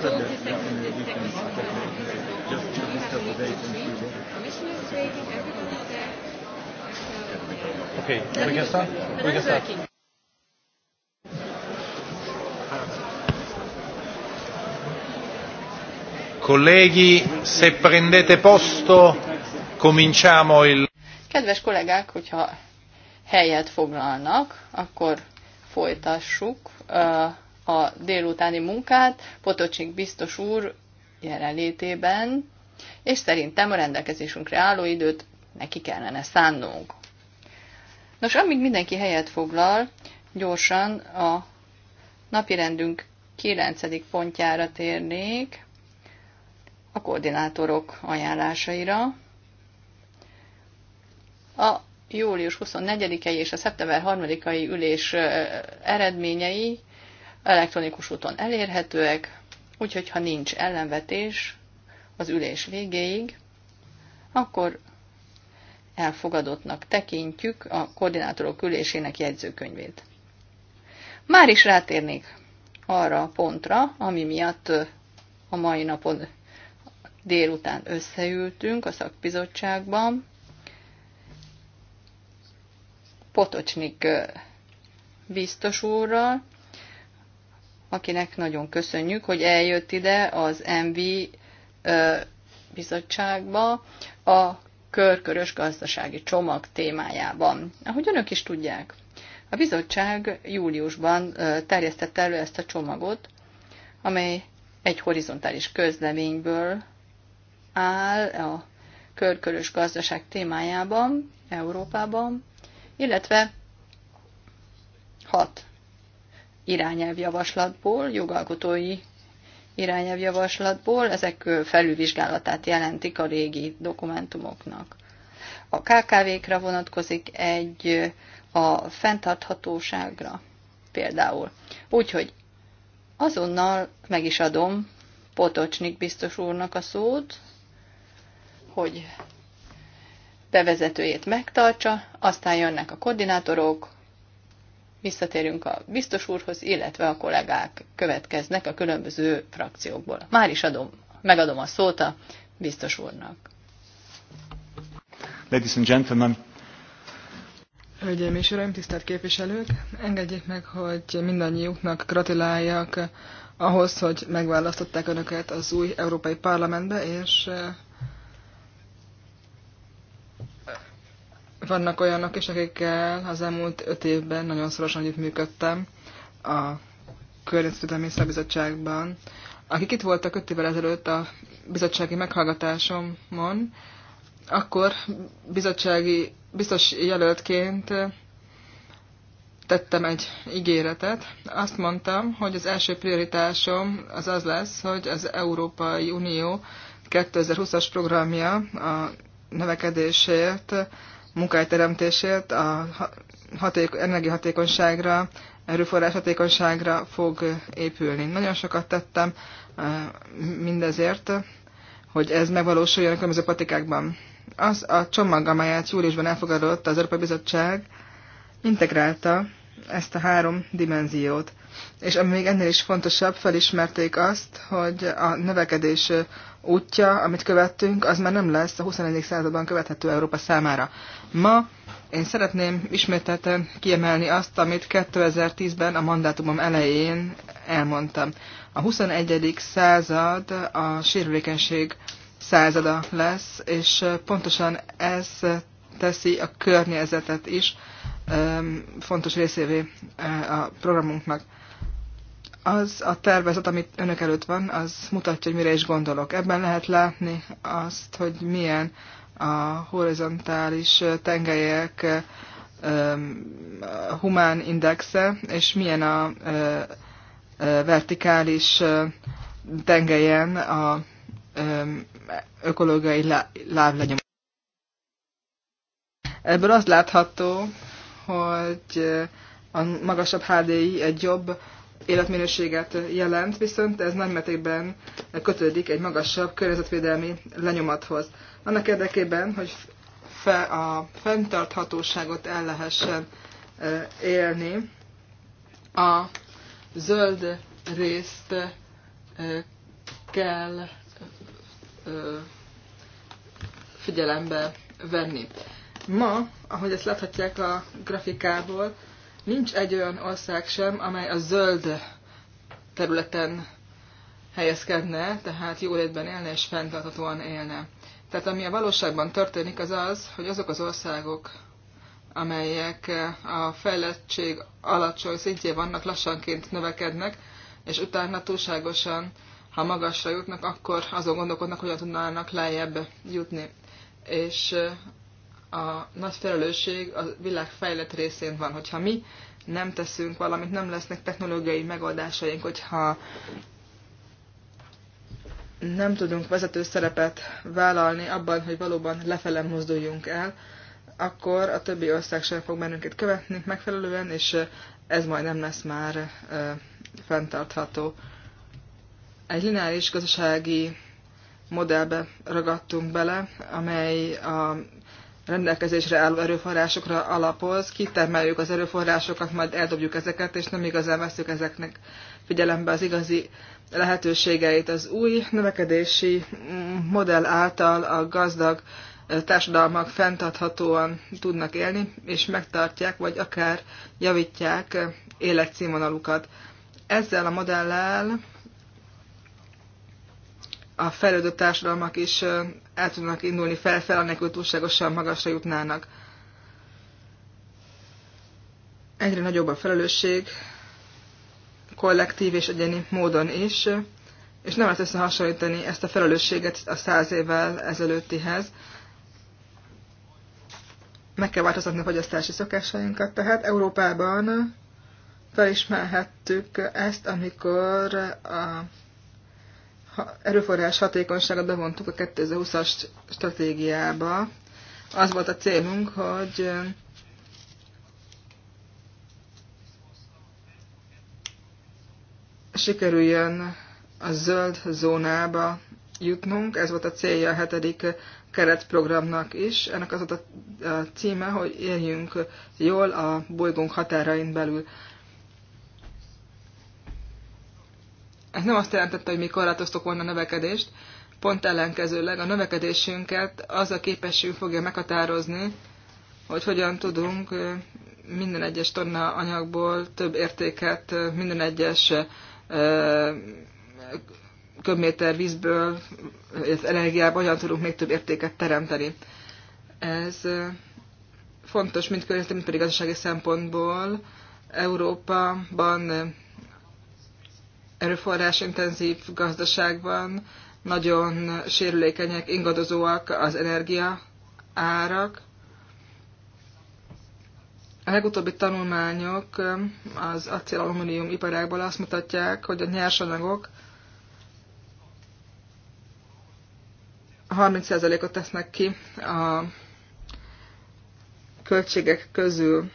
said that we can can We Colleghi, se prendete posto, cominciamo il... Kedves kollégák, hogyha helyet foglalnak, akkor folytassuk. Uh, a délutáni munkát Potocsik biztos úr jelenlétében, és szerintem a rendelkezésünkre álló időt neki kellene szánnunk. Nos, amíg mindenki helyet foglal, gyorsan a napirendünk 9. pontjára térnék, a koordinátorok ajánlásaira. A július 24-i és a szeptember 3-ai ülés eredményei elektronikus úton elérhetőek, úgyhogy ha nincs ellenvetés az ülés végéig, akkor elfogadottnak tekintjük a koordinátorok ülésének jegyzőkönyvét. Már is rátérnék arra a pontra, ami miatt a mai napon délután összeültünk a szakbizottságban. Potocsnik biztos úrral, akinek nagyon köszönjük, hogy eljött ide az MV bizottságba a körkörös gazdasági csomag témájában. Ahogy önök is tudják, a bizottság júliusban terjesztette elő ezt a csomagot, amely egy horizontális közleményből áll a körkörös gazdaság témájában, Európában, illetve hat irányelvjavaslatból, jogalkotói irányelvjavaslatból, ezek felülvizsgálatát jelentik a régi dokumentumoknak. A KKV-kra vonatkozik egy a fenntarthatóságra például. Úgyhogy azonnal meg is adom Potocsnik biztos úrnak a szót, hogy bevezetőjét megtartsa, aztán jönnek a koordinátorok, visszatérünk a biztos úrhoz, illetve a kollégák következnek a különböző frakciókból. Már is adom, megadom a szót a biztos úrnak. Ladies and gentlemen. Hölgyeim és uraim, tisztelt képviselők! Engedjék meg, hogy mindannyiuknak gratuláljak ahhoz, hogy megválasztották önöket az új Európai Parlamentbe, és Vannak olyanok is, akikkel az elmúlt öt évben nagyon szorosan működtem a Környezetvédelmi Szabizottságban, akik itt voltak öt évvel ezelőtt a bizottsági meghallgatásomon, akkor bizottsági biztos jelöltként tettem egy ígéretet. Azt mondtam, hogy az első prioritásom az az lesz, hogy az Európai Unió 2020-as programja a növekedésért munkahelyteremtésért, a haték, energiahatékonyságra, erőforrás hatékonyságra fog épülni. Nagyon sokat tettem mindezért, hogy ez megvalósuljon a különböző patikákban. Az a csomag, amelyet júliusban elfogadott az Európai Bizottság, integrálta ezt a három dimenziót. És ami még ennél is fontosabb, felismerték azt, hogy a növekedés útja, amit követtünk, az már nem lesz a 21. században követhető Európa számára. Ma én szeretném ismételten kiemelni azt, amit 2010-ben a mandátumom elején elmondtam. A 21. század a sérülékenység százada lesz, és pontosan ez teszi a környezetet is fontos részévé a programunknak az a tervezet, amit önök előtt van, az mutatja, hogy mire is gondolok. Ebben lehet látni azt, hogy milyen a horizontális tengelyek humán indexe, és milyen a vertikális tengelyen a ökológiai láblenyom. Ebből az látható, hogy a magasabb HDI egy jobb életminőséget jelent, viszont ez nagy metékben kötődik egy magasabb környezetvédelmi lenyomathoz. Annak érdekében, hogy fe, a fenntarthatóságot el lehessen e, élni, a zöld részt e, kell e, figyelembe venni. Ma, ahogy ezt láthatják a grafikából, Nincs egy olyan ország sem, amely a zöld területen helyezkedne, tehát létben élne és fenntarthatóan élne. Tehát ami a valóságban történik, az az, hogy azok az országok, amelyek a fejlettség alacsony szintjén vannak, lassanként növekednek, és utána túlságosan, ha magasra jutnak, akkor azon gondolkodnak, hogyan tudnának lejjebb jutni. És a nagy felelősség a világ fejlett részén van. Hogyha mi nem teszünk valamit, nem lesznek technológiai megoldásaink, hogyha nem tudunk vezető szerepet vállalni abban, hogy valóban lefele mozduljunk el, akkor a többi ország sem fog bennünket követni megfelelően, és ez majd nem lesz már fenntartható. Egy lineáris gazdasági modellbe ragadtunk bele, amely a rendelkezésre álló erőforrásokra alapoz, kitermeljük az erőforrásokat, majd eldobjuk ezeket, és nem igazán veszük ezeknek figyelembe az igazi lehetőségeit. Az új növekedési mm, modell által a gazdag társadalmak fenntarthatóan tudnak élni, és megtartják, vagy akár javítják életszínvonalukat. Ezzel a modellel a fejlődő társadalmak is el tudnak indulni felfel, anélkül túlságosan magasra jutnának. Egyre nagyobb a felelősség, kollektív és egyéni módon is, és nem lehet összehasonlítani ezt a felelősséget a száz évvel ezelőttihez. Meg kell változtatni a fogyasztási szokásainkat, tehát Európában felismerhettük ezt, amikor a erőforrás hatékonyságot bevontuk a 2020-as stratégiába. Az volt a célunk, hogy eh, sikerüljön a zöld zónába jutnunk. Ez volt a célja a hetedik keretprogramnak is. Ennek az volt a címe, hogy éljünk jól a bolygónk határain belül. Ez nem azt jelentette, hogy mi korlátoztuk volna a növekedést, pont ellenkezőleg a növekedésünket az a képességünk fogja meghatározni, hogy hogyan tudunk minden egyes tonna anyagból több értéket, minden egyes köbméter vízből, az energiából hogyan tudunk még több értéket teremteni. Ez fontos mind környezeti, mind pedig gazdasági szempontból. Európában erőforrásintenzív gazdaságban nagyon sérülékenyek, ingadozóak az energia árak. A legutóbbi tanulmányok az acél-alumínium iparákból azt mutatják, hogy a nyersanyagok 30%-ot tesznek ki a költségek közül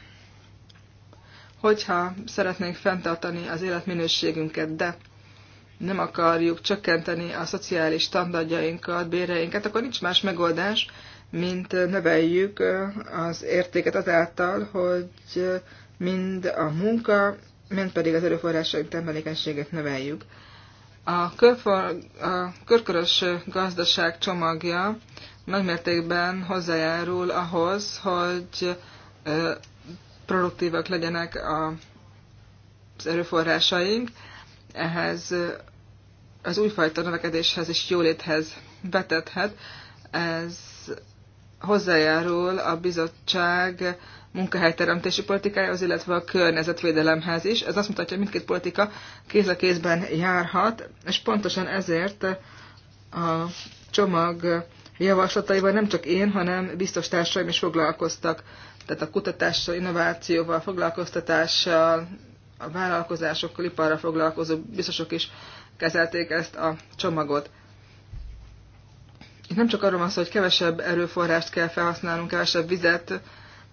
hogyha szeretnénk fenntartani az életminőségünket, de nem akarjuk csökkenteni a szociális standardjainkat, béreinket, akkor nincs más megoldás, mint növeljük az értéket azáltal, hogy mind a munka, mind pedig az erőforrásaink termelékenységet növeljük. A, körfor, a körkörös gazdaság csomagja nagymértékben hozzájárul ahhoz, hogy produktívak legyenek a, az erőforrásaink, ehhez az újfajta növekedéshez és jóléthez vetethet. Ez hozzájárul a bizottság munkahelyteremtési politikájához, illetve a környezetvédelemhez is. Ez azt mutatja, hogy mindkét politika kéz a kézben járhat, és pontosan ezért a csomag javaslataival nem csak én, hanem biztos társaim is foglalkoztak tehát a kutatással, innovációval, foglalkoztatással, a vállalkozásokkal, iparra foglalkozó biztosok is kezelték ezt a csomagot. Itt nem csak arról van szó, hogy kevesebb erőforrást kell felhasználnunk, kevesebb vizet,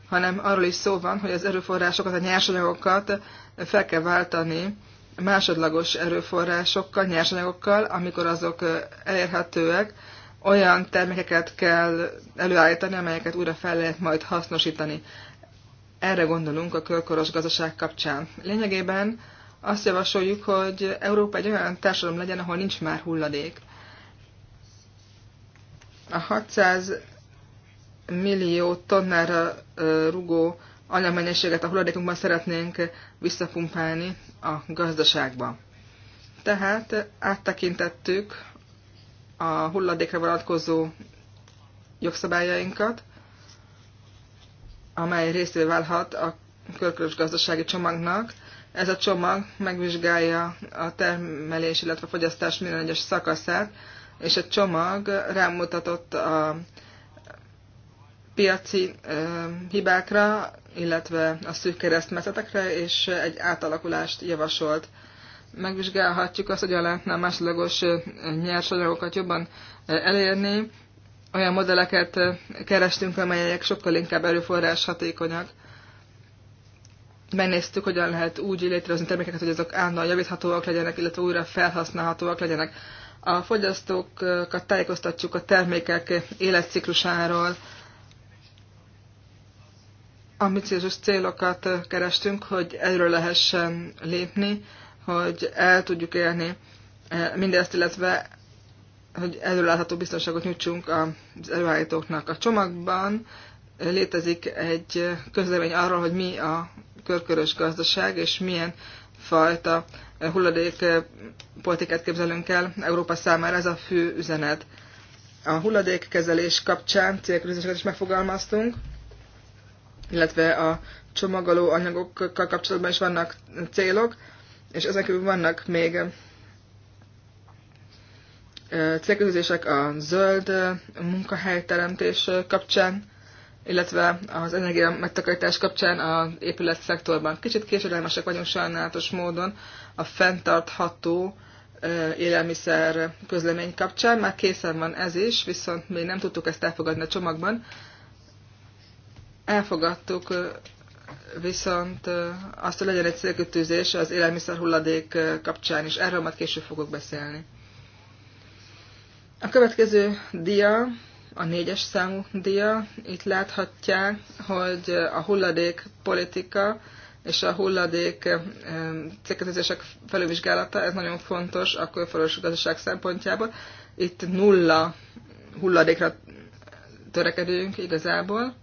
hanem arról is szó van, hogy az erőforrásokat, a nyersanyagokat fel kell váltani másodlagos erőforrásokkal, nyersanyagokkal, amikor azok elérhetőek, olyan termékeket kell előállítani, amelyeket újra fel lehet majd hasznosítani. Erre gondolunk a körkoros gazdaság kapcsán. Lényegében azt javasoljuk, hogy Európa egy olyan társadalom legyen, ahol nincs már hulladék. A 600 millió tonnára rugó anyamennyiséget a hulladékunkban szeretnénk visszapumpálni a gazdaságba. Tehát áttekintettük a hulladékra vonatkozó jogszabályainkat, amely részévé válhat a körkörös gazdasági csomagnak. Ez a csomag megvizsgálja a termelés, illetve a fogyasztás minden egyes szakaszát, és a csomag rámutatott a piaci hibákra, illetve a szűk keresztmetszetekre, és egy átalakulást javasolt megvizsgálhatjuk azt, hogyan lehetne másodlagos nyersanyagokat jobban elérni. Olyan modelleket kerestünk, amelyek sokkal inkább erőforrás hatékonyak. Megnéztük, hogyan lehet úgy létrehozni termékeket, hogy azok állandóan javíthatóak legyenek, illetve újra felhasználhatóak legyenek. A fogyasztókat tájékoztatjuk a termékek életciklusáról, ambiciózus célokat kerestünk, hogy erről lehessen lépni hogy el tudjuk élni eh, mindezt, illetve hogy előállható biztonságot nyújtsunk az előállítóknak. A csomagban eh, létezik egy közlemény arról, hogy mi a körkörös gazdaság, és milyen fajta eh, hulladék politikát képzelünk el Európa számára, ez a fő üzenet. A hulladékkezelés kapcsán célkörözéseket is megfogalmaztunk, illetve a csomagoló anyagokkal kapcsolatban is vannak célok és ezek vannak még célközések a zöld munkahelyteremtés kapcsán, illetve az energia megtakarítás kapcsán az épület szektorban. Kicsit késedelmesek vagyunk sajnálatos módon a fenntartható élelmiszer közlemény kapcsán. Már készen van ez is, viszont még nem tudtuk ezt elfogadni a csomagban. Elfogadtuk viszont azt, hogy legyen egy célkötőzés az élelmiszer hulladék kapcsán is. Erről majd később fogok beszélni. A következő dia, a négyes számú dia, itt láthatják, hogy a hulladék politika és a hulladék célkötőzések felülvizsgálata, ez nagyon fontos a körforgós gazdaság szempontjából. Itt nulla hulladékra törekedünk igazából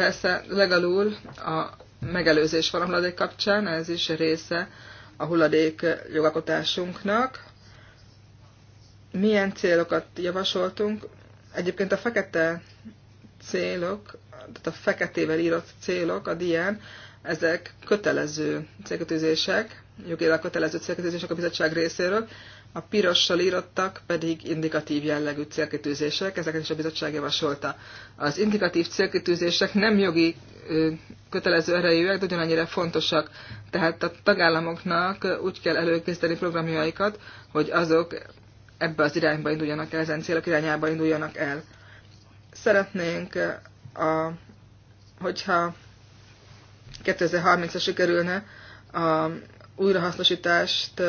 Persze legalul a megelőzés van a hulladék kapcsán, ez is része a hulladék jogalkotásunknak. Milyen célokat javasoltunk? Egyébként a fekete célok, tehát a feketével írott célok a dián, ezek kötelező célkötőzések, jogilag kötelező célkötőzések a bizottság részéről, a pirossal írottak pedig indikatív jellegű célkitűzések, ezeket is a bizottság javasolta. Az indikatív célkitűzések nem jogi kötelező erejűek, de ugyanannyira fontosak. Tehát a tagállamoknak úgy kell előkészíteni programjaikat, hogy azok ebbe az irányba induljanak el, ezen célok irányába induljanak el. Szeretnénk, a, hogyha 2030-ra sikerülne a újrahasznosítást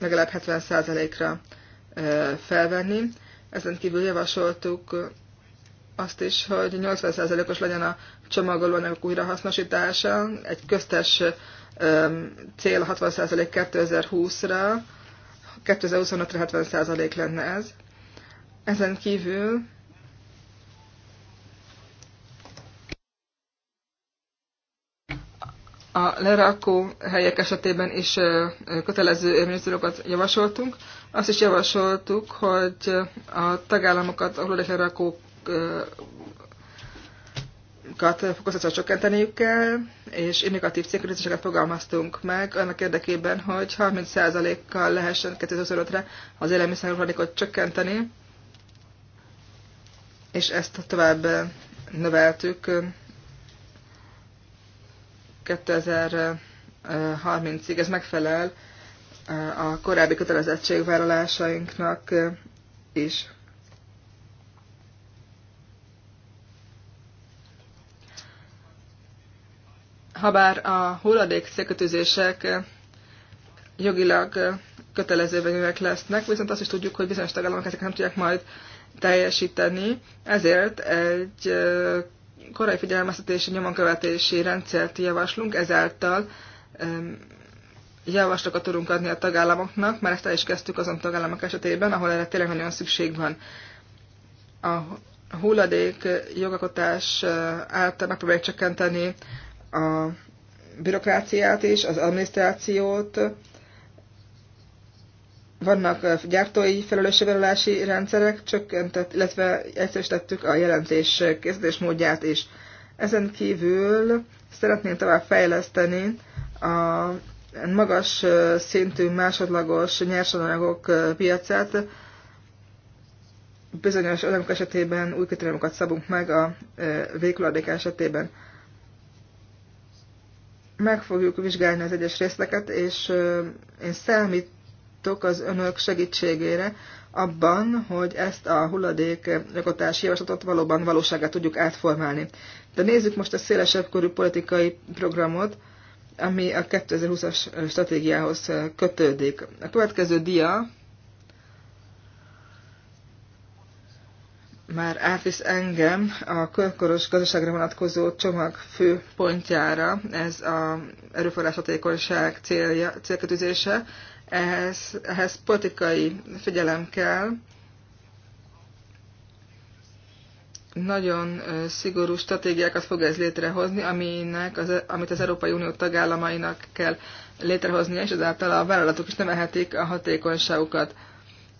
legalább 70%-ra felvenni. Ezen kívül javasoltuk azt is, hogy 80%-os legyen a csomagolóanyagok újrahasznosítása, egy köztes cél 60% 2020-ra, 2025-re 70% lenne ez. Ezen kívül a lerakó helyek esetében is kötelező érvényűzőrokat javasoltunk. Azt is javasoltuk, hogy a tagállamokat a hulladék lerakókat fokozatosan csökkenteniük kell, és indikatív célkörüléseket fogalmaztunk meg annak érdekében, hogy 30%-kal lehessen 2025-re az élelmiszer hulladékot csökkenteni, és ezt tovább növeltük 2030-ig. Ez megfelel eh, a korábbi kötelezettségvállalásainknak eh, is. Habár a hulladék szélkötőzések eh, jogilag kötelező vegyűek lesznek, viszont azt is tudjuk, hogy bizonyos tagállamok ezeket nem tudják majd teljesíteni, ezért egy korai figyelmeztetési nyomonkövetési rendszert javaslunk, ezáltal javaslatokat tudunk adni a tagállamoknak, mert ezt el is kezdtük azon tagállamok esetében, ahol erre tényleg nagyon szükség van. A hulladék jogakotás által megpróbáljuk csökkenteni a bürokráciát is, az adminisztrációt, vannak gyártói felelősségvállalási rendszerek, csökkentett, illetve egyszerűsítettük a jelentés módját is. Ezen kívül szeretném tovább fejleszteni a magas szintű másodlagos nyersanyagok piacát. Bizonyos anyagok esetében új kritériumokat szabunk meg a végkuladék esetében. Meg fogjuk vizsgálni az egyes részleket, és én számít számíthatok az önök segítségére abban, hogy ezt a hulladék rakotási javaslatot valóban valóságát tudjuk átformálni. De nézzük most a szélesebb körű politikai programot, ami a 2020-as stratégiához kötődik. A következő dia már átvisz engem a körkoros gazdaságra vonatkozó csomag fő pontjára, ez a erőforrás hatékonyság célja, célkötőzése ehhez, ehhez politikai figyelem kell. Nagyon szigorú stratégiákat fog ez létrehozni, aminek az, amit az Európai Unió tagállamainak kell létrehoznia, és ezáltal a vállalatok is nevehetik a hatékonyságukat.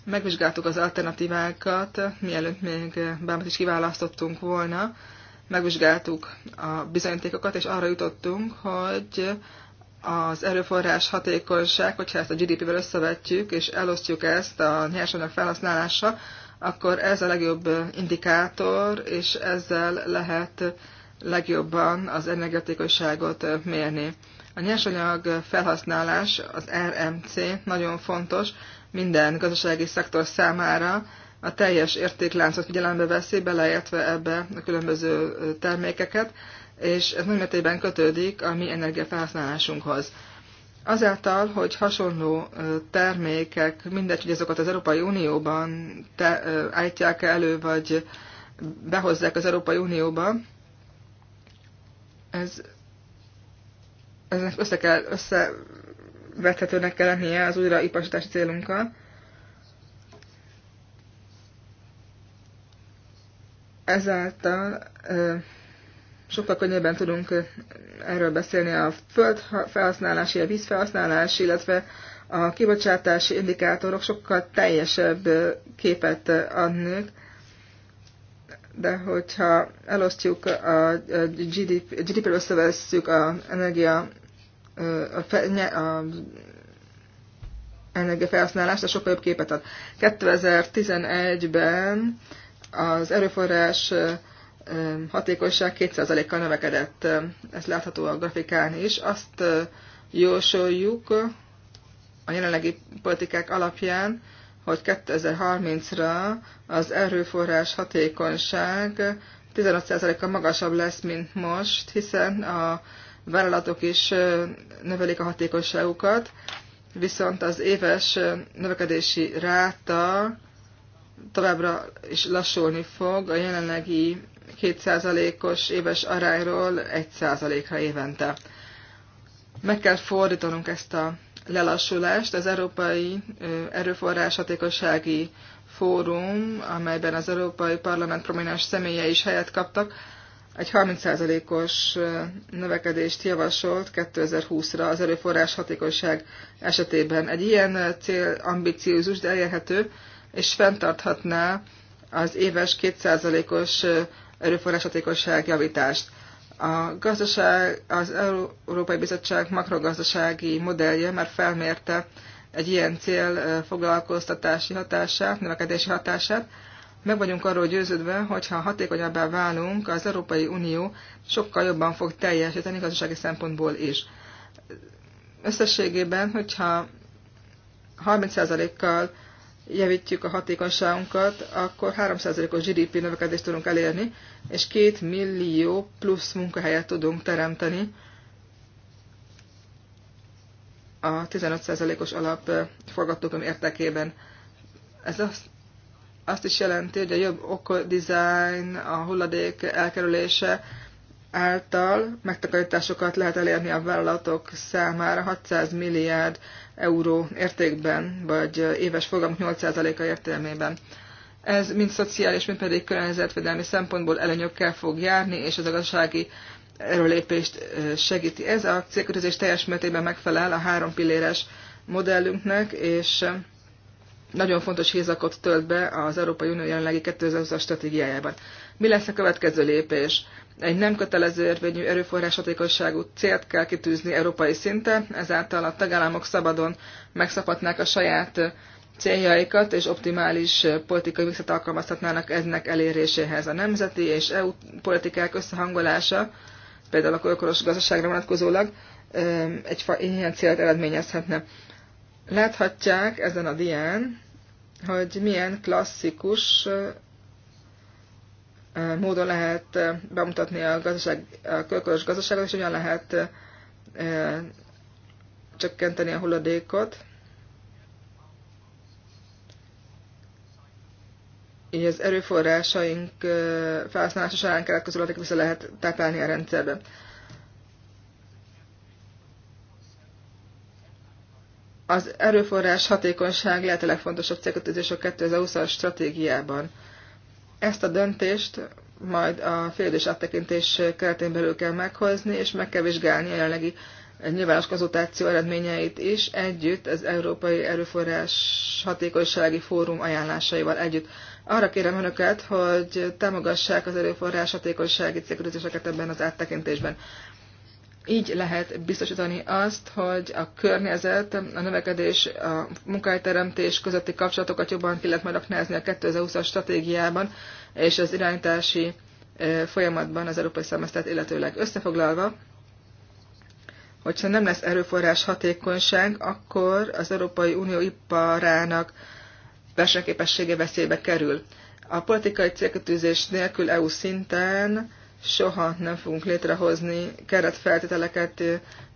Megvizsgáltuk az alternatívákat, mielőtt még bármit is kiválasztottunk volna, megvizsgáltuk a bizonyítékokat, és arra jutottunk, hogy az erőforrás hatékonyság, hogyha ezt a GDP-vel összevetjük, és elosztjuk ezt a nyersanyag felhasználása, akkor ez a legjobb indikátor, és ezzel lehet legjobban az energetikosságot mérni. A nyersanyag felhasználás, az RMC nagyon fontos minden gazdasági szektor számára, a teljes értékláncot figyelembe veszi, beleértve ebbe a különböző termékeket, és ez nagy mértékben kötődik a mi energiafelhasználásunkhoz. Azáltal, hogy hasonló termékek, mindegy, hogy azokat az Európai Unióban te, állítják elő, vagy behozzák az Európai Unióba, ez, eznek össze kell, összevethetőnek kell lennie az újraipasítási célunkkal. Ezáltal sokkal könnyebben tudunk erről beszélni a föld-felszínalászé, felhasználási, a vízfelhasználási, illetve a kibocsátási indikátorok sokkal teljesebb képet adnak, de hogyha elosztjuk a GDP-ről GDP összevesszük a energia a, a energiafelhasználást, az sokkal jobb képet ad. 2011-ben az erőforrás hatékonyság 2%-kal növekedett, ez látható a grafikán is. Azt jósoljuk a jelenlegi politikák alapján, hogy 2030-ra az erőforrás hatékonyság 15%-kal magasabb lesz, mint most, hiszen a vállalatok is növelik a hatékonyságukat, viszont az éves növekedési ráta továbbra is lassulni fog a jelenlegi 2%-os éves arányról 1%-ra évente. Meg kell fordítanunk ezt a lelassulást. Az Európai Erőforrás Hatékossági Fórum, amelyben az Európai Parlament prominens személye is helyet kaptak, egy 30%-os növekedést javasolt 2020-ra az erőforrás hatékonyság esetében. Egy ilyen cél ambiciózus, de elérhető, és fenntarthatná az éves 2%-os erőforrás hatékonyság javítást. A gazdaság, az Európai Bizottság makrogazdasági modellje már felmérte egy ilyen cél foglalkoztatási hatását, növekedési hatását. Meg vagyunk arról győződve, hogy ha hatékonyabbá válunk, az Európai Unió sokkal jobban fog teljesíteni gazdasági szempontból is. Összességében, hogyha 30%-kal javítjuk a hatékonyságunkat, akkor 3%-os GDP növekedést tudunk elérni, és 2 millió plusz munkahelyet tudunk teremteni a 15%-os alap forgatókönyv értekében. Ez azt, azt is jelenti, hogy a jobb okodizájn, a hulladék elkerülése, által megtakarításokat lehet elérni a vállalatok számára 600 milliárd euró értékben, vagy éves fogalmuk 8%-a értelmében. Ez mind szociális, mind pedig környezetvédelmi szempontból előnyökkel fog járni, és az a gazdasági erőlépést segíti. Ez a célkötözés teljes mértékben megfelel a három pilléres modellünknek, és nagyon fontos hézakot tölt be az Európai Unió jelenlegi 2020-as stratégiájában. Mi lesz a következő lépés? Egy nem kötelező érvényű erőforrás hatékosságú célt kell kitűzni európai szinten, ezáltal a tagállamok szabadon megszabhatnák a saját céljaikat, és optimális politikai mixet alkalmazhatnának eznek eléréséhez. A nemzeti és EU politikák összehangolása, például a körkoros gazdaságra vonatkozólag, egy ilyen célt eredményezhetne. Láthatják ezen a dián, hogy milyen klasszikus módon lehet bemutatni a, gazdaság, a körkörös gazdaságot, és hogyan lehet csökkenteni a hulladékot. Így az erőforrásaink felhasználása során keletkező hulladékot vissza lehet táplálni a rendszerbe. Az erőforrás hatékonyság lehet a legfontosabb célkötőzés a 2020-as stratégiában. Ezt a döntést majd a félidős áttekintés keretén belül kell meghozni, és meg kell vizsgálni a jelenlegi nyilvános konzultáció eredményeit is együtt az Európai Erőforrás Hatékonysági Fórum ajánlásaival együtt. Arra kérem Önöket, hogy támogassák az erőforrás hatékonysági célkötőzéseket ebben az áttekintésben így lehet biztosítani azt, hogy a környezet, a növekedés, a munkahelyteremtés közötti kapcsolatokat jobban ki lehet majd aknázni a 2020-as stratégiában és az irányítási folyamatban az európai szemesztert illetőleg. Összefoglalva, hogyha nem lesz erőforrás hatékonyság, akkor az Európai Unió iparának versenyképessége veszélybe kerül. A politikai célkötőzés nélkül EU szinten soha nem fogunk létrehozni keretfeltételeket,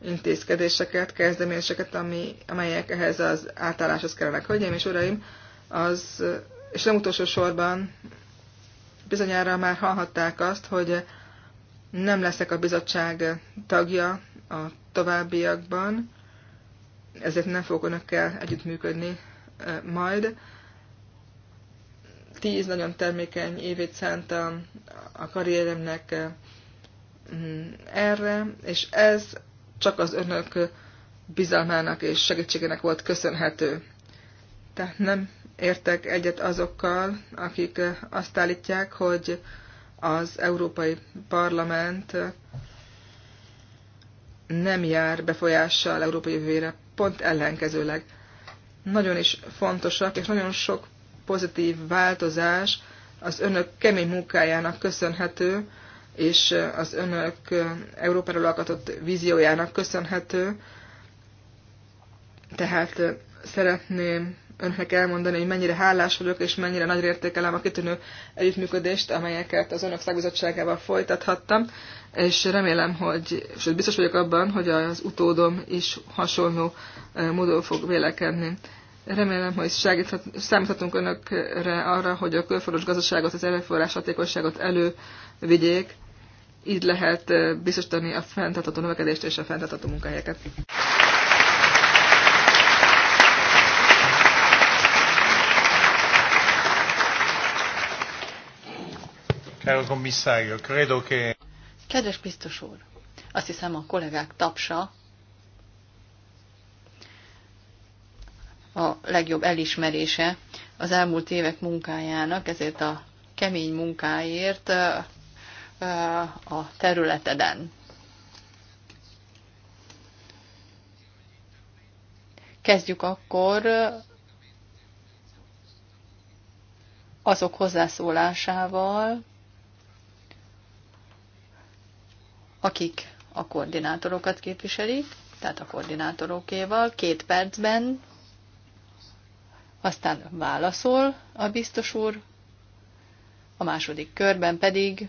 intézkedéseket, kezdeményezéseket, ami, amelyek ehhez az átálláshoz kellenek. Hölgyeim és uraim, az, és nem utolsó sorban bizonyára már hallhatták azt, hogy nem leszek a bizottság tagja a továbbiakban, ezért nem fogok önökkel együttműködni majd tíz nagyon termékeny évét szántam a karrieremnek mm, erre, és ez csak az önök bizalmának és segítségének volt köszönhető. Tehát nem értek egyet azokkal, akik azt állítják, hogy az Európai Parlament nem jár befolyással Európai jövőjére, pont ellenkezőleg. Nagyon is fontosak, és nagyon sok pozitív változás az önök kemény munkájának köszönhető, és az önök Európáról alkotott víziójának köszönhető. Tehát szeretném önnek elmondani, hogy mennyire hálás vagyok, és mennyire nagy értékelem a kitűnő együttműködést, amelyeket az önök szakbizottságával folytathattam, és remélem, hogy, és biztos vagyok abban, hogy az utódom is hasonló eh, módon fog vélekedni. Remélem, hogy segíthet, számíthatunk önökre arra, hogy a körforros gazdaságot, az erőforrás hatékonyságot elővigyék. Így lehet biztosítani a fenntartható növekedést és a fenntartható munkahelyeket. Kedves biztos úr, azt hiszem a kollégák tapsa a legjobb elismerése az elmúlt évek munkájának, ezért a kemény munkáért a területeden. Kezdjük akkor azok hozzászólásával, akik a koordinátorokat képviselik, tehát a koordinátorokéval, két percben aztán válaszol a biztos úr, a második körben pedig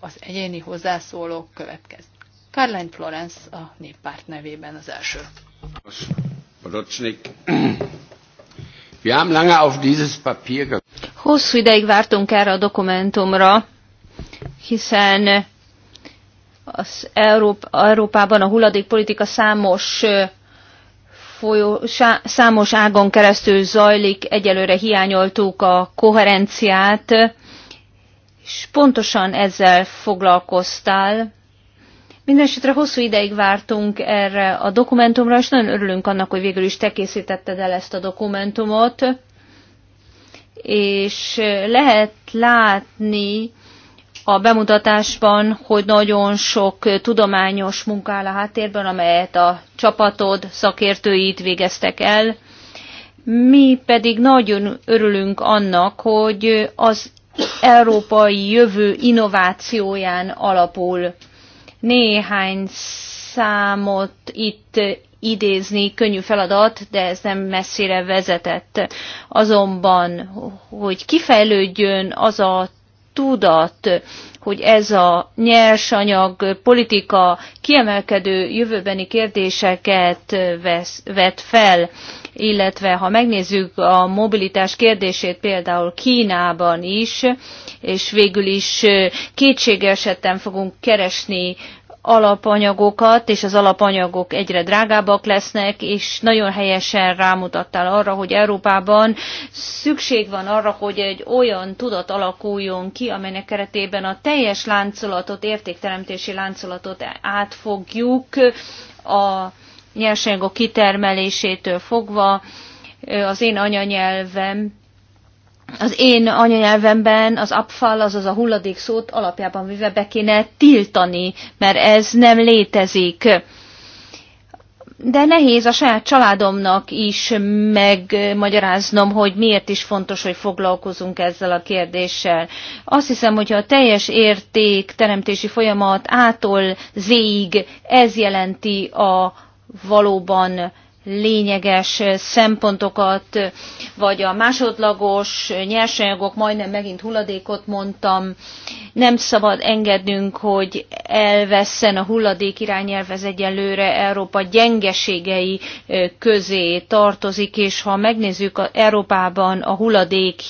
az egyéni hozzászólók következik. Caroline Florence a néppárt nevében az első. Hosszú ideig vártunk erre a dokumentumra, hiszen az Európ- Európában a hulladékpolitika számos folyó, számos ágon keresztül zajlik, egyelőre hiányoltuk a koherenciát, és pontosan ezzel foglalkoztál. Mindenesetre hosszú ideig vártunk erre a dokumentumra, és nagyon örülünk annak, hogy végül is te készítetted el ezt a dokumentumot. És lehet látni, a bemutatásban, hogy nagyon sok tudományos munka áll a háttérben, amelyet a csapatod szakértőit végeztek el. Mi pedig nagyon örülünk annak, hogy az európai jövő innovációján alapul. Néhány számot itt idézni könnyű feladat, de ez nem messzire vezetett. Azonban, hogy kifejlődjön az a tudat, hogy ez a nyersanyag politika kiemelkedő jövőbeni kérdéseket vesz, vet fel, illetve ha megnézzük a mobilitás kérdését például Kínában is, és végül is kétségesetten fogunk keresni alapanyagokat, és az alapanyagok egyre drágábbak lesznek, és nagyon helyesen rámutattál arra, hogy Európában szükség van arra, hogy egy olyan tudat alakuljon ki, amelynek keretében a teljes láncolatot, értékteremtési láncolatot átfogjuk a nyersanyagok kitermelésétől fogva. Az én anyanyelvem az én anyanyelvemben az apfal, azaz a hulladék szót alapjában véve be kéne tiltani, mert ez nem létezik. De nehéz a saját családomnak is megmagyaráznom, hogy miért is fontos, hogy foglalkozunk ezzel a kérdéssel. Azt hiszem, hogyha a teljes érték teremtési folyamat ától zéig ez jelenti a valóban lényeges szempontokat, vagy a másodlagos nyersanyagok, majdnem megint hulladékot mondtam, nem szabad engednünk, hogy elveszen a hulladék irányelvez egyelőre Európa gyengeségei közé tartozik, és ha megnézzük a Európában a hulladék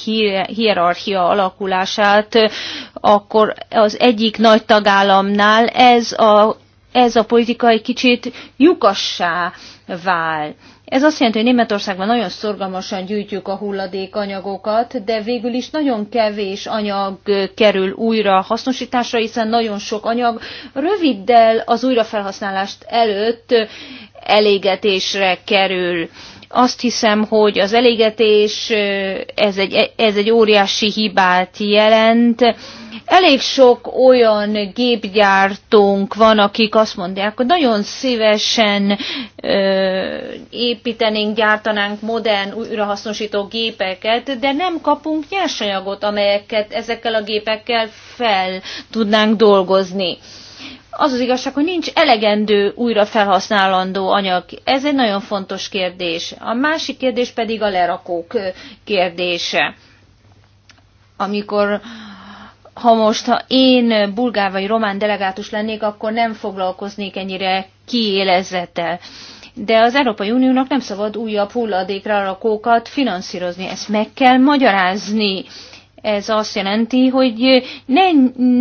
hierarchia alakulását, akkor az egyik nagy tagállamnál ez a ez a politika egy kicsit lyukassá vál. Ez azt jelenti, hogy Németországban nagyon szorgalmasan gyűjtjük a hulladékanyagokat, de végül is nagyon kevés anyag kerül újra hasznosításra, hiszen nagyon sok anyag röviddel az újrafelhasználást előtt elégetésre kerül. Azt hiszem, hogy az elégetés ez egy, ez egy óriási hibát jelent Elég sok olyan gépgyártónk van, akik azt mondják, hogy nagyon szívesen ö, építenénk, gyártanánk modern, újrahasznosító gépeket, de nem kapunk nyersanyagot, amelyeket ezekkel a gépekkel fel tudnánk dolgozni az az igazság, hogy nincs elegendő újra felhasználandó anyag. Ez egy nagyon fontos kérdés. A másik kérdés pedig a lerakók kérdése. Amikor ha most ha én bulgár vagy román delegátus lennék, akkor nem foglalkoznék ennyire kiélezettel. De az Európai Uniónak nem szabad újabb hulladékra rakókat finanszírozni. Ezt meg kell magyarázni. Ez azt jelenti, hogy ne,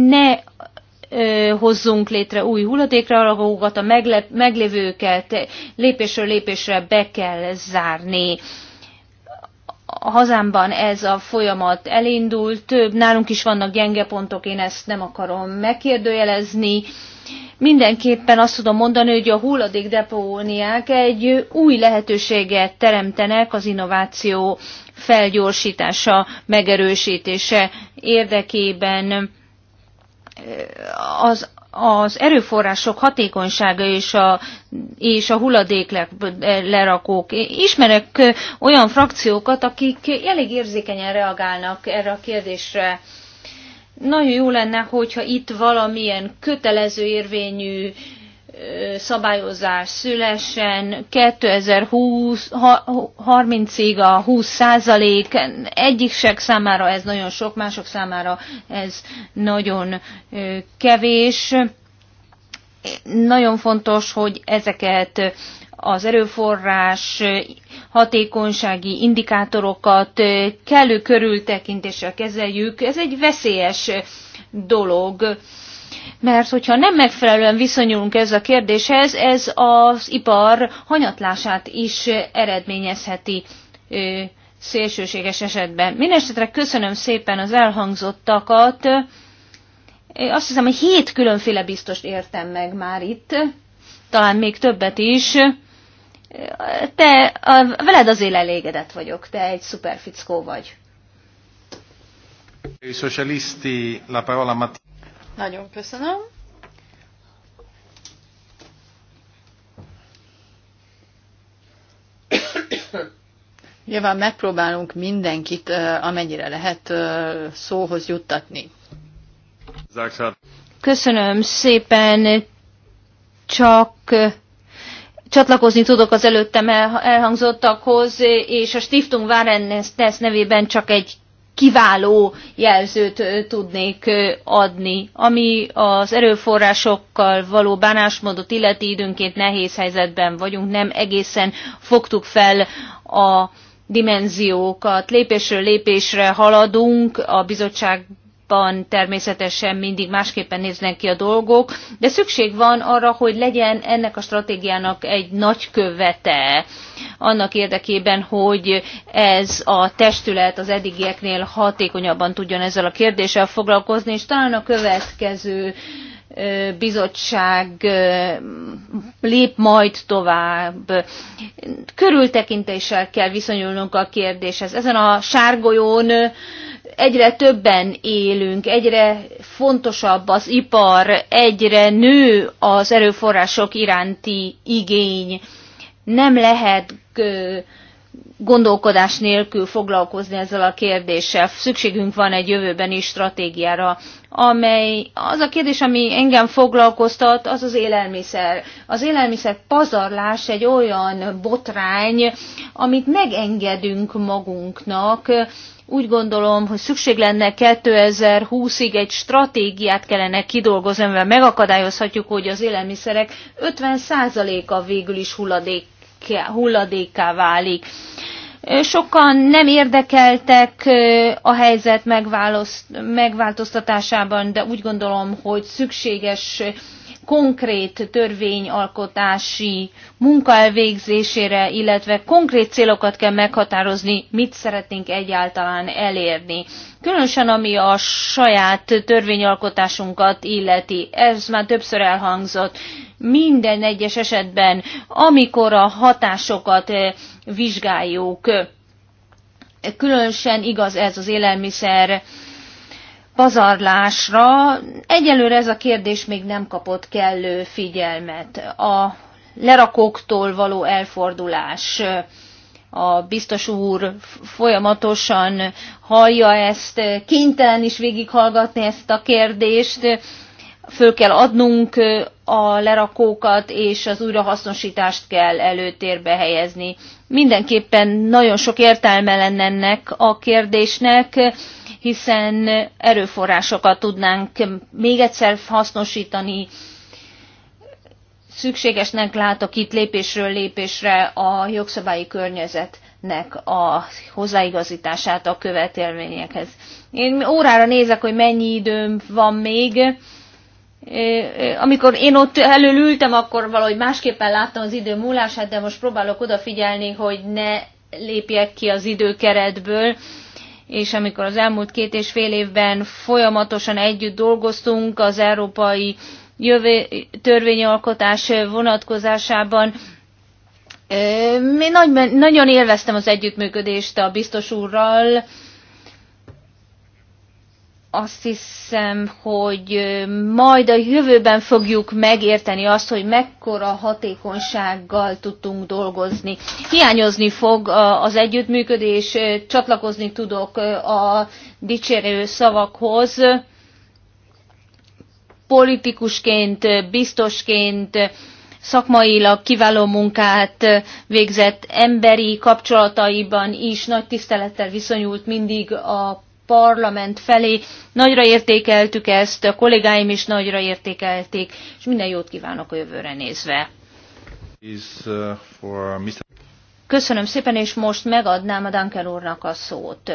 ne ö, hozzunk létre új hulladékra rakókat, a meglep, meglévőket lépésről lépésre be kell zárni. Ö, a hazámban ez a folyamat elindul, több, nálunk is vannak gyenge pontok, én ezt nem akarom megkérdőjelezni. Mindenképpen azt tudom mondani, hogy a hulladékdepóniák egy új lehetőséget teremtenek az innováció felgyorsítása, megerősítése érdekében az az erőforrások hatékonysága és a, és a hulladék lerakók. Ismerek olyan frakciókat, akik elég érzékenyen reagálnak erre a kérdésre. Nagyon jó lenne, hogyha itt valamilyen kötelező érvényű szabályozás szülessen, 2030-ig a 20 százalék, egyik seg számára ez nagyon sok, mások számára ez nagyon kevés. Nagyon fontos, hogy ezeket az erőforrás hatékonysági indikátorokat kellő körültekintéssel kezeljük. Ez egy veszélyes dolog mert hogyha nem megfelelően viszonyulunk ez a kérdéshez, ez az ipar hanyatlását is eredményezheti szélsőséges esetben. Mindenesetre köszönöm szépen az elhangzottakat. Azt hiszem, hogy hét különféle biztost értem meg már itt, talán még többet is. Te, a, veled azért elégedett vagyok, te egy szuper fickó vagy. socialisti la parola nagyon köszönöm. Nyilván megpróbálunk mindenkit, amennyire lehet szóhoz juttatni. Köszönöm szépen, csak csatlakozni tudok az előttem elhangzottakhoz, és a Stiftung Warennest nevében csak egy kiváló jelzőt tudnék adni, ami az erőforrásokkal való bánásmódot illeti időnként nehéz helyzetben vagyunk, nem egészen fogtuk fel a dimenziókat. Lépésről lépésre haladunk, a bizottság Európában természetesen mindig másképpen néznek ki a dolgok, de szükség van arra, hogy legyen ennek a stratégiának egy nagy követe annak érdekében, hogy ez a testület az eddigieknél hatékonyabban tudjon ezzel a kérdéssel foglalkozni, és talán a következő bizottság lép majd tovább. Körültekintéssel kell viszonyulnunk a kérdéshez. Ezen a sárgolyón egyre többen élünk, egyre fontosabb az ipar, egyre nő az erőforrások iránti igény. Nem lehet gondolkodás nélkül foglalkozni ezzel a kérdéssel. Szükségünk van egy jövőbeni stratégiára, amely az a kérdés, ami engem foglalkoztat, az az élelmiszer. Az élelmiszer pazarlás egy olyan botrány, amit megengedünk magunknak, úgy gondolom, hogy szükség lenne 2020-ig egy stratégiát kellene kidolgozni, mert megakadályozhatjuk, hogy az élelmiszerek 50%-a végül is hulladék hulladékká válik. Sokan nem érdekeltek a helyzet megváltoztatásában, de úgy gondolom, hogy szükséges konkrét törvényalkotási munka elvégzésére, illetve konkrét célokat kell meghatározni, mit szeretnénk egyáltalán elérni. Különösen ami a saját törvényalkotásunkat illeti, ez már többször elhangzott, minden egyes esetben, amikor a hatásokat eh, vizsgáljuk, különösen igaz ez az élelmiszer pazarlásra. Egyelőre ez a kérdés még nem kapott kellő figyelmet. A lerakóktól való elfordulás. A biztos úr folyamatosan hallja ezt, kénytelen is végighallgatni ezt a kérdést, föl kell adnunk a lerakókat, és az újrahasznosítást kell előtérbe helyezni. Mindenképpen nagyon sok értelme lenne ennek a kérdésnek, hiszen erőforrásokat tudnánk még egyszer hasznosítani, szükségesnek látok itt lépésről lépésre a jogszabályi környezetnek a hozzáigazítását a követelményekhez. Én órára nézek, hogy mennyi időm van még, amikor én ott elől ültem, akkor valahogy másképpen láttam az idő múlását, de most próbálok odafigyelni, hogy ne lépjek ki az időkeretből, és amikor az elmúlt két és fél évben folyamatosan együtt dolgoztunk az európai jövő, törvényalkotás vonatkozásában, én nagyon élveztem az együttműködést a biztos úrral, azt hiszem, hogy majd a jövőben fogjuk megérteni azt, hogy mekkora hatékonysággal tudtunk dolgozni. Hiányozni fog az együttműködés, csatlakozni tudok a dicsérő szavakhoz. Politikusként, biztosként, szakmailag kiváló munkát végzett emberi kapcsolataiban is nagy tisztelettel viszonyult mindig a parlament felé. Nagyra értékeltük ezt, a kollégáim is nagyra értékelték, és minden jót kívánok a jövőre nézve. Uh, köszönöm szépen, és most megadnám a Dunkel úrnak a szót.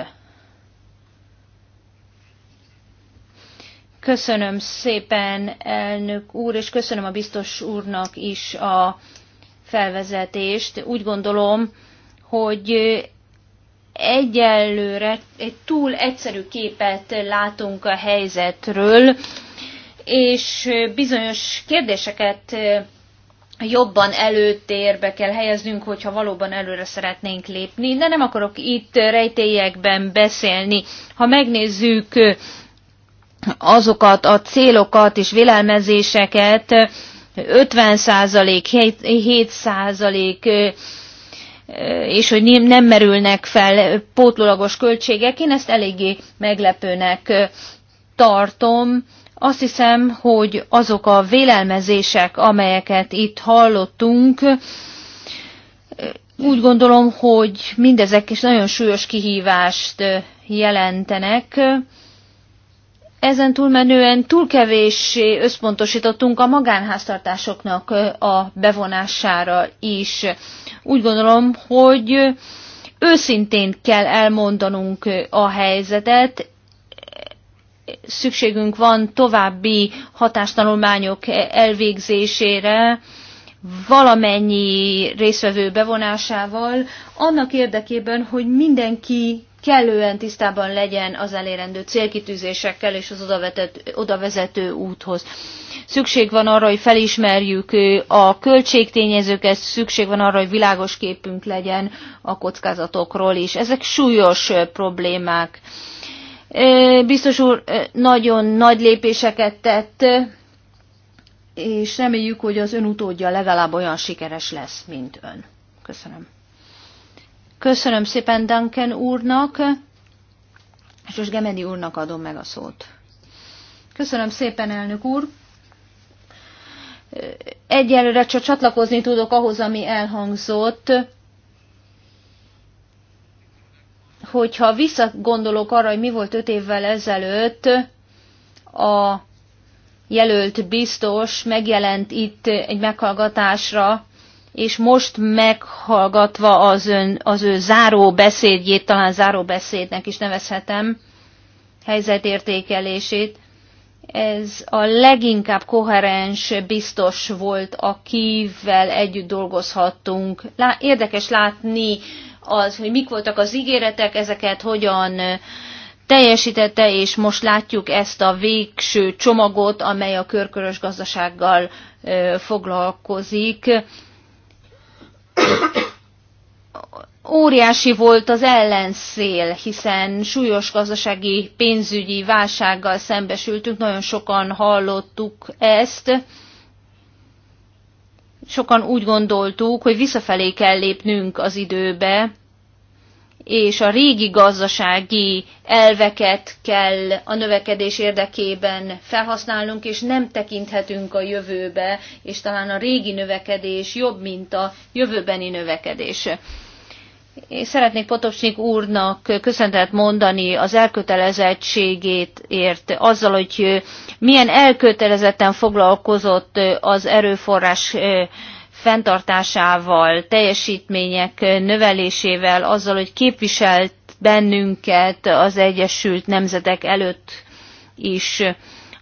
Köszönöm szépen, elnök úr, és köszönöm a biztos úrnak is a felvezetést. Úgy gondolom, hogy egyelőre egy túl egyszerű képet látunk a helyzetről, és bizonyos kérdéseket jobban előtérbe kell helyeznünk, hogyha valóban előre szeretnénk lépni, de nem akarok itt rejtélyekben beszélni. Ha megnézzük azokat a célokat és vélelmezéseket, 50 százalék, 7 százalék és hogy nem merülnek fel pótlólagos költségek, én ezt eléggé meglepőnek tartom. Azt hiszem, hogy azok a vélelmezések, amelyeket itt hallottunk, úgy gondolom, hogy mindezek is nagyon súlyos kihívást jelentenek ezen túlmenően túl kevéssé összpontosítottunk a magánháztartásoknak a bevonására is. Úgy gondolom, hogy őszintén kell elmondanunk a helyzetet, szükségünk van további hatástanulmányok elvégzésére, valamennyi részvevő bevonásával, annak érdekében, hogy mindenki kellően tisztában legyen az elérendő célkitűzésekkel és az oda vezető úthoz. Szükség van arra, hogy felismerjük a költségtényezőket, szükség van arra, hogy világos képünk legyen a kockázatokról is. Ezek súlyos problémák. Biztos úr nagyon nagy lépéseket tett, és reméljük, hogy az ön utódja legalább olyan sikeres lesz, mint ön. Köszönöm. Köszönöm szépen Duncan úrnak, és most Gemedi úrnak adom meg a szót. Köszönöm szépen, elnök úr. Egyelőre csak csatlakozni tudok ahhoz, ami elhangzott. Hogyha visszagondolok arra, hogy mi volt öt évvel ezelőtt, a jelölt biztos megjelent itt egy meghallgatásra, és most meghallgatva az, ön, az ő záró beszédjét, talán záró beszédnek is nevezhetem, helyzetértékelését, ez a leginkább koherens biztos volt, akivel együtt dolgozhattunk. Érdekes látni, az, hogy mik voltak az ígéretek, ezeket hogyan teljesítette, és most látjuk ezt a végső csomagot, amely a körkörös gazdasággal foglalkozik óriási volt az ellenszél, hiszen súlyos gazdasági pénzügyi válsággal szembesültünk, nagyon sokan hallottuk ezt. Sokan úgy gondoltuk, hogy visszafelé kell lépnünk az időbe, és a régi gazdasági elveket kell a növekedés érdekében felhasználnunk, és nem tekinthetünk a jövőbe, és talán a régi növekedés jobb, mint a jövőbeni növekedés. Én szeretnék Potopsnik úrnak köszöntet mondani az elkötelezettségét ért azzal, hogy milyen elkötelezetten foglalkozott az erőforrás fenntartásával, teljesítmények növelésével, azzal, hogy képviselt bennünket az Egyesült Nemzetek előtt is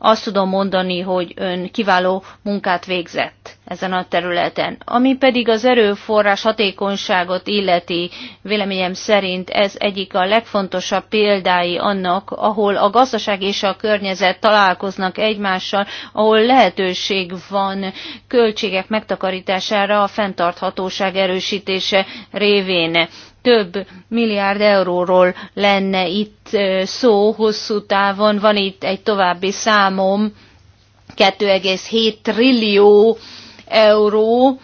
azt tudom mondani, hogy ön kiváló munkát végzett ezen a területen. Ami pedig az erőforrás hatékonyságot illeti, véleményem szerint ez egyik a legfontosabb példái annak, ahol a gazdaság és a környezet találkoznak egymással, ahol lehetőség van költségek megtakarítására a fenntarthatóság erősítése révén több milliárd euróról lenne itt szó hosszú távon. Van itt egy további számom, 2,7 trillió euró,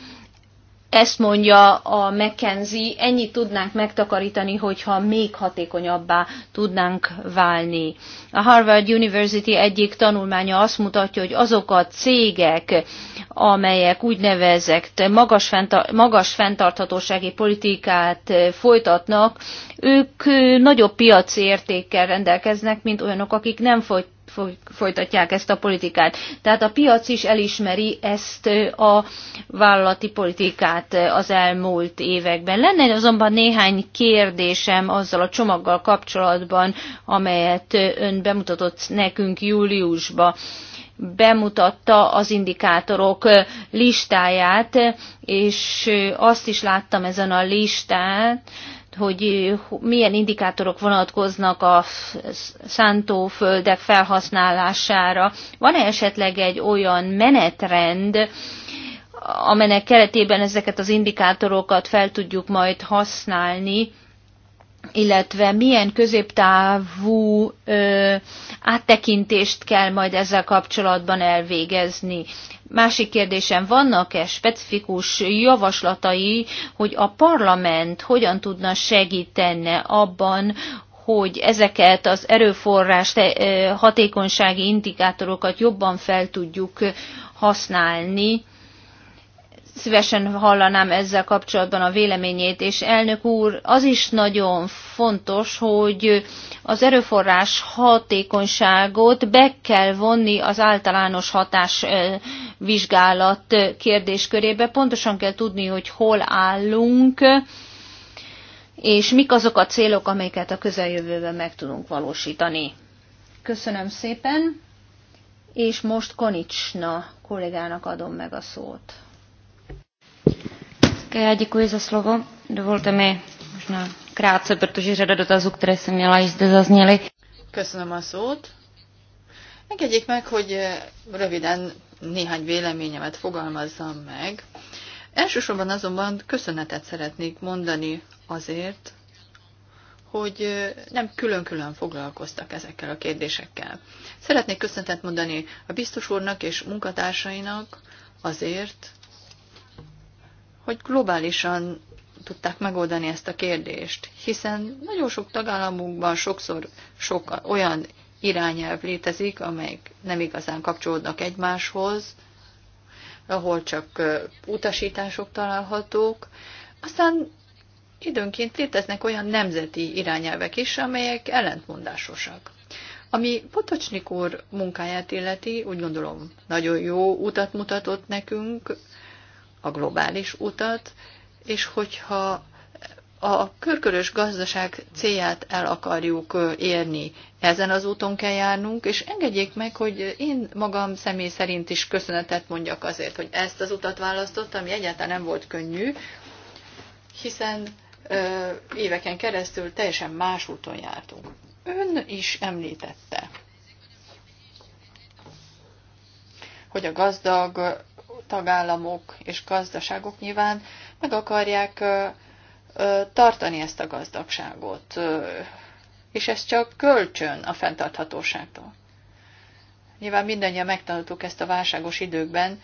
ezt mondja a McKenzie, ennyit tudnánk megtakarítani, hogyha még hatékonyabbá tudnánk válni. A Harvard University egyik tanulmánya azt mutatja, hogy azok a cégek, amelyek úgynevezett magas, fenntar- magas fenntarthatósági politikát folytatnak, ők nagyobb piaci értékkel rendelkeznek, mint olyanok, akik nem folytatnak folytatják ezt a politikát. Tehát a piac is elismeri ezt a vállalati politikát az elmúlt években. Lenne azonban néhány kérdésem azzal a csomaggal kapcsolatban, amelyet ön bemutatott nekünk júliusba bemutatta az indikátorok listáját, és azt is láttam ezen a listán, hogy milyen indikátorok vonatkoznak a szántóföldek felhasználására. Van-e esetleg egy olyan menetrend, amelynek keretében ezeket az indikátorokat fel tudjuk majd használni, illetve milyen középtávú ö, áttekintést kell majd ezzel kapcsolatban elvégezni. Másik kérdésem, vannak-e specifikus javaslatai, hogy a parlament hogyan tudna segíteni abban, hogy ezeket az erőforrás hatékonysági indikátorokat jobban fel tudjuk használni, Szívesen hallanám ezzel kapcsolatban a véleményét, és elnök úr, az is nagyon fontos, hogy az erőforrás hatékonyságot be kell vonni az általános hatás vizsgálat kérdéskörébe. Pontosan kell tudni, hogy hol állunk, és mik azok a célok, amelyeket a közeljövőben meg tudunk valósítani. Köszönöm szépen, és most Konicsna kollégának adom meg a szót já děkuji za slovo. Dovolte mi možná krátce, protože řada dotazů, které jsem měla, již zde zazněly. Köszönöm a szót. Engedjék meg, hogy röviden néhány véleményemet fogalmazzam meg. Elsősorban azonban köszönetet szeretnék mondani azért, hogy nem külön-külön foglalkoztak ezekkel a kérdésekkel. Szeretnék köszönetet mondani a biztos úrnak és munkatársainak azért, hogy globálisan tudták megoldani ezt a kérdést, hiszen nagyon sok tagállamunkban sokszor sok olyan irányelv létezik, amelyek nem igazán kapcsolódnak egymáshoz, ahol csak utasítások találhatók. Aztán időnként léteznek olyan nemzeti irányelvek is, amelyek ellentmondásosak. Ami Potocsnik úr munkáját illeti, úgy gondolom, nagyon jó utat mutatott nekünk a globális utat, és hogyha a körkörös gazdaság célját el akarjuk érni. Ezen az úton kell járnunk, és engedjék meg, hogy én magam személy szerint is köszönetet mondjak azért, hogy ezt az utat választottam, ami egyáltalán nem volt könnyű, hiszen ö, éveken keresztül teljesen más úton jártunk. Ön is említette, hogy a gazdag tagállamok és gazdaságok nyilván meg akarják tartani ezt a gazdagságot, és ez csak kölcsön a fenntarthatóságtól. Nyilván mindannyian megtanultuk ezt a válságos időkben,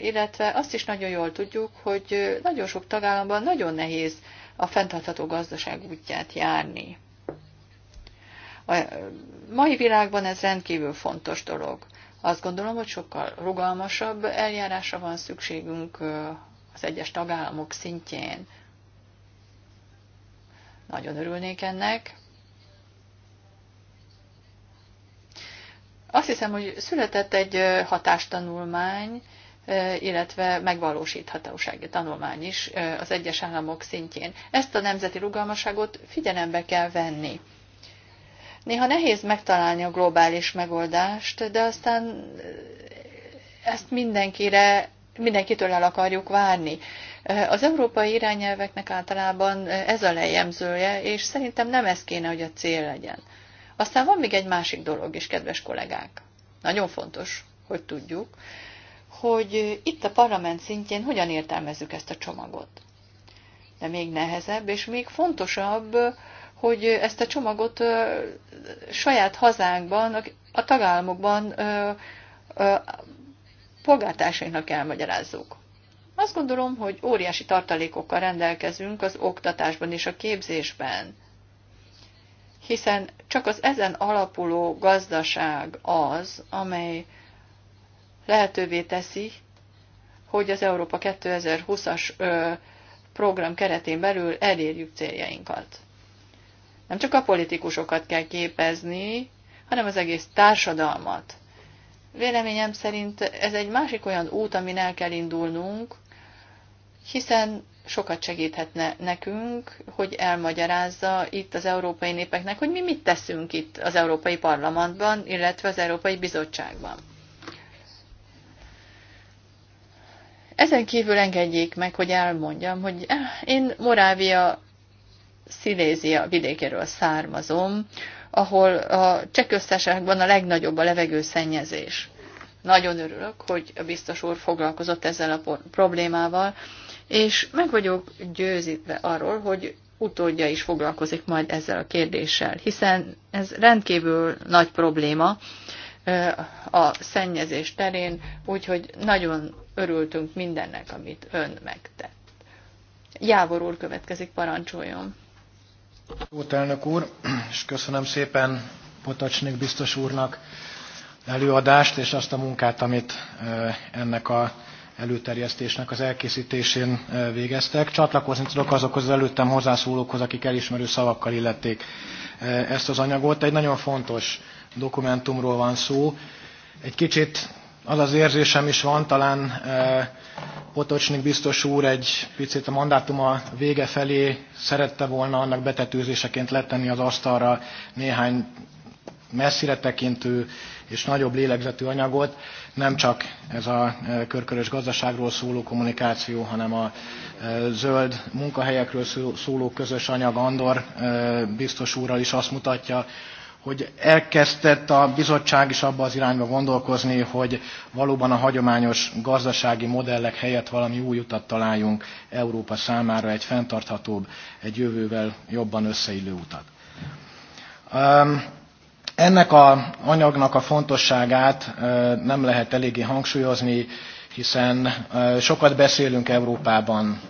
illetve azt is nagyon jól tudjuk, hogy nagyon sok tagállamban nagyon nehéz a fenntartható gazdaság útját járni. A mai világban ez rendkívül fontos dolog. Azt gondolom, hogy sokkal rugalmasabb eljárásra van szükségünk az egyes tagállamok szintjén. Nagyon örülnék ennek. Azt hiszem, hogy született egy hatástanulmány, illetve megvalósíthatósági tanulmány is az egyes államok szintjén. Ezt a nemzeti rugalmasságot figyelembe kell venni. Néha nehéz megtalálni a globális megoldást, de aztán eh, ezt mindenkire, mindenkitől el akarjuk várni. Eh, az európai irányelveknek általában eh, ez a lejemzője, és szerintem nem ez kéne, hogy a cél legyen. Aztán van még egy másik dolog is, kedves kollégák. Nagyon fontos, hogy tudjuk, hogy itt a parlament szintjén hogyan értelmezzük ezt a csomagot. De még nehezebb és még fontosabb hogy ezt a csomagot saját hazánkban, a tagállamokban polgártársainknak elmagyarázzuk. Azt gondolom, hogy óriási tartalékokkal rendelkezünk az oktatásban és a képzésben, hiszen csak az ezen alapuló gazdaság az, amely lehetővé teszi, hogy az Európa 2020-as program keretén belül elérjük céljainkat. Nem csak a politikusokat kell képezni, hanem az egész társadalmat. Véleményem szerint ez egy másik olyan út, amin el kell indulnunk, hiszen sokat segíthetne nekünk, hogy elmagyarázza itt az európai népeknek, hogy mi mit teszünk itt az Európai Parlamentban, illetve az Európai Bizottságban. Ezen kívül engedjék meg, hogy elmondjam, hogy eh, én Morávia Szilézia vidékéről származom, ahol a csekköztársaságban a legnagyobb a levegőszennyezés. Nagyon örülök, hogy a biztos úr foglalkozott ezzel a problémával, és meg vagyok győzítve arról, hogy utódja is foglalkozik majd ezzel a kérdéssel, hiszen ez rendkívül nagy probléma a szennyezés terén, úgyhogy nagyon örültünk mindennek, amit ön megtett. Jávor úr következik, parancsoljon elnök úr, és köszönöm szépen Potacsnik biztos úrnak előadást, és azt a munkát, amit ennek a előterjesztésnek az elkészítésén végeztek. Csatlakozni tudok azokhoz az előttem hozzászólókhoz, akik elismerő szavakkal illették ezt az anyagot. Egy nagyon fontos dokumentumról van szó. Egy kicsit az az érzésem is van, talán eh, Potocsnik biztos úr egy picit a mandátuma vége felé szerette volna annak betetőzéseként letenni az asztalra néhány messzire tekintő és nagyobb lélegzetű anyagot, nem csak ez a eh, körkörös gazdaságról szóló kommunikáció, hanem a eh, zöld munkahelyekről szóló közös anyag Andor biztos úrral is azt mutatja, hogy elkezdett a bizottság is abba az irányba gondolkozni, hogy valóban a hagyományos gazdasági modellek helyett valami új utat találjunk Európa számára, egy fenntarthatóbb, egy jövővel jobban összeillő utat. Ennek a anyagnak a fontosságát nem lehet eléggé hangsúlyozni, hiszen sokat beszélünk Európában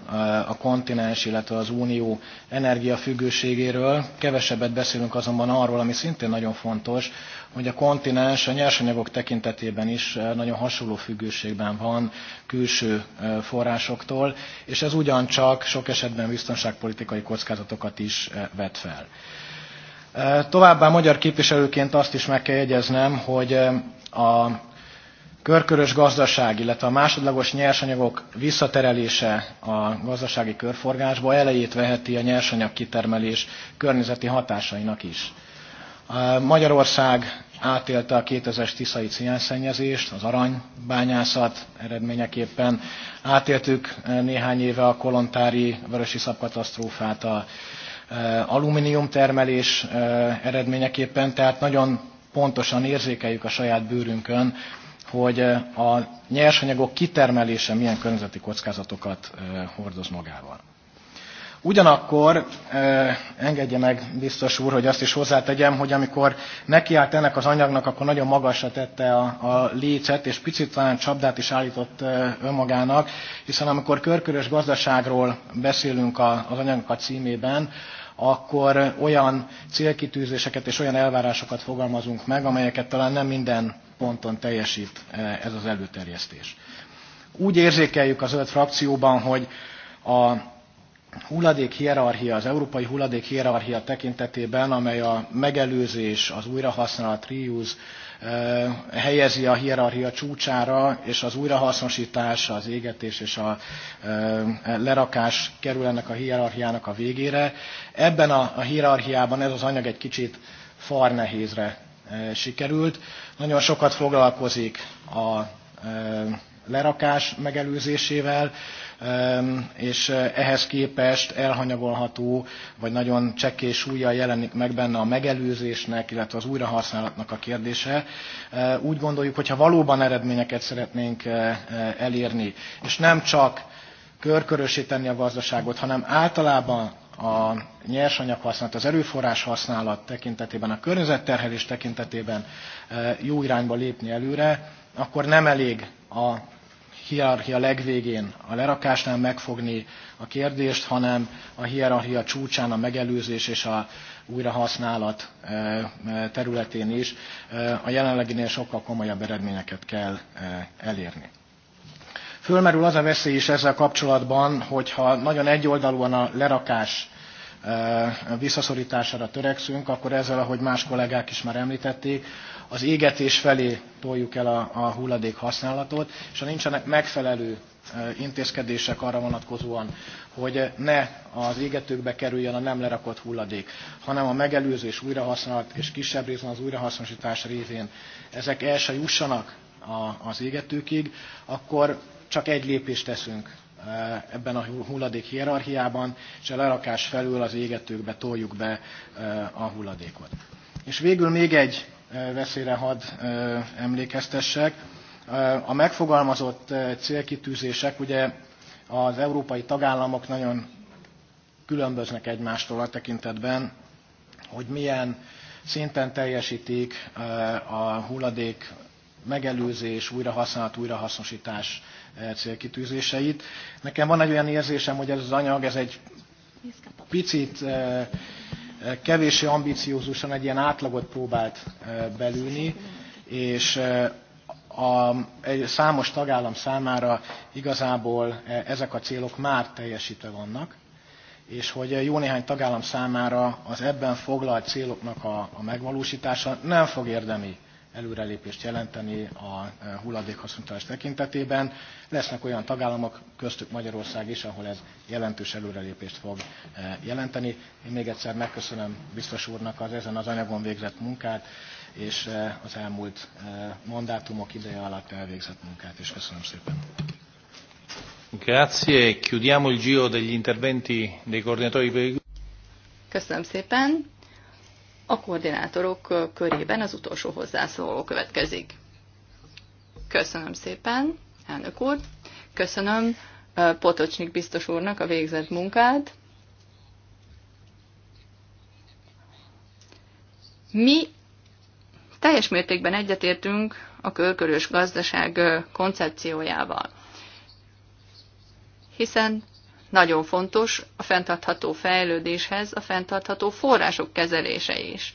a kontinens, illetve az unió energiafüggőségéről, kevesebbet beszélünk azonban arról, ami szintén nagyon fontos, hogy a kontinens a nyersanyagok tekintetében is nagyon hasonló függőségben van külső forrásoktól, és ez ugyancsak sok esetben biztonságpolitikai kockázatokat is vet fel. Továbbá magyar képviselőként azt is meg kell jegyeznem, hogy a körkörös gazdaság, illetve a másodlagos nyersanyagok visszaterelése a gazdasági körforgásba elejét veheti a nyersanyag kitermelés környezeti hatásainak is. Magyarország átélte a 2000-es tiszai ciánszennyezést, az aranybányászat eredményeképpen. Átéltük eh, néhány éve a kolontári vörösi szabkatasztrófát, a eh, alumínium termelés eh, eredményeképpen, tehát nagyon pontosan érzékeljük a saját bőrünkön hogy a nyersanyagok kitermelése milyen környezeti kockázatokat hordoz magával. Ugyanakkor engedje meg biztos úr, hogy azt is hozzátegyem, hogy amikor nekiállt ennek az anyagnak, akkor nagyon magasra tette a, a lécet, és picit talán csapdát is állított önmagának, hiszen amikor körkörös gazdaságról beszélünk a, az anyagok a címében, akkor olyan célkitűzéseket és olyan elvárásokat fogalmazunk meg, amelyeket talán nem minden ponton teljesít e, ez az előterjesztés. Úgy érzékeljük a zöld frakcióban, hogy a hulladék hierarchia, az európai hulladék hierarchia tekintetében, amely a megelőzés, az újrahasználat, reuse e, helyezi a hierarchia csúcsára, és az újrahasznosítás, az égetés és a e, lerakás kerül ennek a hierarchiának a végére. Ebben a hierarchiában ez az anyag egy kicsit farnehézre sikerült. Nagyon sokat foglalkozik a lerakás megelőzésével, és ehhez képest elhanyagolható, vagy nagyon csekkés súlya jelenik meg benne a megelőzésnek, illetve az újrahasználatnak a kérdése. Úgy gondoljuk, hogyha valóban eredményeket szeretnénk elérni, és nem csak körkörösíteni a gazdaságot, hanem általában a nyersanyaghasználat, az erőforrás használat tekintetében, a környezetterhelés tekintetében e, jó irányba lépni előre, akkor nem elég a hierarchia legvégén a lerakásnál megfogni a kérdést, hanem a hierarchia csúcsán a megelőzés és a újrahasználat e, e, területén is a jelenleginél sokkal komolyabb eredményeket kell elérni. Fölmerül az a veszély is ezzel kapcsolatban, hogyha nagyon egyoldalúan a lerakás visszaszorítására törekszünk, akkor ezzel, ahogy más kollégák is már említették, az égetés felé toljuk el a, a hulladék használatot, és ha nincsenek megfelelő intézkedések arra vonatkozóan, hogy ne az égetőkbe kerüljön a nem lerakott hulladék, hanem a megelőzés, újrahasználat és kisebb részben az újrahasznosítás révén ezek el se jussanak az égetőkig, akkor csak egy lépést teszünk eh, ebben a hulladék hierarchiában, és a lerakás felül az égetőkbe toljuk be eh, a hulladékot. És végül még egy eh, veszélyre had emlékeztessek. A megfogalmazott célkitűzések, ugye az európai tagállamok nagyon különböznek egymástól a tekintetben, hogy milyen szinten teljesítik a hulladék megelőzés, újrahasználat, újrahasznosítás eh, célkitűzéseit. Nekem van egy olyan érzésem, hogy ez az anyag, ez egy picit eh, eh, kevéssé ambiciózusan egy ilyen átlagot próbált belülni, és a, egy számos tagállam számára igazából ezek a célok már teljesítve vannak, és hogy jó néhány tagállam számára az ebben foglalt céloknak a, a megvalósítása nem fog érdemi előrelépést jelenteni a e, hulladékhasznosítás tekintetében. Lesznek olyan tagállamok, köztük Magyarország is, ahol ez jelentős előrelépést fog e, jelenteni. Én még egyszer megköszönöm biztos úrnak az ezen az anyagon végzett munkát, és e, az elmúlt mandátumok ideje alatt elvégzett munkát, és köszönöm szépen. Grazie. Chiudiamo il giro degli interventi dei coordinatori per Köszönöm szépen a koordinátorok körében az utolsó hozzászóló következik. Köszönöm szépen, elnök úr. Köszönöm Potocsnik biztos úrnak a végzett munkát. Mi teljes mértékben egyetértünk a körkörös gazdaság koncepciójával, hiszen nagyon fontos a fenntartható fejlődéshez a fenntartható források kezelése is.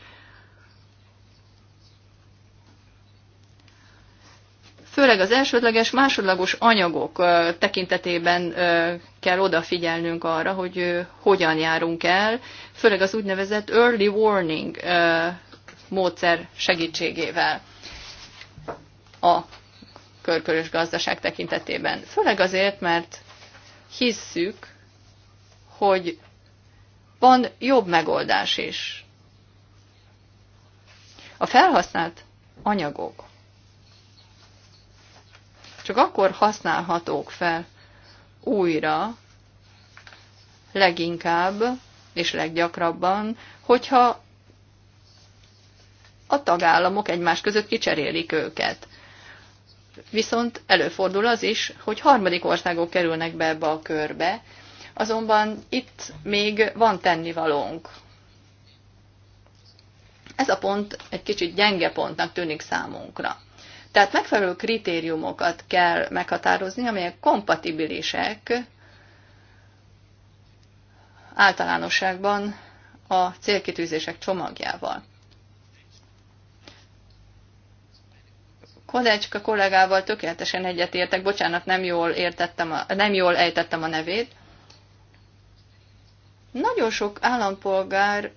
Főleg az elsődleges, másodlagos anyagok tekintetében kell odafigyelnünk arra, hogy hogyan járunk el, főleg az úgynevezett early warning módszer segítségével a körkörös gazdaság tekintetében. Főleg azért, mert hisszük, hogy van jobb megoldás is. A felhasznált anyagok csak akkor használhatók fel újra, leginkább és leggyakrabban, hogyha a tagállamok egymás között kicserélik őket viszont előfordul az is, hogy harmadik országok kerülnek be ebbe a körbe, azonban itt még van tennivalónk. Ez a pont egy kicsit gyenge pontnak tűnik számunkra. Tehát megfelelő kritériumokat kell meghatározni, amelyek kompatibilisek általánosságban a célkitűzések csomagjával. Kodácska kollégával tökéletesen egyetértek, bocsánat, nem jól, értettem a, nem jól ejtettem a nevét. Nagyon sok állampolgár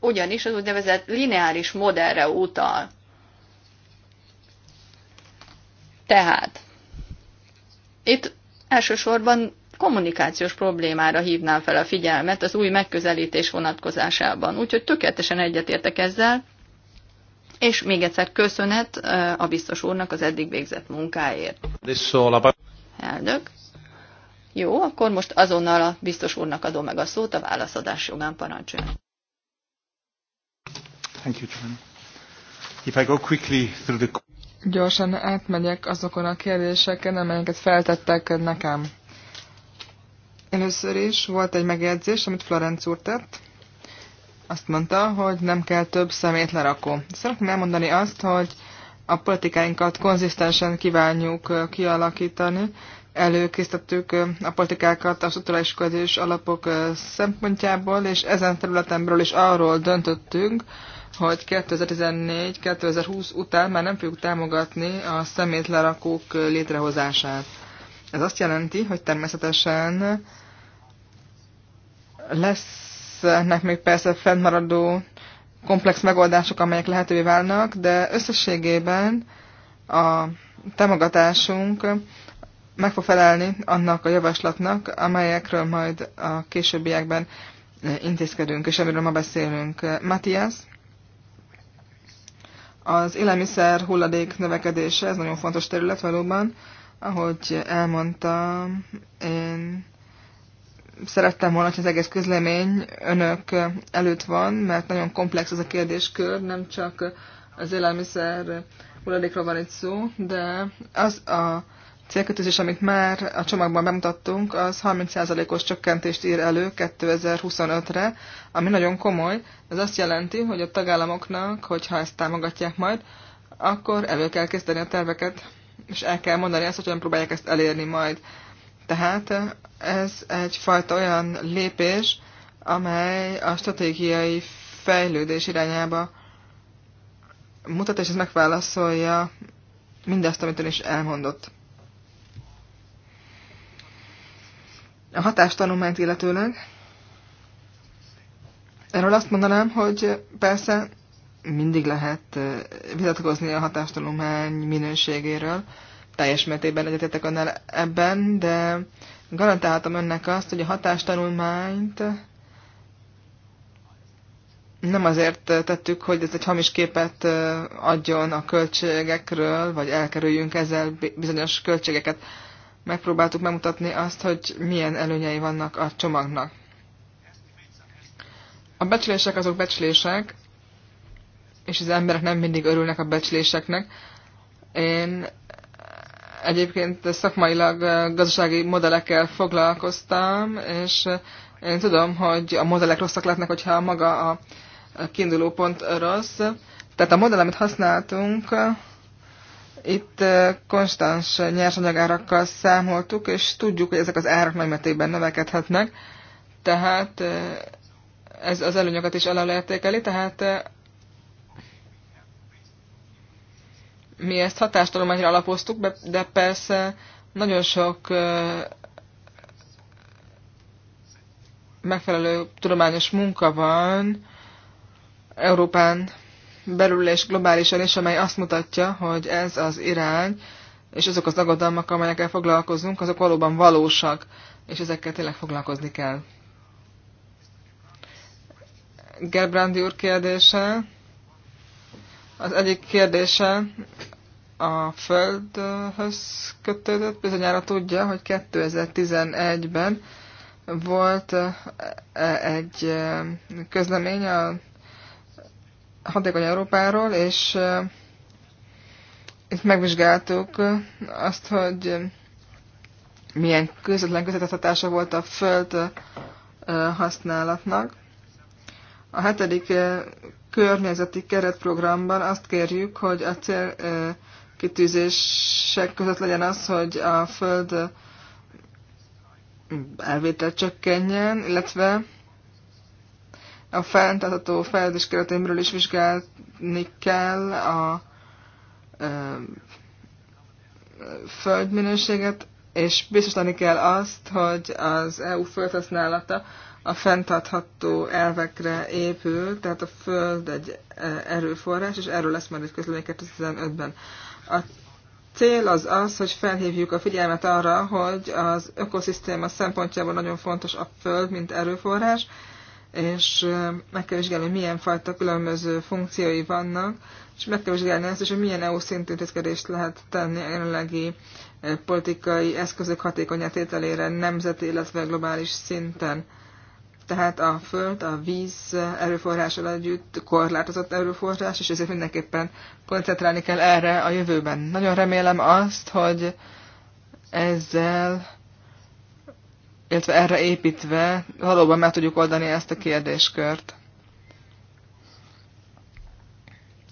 ugyanis az úgynevezett lineáris modellre utal. Tehát, itt elsősorban kommunikációs problémára hívnám fel a figyelmet az új megközelítés vonatkozásában. Úgyhogy tökéletesen egyetértek ezzel, és még egyszer köszönet a biztos úrnak az eddig végzett munkáért. Elnök. Jó, akkor most azonnal a biztos úrnak adom meg a szót a válaszadás jogán parancsolja. Thank you, John. If I go quickly through the... Gyorsan átmegyek azokon a kérdéseken, amelyeket feltettek nekem. Először is volt egy megjegyzés, amit Florenc úr tett azt mondta, hogy nem kell több szemét lerakó. Szeretném elmondani azt, hogy a politikáinkat konzisztensen kívánjuk kialakítani. Előkészítettük a politikákat a struktúrális közés alapok szempontjából, és ezen területemről is arról döntöttünk, hogy 2014-2020 után már nem fogjuk támogatni a szemétlerakók létrehozását. Ez azt jelenti, hogy természetesen lesz lesznek még persze fennmaradó komplex megoldások, amelyek lehetővé válnak, de összességében a támogatásunk meg fog felelni annak a javaslatnak, amelyekről majd a későbbiekben intézkedünk, és amiről ma beszélünk. Matthias, az élelmiszer hulladék növekedése, ez nagyon fontos terület valóban, ahogy elmondtam, én szerettem volna, hogy az egész közlemény önök előtt van, mert nagyon komplex ez a kérdéskör, nem csak az élelmiszer hulladékról van itt szó, de az a célkötözés, amit már a csomagban bemutattunk, az 30%-os csökkentést ír elő 2025-re, ami nagyon komoly. Ez azt jelenti, hogy a tagállamoknak, hogyha ezt támogatják majd, akkor elő kell kezdeni a terveket, és el kell mondani azt, hogy hogyan próbálják ezt elérni majd. Tehát ez egyfajta olyan lépés, amely a stratégiai fejlődés irányába mutat, és ez megválaszolja mindazt, amit ön is elmondott. A hatástanulmányt illetőleg erről azt mondanám, hogy persze mindig lehet vitatkozni a hatástanulmány minőségéről, teljes mértékben egyetetek önnel ebben, de garantálhatom önnek azt, hogy a hatástanulmányt nem azért tettük, hogy ez egy hamis képet adjon a költségekről, vagy elkerüljünk ezzel bizonyos költségeket. Megpróbáltuk megmutatni azt, hogy milyen előnyei vannak a csomagnak. A becslések azok becslések, és az emberek nem mindig örülnek a becsléseknek. Én egyébként szakmailag gazdasági modellekkel foglalkoztam, és én tudom, hogy a modellek rosszak lehetnek, hogyha maga a kiinduló pont rossz. Tehát a modell, amit használtunk, itt konstans nyersanyagárakkal számoltuk, és tudjuk, hogy ezek az árak nagymetében növekedhetnek, tehát ez az előnyöket is alá tehát mi ezt hatástalományra alapoztuk, de persze nagyon sok megfelelő tudományos munka van Európán belül és globálisan is, amely azt mutatja, hogy ez az irány, és azok az aggodalmak, amelyekkel foglalkozunk, azok valóban valósak, és ezekkel tényleg foglalkozni kell. Gerbrandi úr kérdése. Az egyik kérdése a földhöz kötődött, bizonyára tudja, hogy 2011-ben volt eh, egy eh, közlemény a hatékony Európáról, és eh, itt megvizsgáltuk azt, hogy milyen közvetlen közvetett volt a föld használatnak. A hetedik környezeti keretprogramban azt kérjük, hogy a cél kitűzések között legyen az, hogy a föld elvétel csökkenjen, illetve a fenntartható fejlődés keretémről is vizsgálni kell a földminőséget, és biztosítani kell azt, hogy az EU földhasználata a fenntartható elvekre épül, tehát a föld egy erőforrás, és erről lesz majd egy közlemény 2015-ben. A cél az az, hogy felhívjuk a figyelmet arra, hogy az ökoszisztéma szempontjából nagyon fontos a föld, mint erőforrás, és meg kell vizsgálni, hogy milyen fajta különböző funkciói vannak, és meg kell vizsgálni azt is, hogy milyen EU szintű intézkedést lehet tenni a jelenlegi politikai eszközök hatékony tételére nemzeti, illetve globális szinten tehát a föld, a víz erőforrással együtt korlátozott erőforrás, és ezért mindenképpen koncentrálni kell erre a jövőben. Nagyon remélem azt, hogy ezzel, illetve erre építve valóban meg tudjuk oldani ezt a kérdéskört.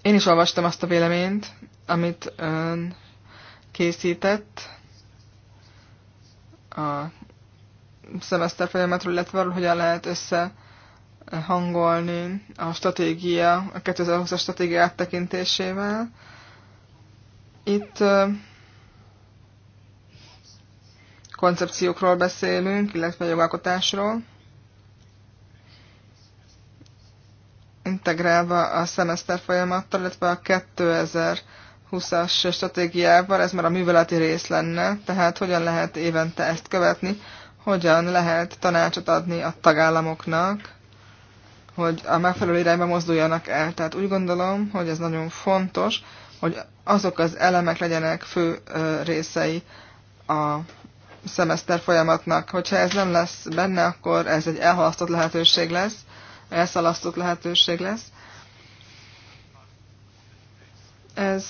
Én is olvastam azt a véleményt, amit ön készített a szemeszter folyamatról, illetve arról, hogyan lehet összehangolni a stratégia, a 2020-as stratégia áttekintésével. Itt koncepciókról beszélünk, illetve jogalkotásról, integrálva a szemeszter folyamattal, illetve a 2020-as stratégiával, ez már a műveleti rész lenne, tehát hogyan lehet évente ezt követni, hogyan lehet tanácsot adni a tagállamoknak, hogy a megfelelő irányba mozduljanak el. Tehát úgy gondolom, hogy ez nagyon fontos, hogy azok az elemek legyenek fő részei a szemeszter folyamatnak. Hogyha ez nem lesz benne, akkor ez egy elhalasztott lehetőség lesz, elszalasztott lehetőség lesz. Ez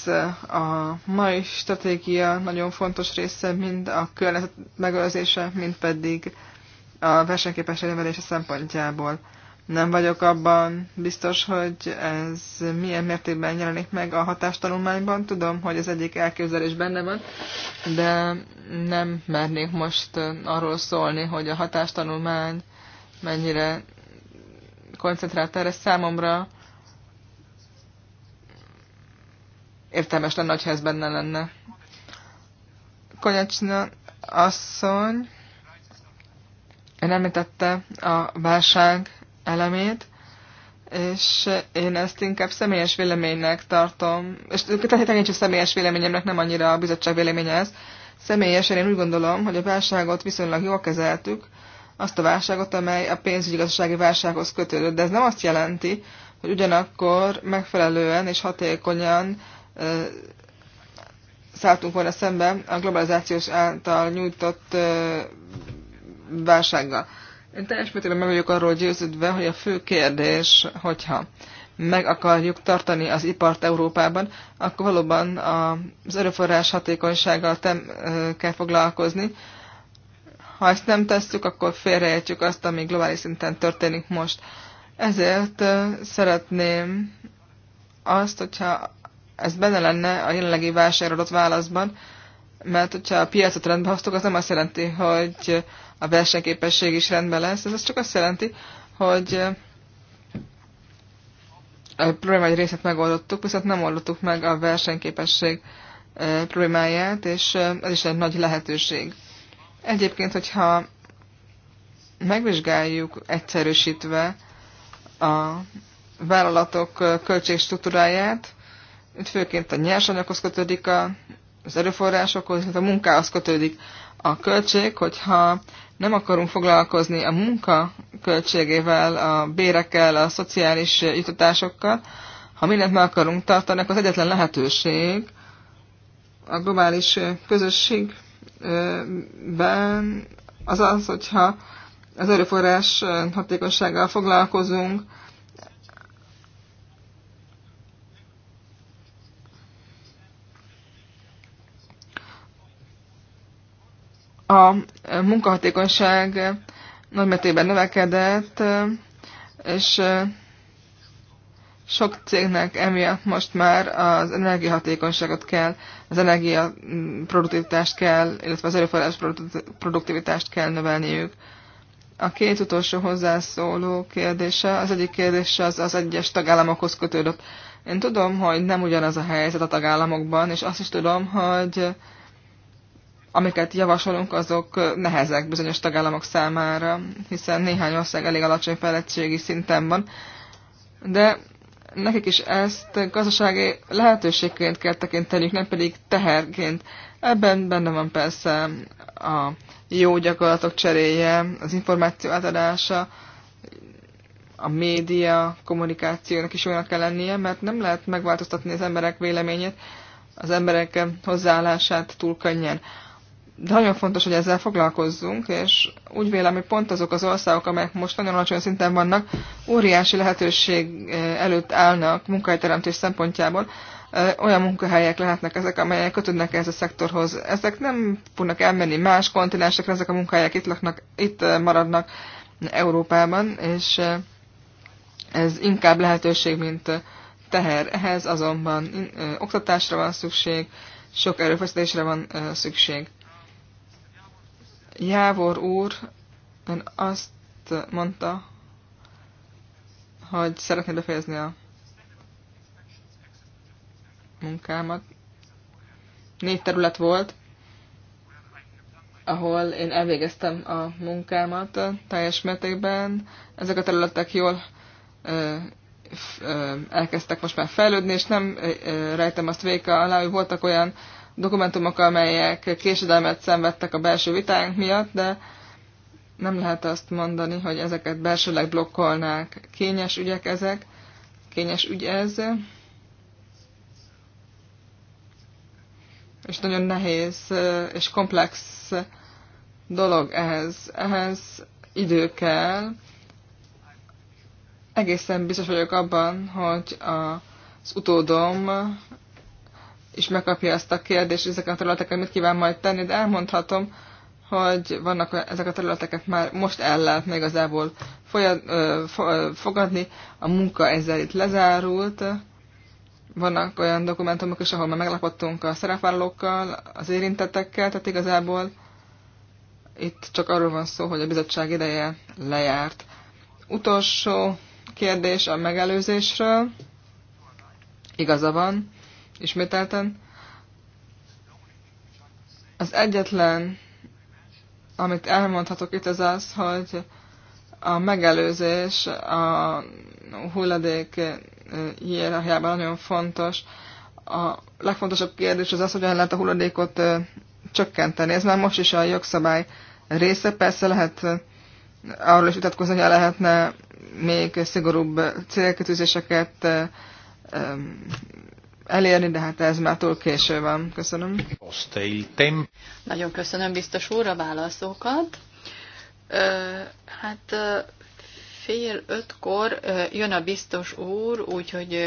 a mai stratégia nagyon fontos része mind a környezet megőrzése, mind pedig a versenyképes növelése szempontjából. Nem vagyok abban biztos, hogy ez milyen mértékben jelenik meg a hatástanulmányban. Tudom, hogy az egyik elképzelés benne van, de nem mernék most arról szólni, hogy a hatástanulmány mennyire koncentrált erre számomra. értelmes lenne, ha ez benne lenne. Konyacsina asszony én említette a válság elemét, és én ezt inkább személyes véleménynek tartom, és tehát én csak személyes véleményemnek nem annyira a bizottság véleménye ez. Személyesen én úgy gondolom, hogy a válságot viszonylag jól kezeltük, azt a válságot, amely a pénzügyi-gazdasági válsághoz kötődött, de ez nem azt jelenti, hogy ugyanakkor megfelelően és hatékonyan szálltunk volna szembe a globalizációs által nyújtott válsággal. Én teljes mértékben meg vagyok arról győződve, hogy a fő kérdés, hogyha meg akarjuk tartani az ipart Európában, akkor valóban az erőforrás hatékonysággal tem, kell foglalkozni. Ha ezt nem tesszük, akkor félreértjük azt, ami globális szinten történik most. Ezért szeretném azt, hogyha ez benne lenne a jelenlegi vásárolott válaszban, mert hogyha a piacot rendbe hoztuk, az nem azt jelenti, hogy a versenyképesség is rendben lesz, ez csak azt jelenti, hogy eh, a probléma egy részét megoldottuk, viszont nem oldottuk meg a versenyképesség eh, problémáját, és eh, ez is egy nagy lehetőség. Egyébként, hogyha megvizsgáljuk egyszerűsítve a vállalatok költségstruktúráját, itt főként a nyersanyaghoz kötődik a, az erőforrásokhoz, illetve a munkához kötődik a költség, hogyha nem akarunk foglalkozni a munka költségével, a bérekkel, a szociális juttatásokkal, ha mindent meg akarunk tartani, akkor az egyetlen lehetőség a globális közösségben az az, hogyha az erőforrás hatékonysággal foglalkozunk, a munkahatékonyság nagymetében növekedett, és sok cégnek emiatt most már az energiahatékonyságot kell, az energiaproduktivitást mm, kell, illetve az erőforrás produktivitást kell növelniük. A két utolsó hozzászóló kérdése, az egyik kérdés az az egyes tagállamokhoz kötődött. Én tudom, hogy nem ugyanaz a helyzet a tagállamokban, és azt is tudom, hogy amiket javasolunk, azok nehezek bizonyos tagállamok számára, hiszen néhány ország elég alacsony fejlettségi szinten van, de nekik is ezt gazdasági lehetőségként kell tekinteniük, nem pedig teherként. Ebben benne van persze a jó gyakorlatok cseréje, az információ átadása, a média kommunikációnak is olyan kell lennie, mert nem lehet megváltoztatni az emberek véleményét, az emberek hozzáállását túl könnyen de nagyon fontos, hogy ezzel foglalkozzunk, és úgy vélem, hogy pont azok az országok, amelyek most nagyon alacsony szinten vannak, óriási lehetőség eh, előtt állnak munkahelyteremtés szempontjából. Eh, olyan munkahelyek lehetnek ezek, amelyek kötődnek ehhez a szektorhoz. Ezek nem fognak elmenni más kontinensekre, ezek a munkahelyek itt, laknak, itt eh, maradnak Európában, és ez inkább lehetőség, mint teher. Ehhez azonban oktatásra van szükség, sok erőfeszítésre van szükség. Jávor úr ön azt mondta, hogy szeretné befejezni a munkámat. Négy terület volt, ahol én elvégeztem a munkámat teljes mértékben. Ezek a területek jól elkezdtek most már fejlődni, és nem rejtem azt véka alá, hogy voltak olyan dokumentumok, amelyek késedelmet szenvedtek a belső vitánk miatt, de nem lehet azt mondani, hogy ezeket belsőleg blokkolnák. Kényes ügyek ezek, kényes ügy ez, és nagyon nehéz és komplex dolog ehhez. Ehhez idő kell. Egészen biztos vagyok abban, hogy az utódom is megkapja ezt a kérdést ezeken a területeken, mit kíván majd tenni, de elmondhatom, hogy vannak ezek a területeket már most el lehet még igazából fogadni, a munka ezzel itt lezárult, vannak olyan dokumentumok is, ahol már meglapottunk a szerepvállalókkal, az érintettekkel, tehát igazából itt csak arról van szó, hogy a bizottság ideje lejárt. Utolsó kérdés a megelőzésről. Igaza van ismételten. Az egyetlen, amit elmondhatok itt, az az, hogy a megelőzés a hulladék hierarchiában nagyon fontos. A legfontosabb kérdés az az, hogy lehet a hulladékot csökkenteni. Ez már most is a jogszabály része. Persze lehet arról is vitatkozni, hogy lehetne még szigorúbb célkötőzéseket elérni, de hát ez már túl késő van. Köszönöm. Nagyon köszönöm biztos úr a válaszokat. Ö, hát fél ötkor jön a biztos úr, úgyhogy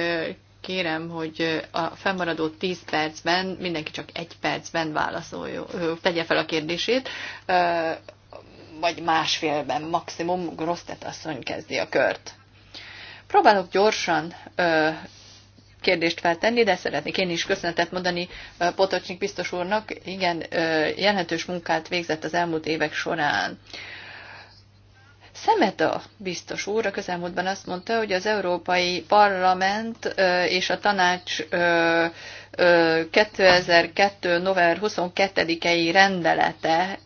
kérem, hogy a felmaradó tíz percben mindenki csak egy percben válaszoljon, tegye fel a kérdését, vagy másfélben maximum Grosztet asszony kezdi a kört. Próbálok gyorsan kérdést feltenni, de szeretnék én is köszönetet mondani Potocsnik biztos úrnak. Igen, jelentős munkát végzett az elmúlt évek során. Szemeta biztos úr a közelmúltban azt mondta, hogy az Európai Parlament és a tanács 2002. november 22-i rendelete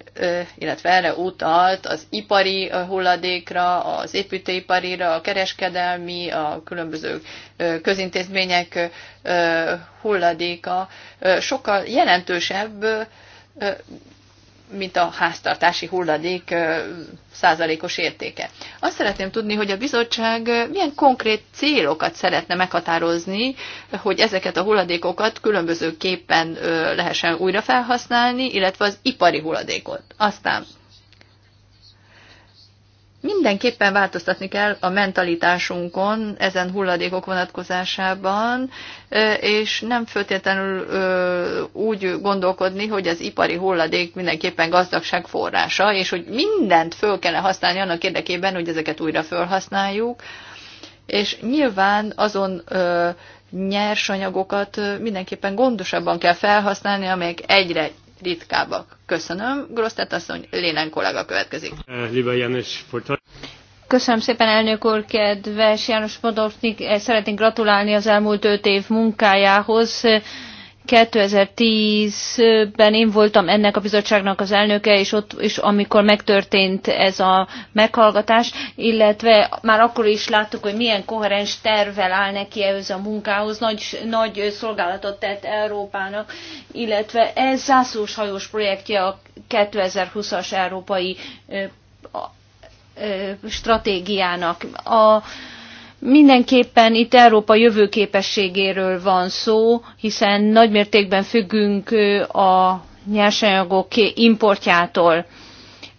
illetve erre utalt az ipari hulladékra, az építőiparira, a kereskedelmi, a különböző közintézmények hulladéka sokkal jelentősebb, mint a háztartási hulladék százalékos értéke. Azt szeretném tudni, hogy a bizottság milyen konkrét célokat szeretne meghatározni, hogy ezeket a hulladékokat különbözőképpen lehessen újra felhasználni, illetve az ipari hulladékot. Aztán Mindenképpen változtatni kell a mentalitásunkon ezen hulladékok vonatkozásában, és nem föltétlenül úgy gondolkodni, hogy az ipari hulladék mindenképpen gazdagság forrása, és hogy mindent föl kell használni annak érdekében, hogy ezeket újra felhasználjuk, és nyilván azon nyersanyagokat mindenképpen gondosabban kell felhasználni, amelyek egyre ritkábbak. Köszönöm. Grosztet asszony, Lénen kollega következik. Köszönöm szépen, elnök úr, kedves János Podovnik, eh, szeretnénk gratulálni az elmúlt öt év munkájához 2010-ben én voltam ennek a bizottságnak az elnöke, és ott és amikor megtörtént ez a meghallgatás, illetve már akkor is láttuk, hogy milyen koherens tervvel áll neki ehhez a munkához, nagy, nagy szolgálatot tett Európának, illetve ez zászlós hajós projektje a 2020-as európai ö, ö, stratégiának. A, Mindenképpen itt Európa jövőképességéről van szó, hiszen nagymértékben függünk a nyersanyagok importjától.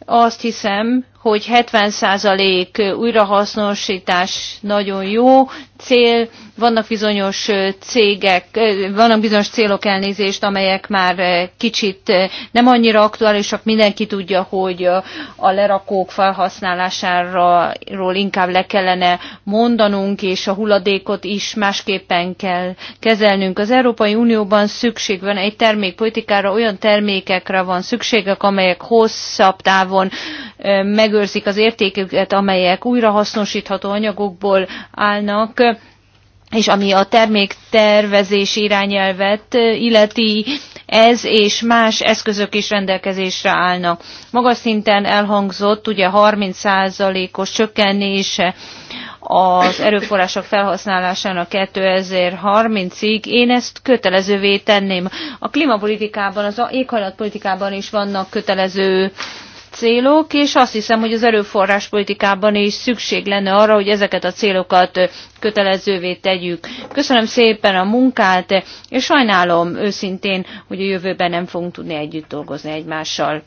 Azt hiszem, hogy 70% újrahasznosítás nagyon jó, cél, vannak bizonyos cégek, vannak bizonyos célok elnézést, amelyek már kicsit nem annyira aktuálisak, mindenki tudja, hogy a lerakók felhasználásáról inkább le kellene mondanunk, és a hulladékot is másképpen kell kezelnünk. Az Európai Unióban szükség van egy termékpolitikára, olyan termékekre van szükségek, amelyek hosszabb távon megőrzik az értéküket, amelyek újrahasznosítható anyagokból állnak, és ami a terméktervezés irányelvet illeti, ez és más eszközök is rendelkezésre állnak. Magas szinten elhangzott ugye 30%-os csökkenése az erőforrások felhasználásának 2030-ig. Én ezt kötelezővé tenném. A klímapolitikában, az éghajlatpolitikában is vannak kötelező célok, és azt hiszem, hogy az erőforráspolitikában is szükség lenne arra, hogy ezeket a célokat kötelezővé tegyük. Köszönöm szépen a munkát, és sajnálom őszintén, hogy a jövőben nem fogunk tudni együtt dolgozni egymással.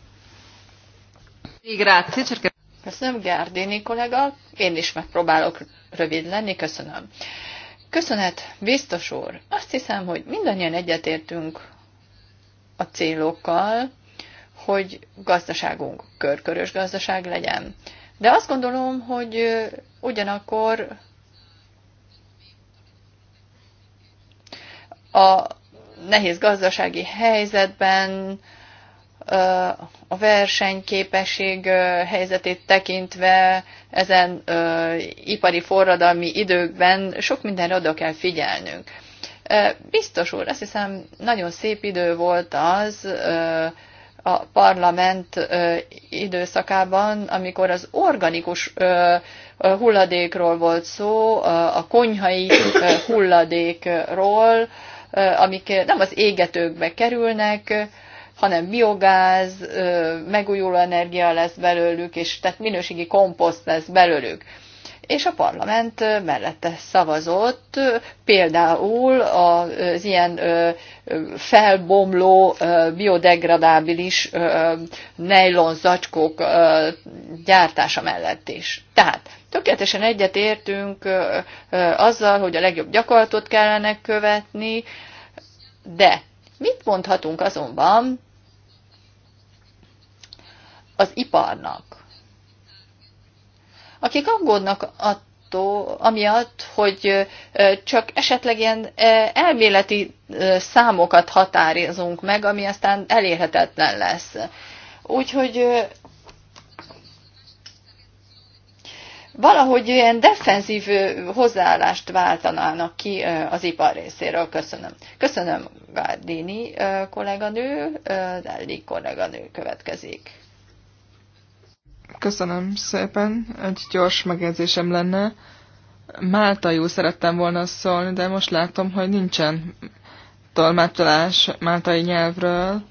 Köszönöm, Gárdéni kollega. Én is megpróbálok rövid lenni, köszönöm. Köszönet, biztos úr. Azt hiszem, hogy mindannyian egyetértünk a célokkal, hogy gazdaságunk körkörös gazdaság legyen. De azt gondolom, hogy ugyanakkor a nehéz gazdasági helyzetben a versenyképesség helyzetét tekintve ezen ipari forradalmi időkben sok mindenre oda kell figyelnünk. Biztos úr, azt hiszem nagyon szép idő volt az a parlament időszakában, amikor az organikus hulladékról volt szó, a konyhai hulladékról, amik nem az égetőkbe kerülnek, hanem biogáz, megújuló energia lesz belőlük, és tehát minőségi komposzt lesz belőlük. És a parlament mellette szavazott például az ilyen felbomló, biodegradábilis nejlon zacskók gyártása mellett is. Tehát tökéletesen egyetértünk azzal, hogy a legjobb gyakorlatot kellene követni, de mit mondhatunk azonban az iparnak, akik aggódnak a attól, amiatt, hogy csak esetleg ilyen elméleti számokat határozunk meg, ami aztán elérhetetlen lesz. Úgyhogy valahogy ilyen defenzív hozzáállást váltanának ki az ipar részéről. Köszönöm. Köszönöm Gárdini kolléganő, Delli kolléganő következik. Köszönöm szépen. Egy gyors megjegyzésem lenne. jó szerettem volna szólni, de most látom, hogy nincsen tolmácsolás máltai nyelvről,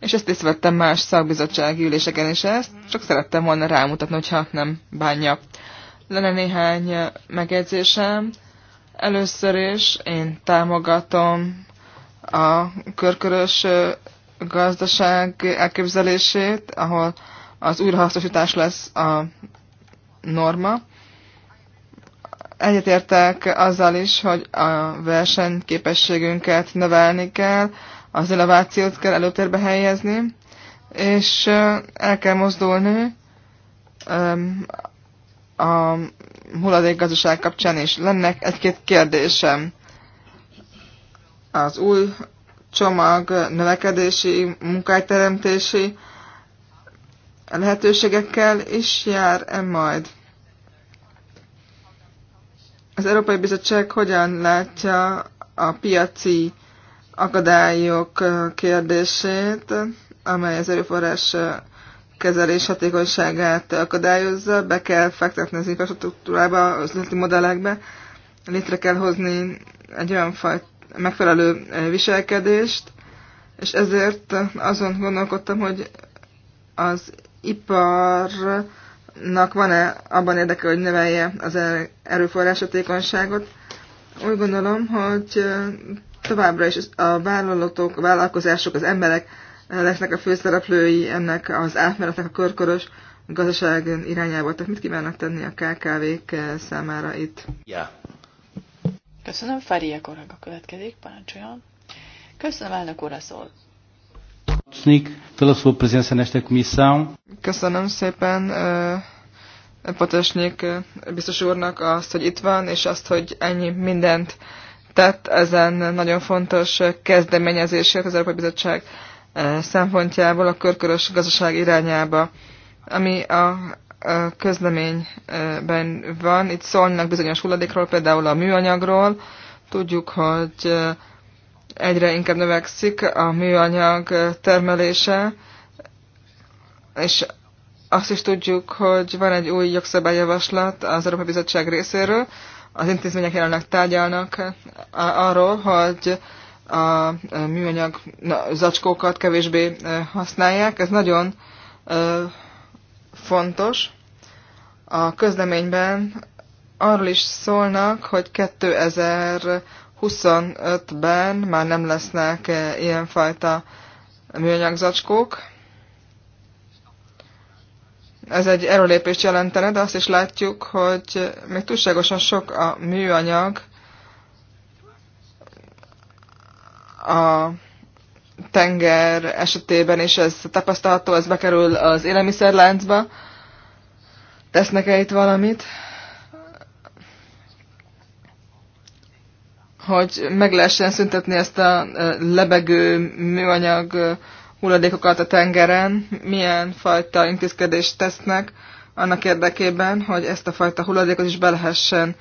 és ezt is vettem más szakbizottsági üléseken is ezt, csak szerettem volna rámutatni, hogyha nem bánja. Lenne néhány megjegyzésem. Először is én támogatom a körkörös gazdaság elképzelését, ahol az újrahasznosítás lesz a norma. Egyetértek azzal is, hogy a versenyképességünket növelni kell, az innovációt kell előtérbe helyezni, és el kell mozdulni a hulladékgazdaság kapcsán is. Lennek egy-két kérdésem. Az új csomag növekedési, munkájteremtési, lehetőségekkel is jár-e majd? Az Európai Bizottság hogyan látja a piaci akadályok kérdését, amely az erőforrás kezelés hatékonyságát akadályozza, be kell fektetni az infrastruktúrába, az üzleti modellekbe, létre kell hozni egy olyan fajt megfelelő viselkedést, és ezért azon gondolkodtam, hogy az iparnak van-e abban érdeke, hogy növelje az erőforrás hatékonyságot. Úgy gondolom, hogy továbbra is a vállalatok, a vállalkozások, az emberek lesznek a főszereplői ennek az átmenetnek a körkörös gazdaság irányába. Tehát mit kívánnak tenni a KKV-k számára itt? Yeah. Köszönöm, Fária Korhaga következik, parancsoljon. Köszönöm, elnök úr, a szót. Snik, pela sua presença nesta comissão. Köszönöm szépen eh, Patosnyik eh, biztos úrnak azt, hogy itt van, és azt, hogy ennyi mindent tett ezen nagyon fontos kezdeményezésért az Európai Bizottság eh, szempontjából a körkörös gazdaság irányába, ami a közleményben van. Itt szólnak bizonyos hulladékról, például a műanyagról. Tudjuk, hogy egyre inkább növekszik a műanyag termelése, és azt is tudjuk, hogy van egy új jogszabályjavaslat az Európai Bizottság részéről. Az intézmények jelenleg tárgyalnak arról, hogy a műanyag zacskókat kevésbé használják. Ez nagyon fontos. A közleményben arról is szólnak, hogy 2000 25-ben már nem lesznek eh, ilyenfajta műanyagzacskók. Ez egy erőlépést jelentene, de azt is látjuk, hogy még túlságosan sok a műanyag a tenger esetében, és ez tapasztalható, ez bekerül az élelmiszerláncba. Tesznek-e itt valamit? hogy meg lehessen szüntetni ezt a lebegő műanyag hulladékokat a tengeren, milyen fajta intézkedést tesznek annak érdekében, hogy ezt a fajta hulladékot is be lehessen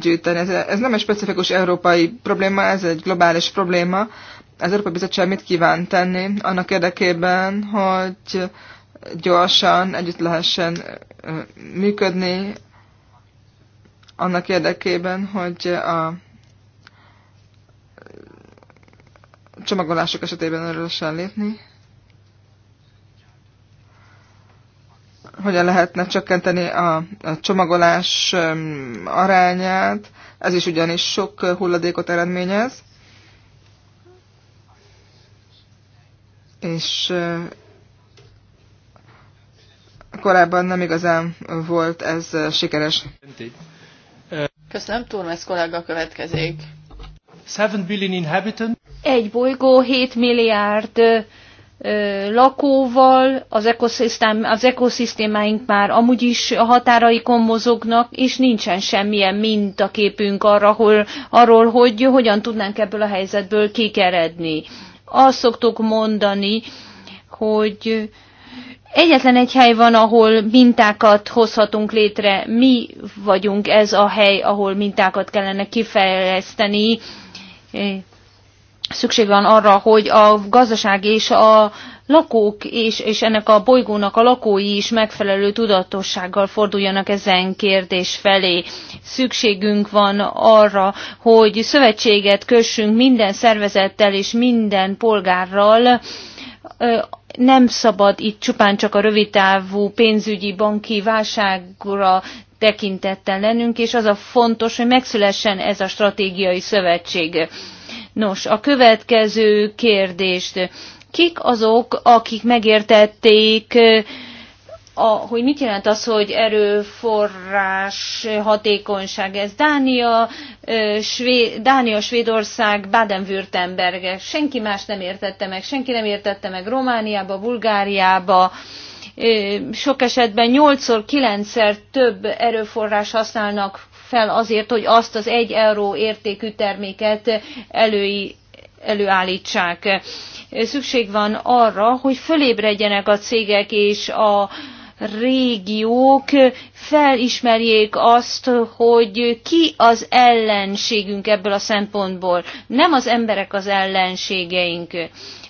gyűjteni. Ez, ez nem egy specifikus európai probléma, ez egy globális probléma. Az Európai Bizottság mit kíván tenni annak érdekében, hogy gyorsan együtt lehessen működni, annak érdekében, hogy a csomagolások esetében erősen lépni. Hogyan lehetne csökkenteni a, a csomagolás arányát, ez is ugyanis sok hulladékot eredményez. És korábban nem igazán volt ez sikeres. Köszönöm, Turmes kollega következik. 7 billion inhabitants egy bolygó 7 milliárd lakóval, az, ekoszisztém, az ekoszisztémáink már amúgy is a határaikon mozognak, és nincsen semmilyen mintaképünk arra, hol, arról, hogy hogyan tudnánk ebből a helyzetből kikeredni. Azt szoktuk mondani, hogy egyetlen egy hely van, ahol mintákat hozhatunk létre. Mi vagyunk ez a hely, ahol mintákat kellene kifejleszteni, szükség van arra, hogy a gazdaság és a lakók és, és ennek a bolygónak a lakói is megfelelő tudatossággal forduljanak ezen kérdés felé. Szükségünk van arra, hogy szövetséget kössünk minden szervezettel és minden polgárral, nem szabad itt csupán csak a rövidtávú pénzügyi banki válságra tekintettel lennünk, és az a fontos, hogy megszülessen ez a stratégiai szövetség Nos, a következő kérdést. Kik azok, akik megértették, a, hogy mit jelent az, hogy erőforrás hatékonyság? Ez Dánia, Svéd, Dánia Svédország, Baden-Württemberg. Senki más nem értette meg, senki nem értette meg Romániába, Bulgáriába, sok esetben 8-szor, 9-szer több erőforrás használnak fel azért, hogy azt az egy euró értékű terméket elői előállítsák. Szükség van arra, hogy fölébredjenek a cégek és a régiók felismerjék azt, hogy ki az ellenségünk ebből a szempontból. Nem az emberek az ellenségeink.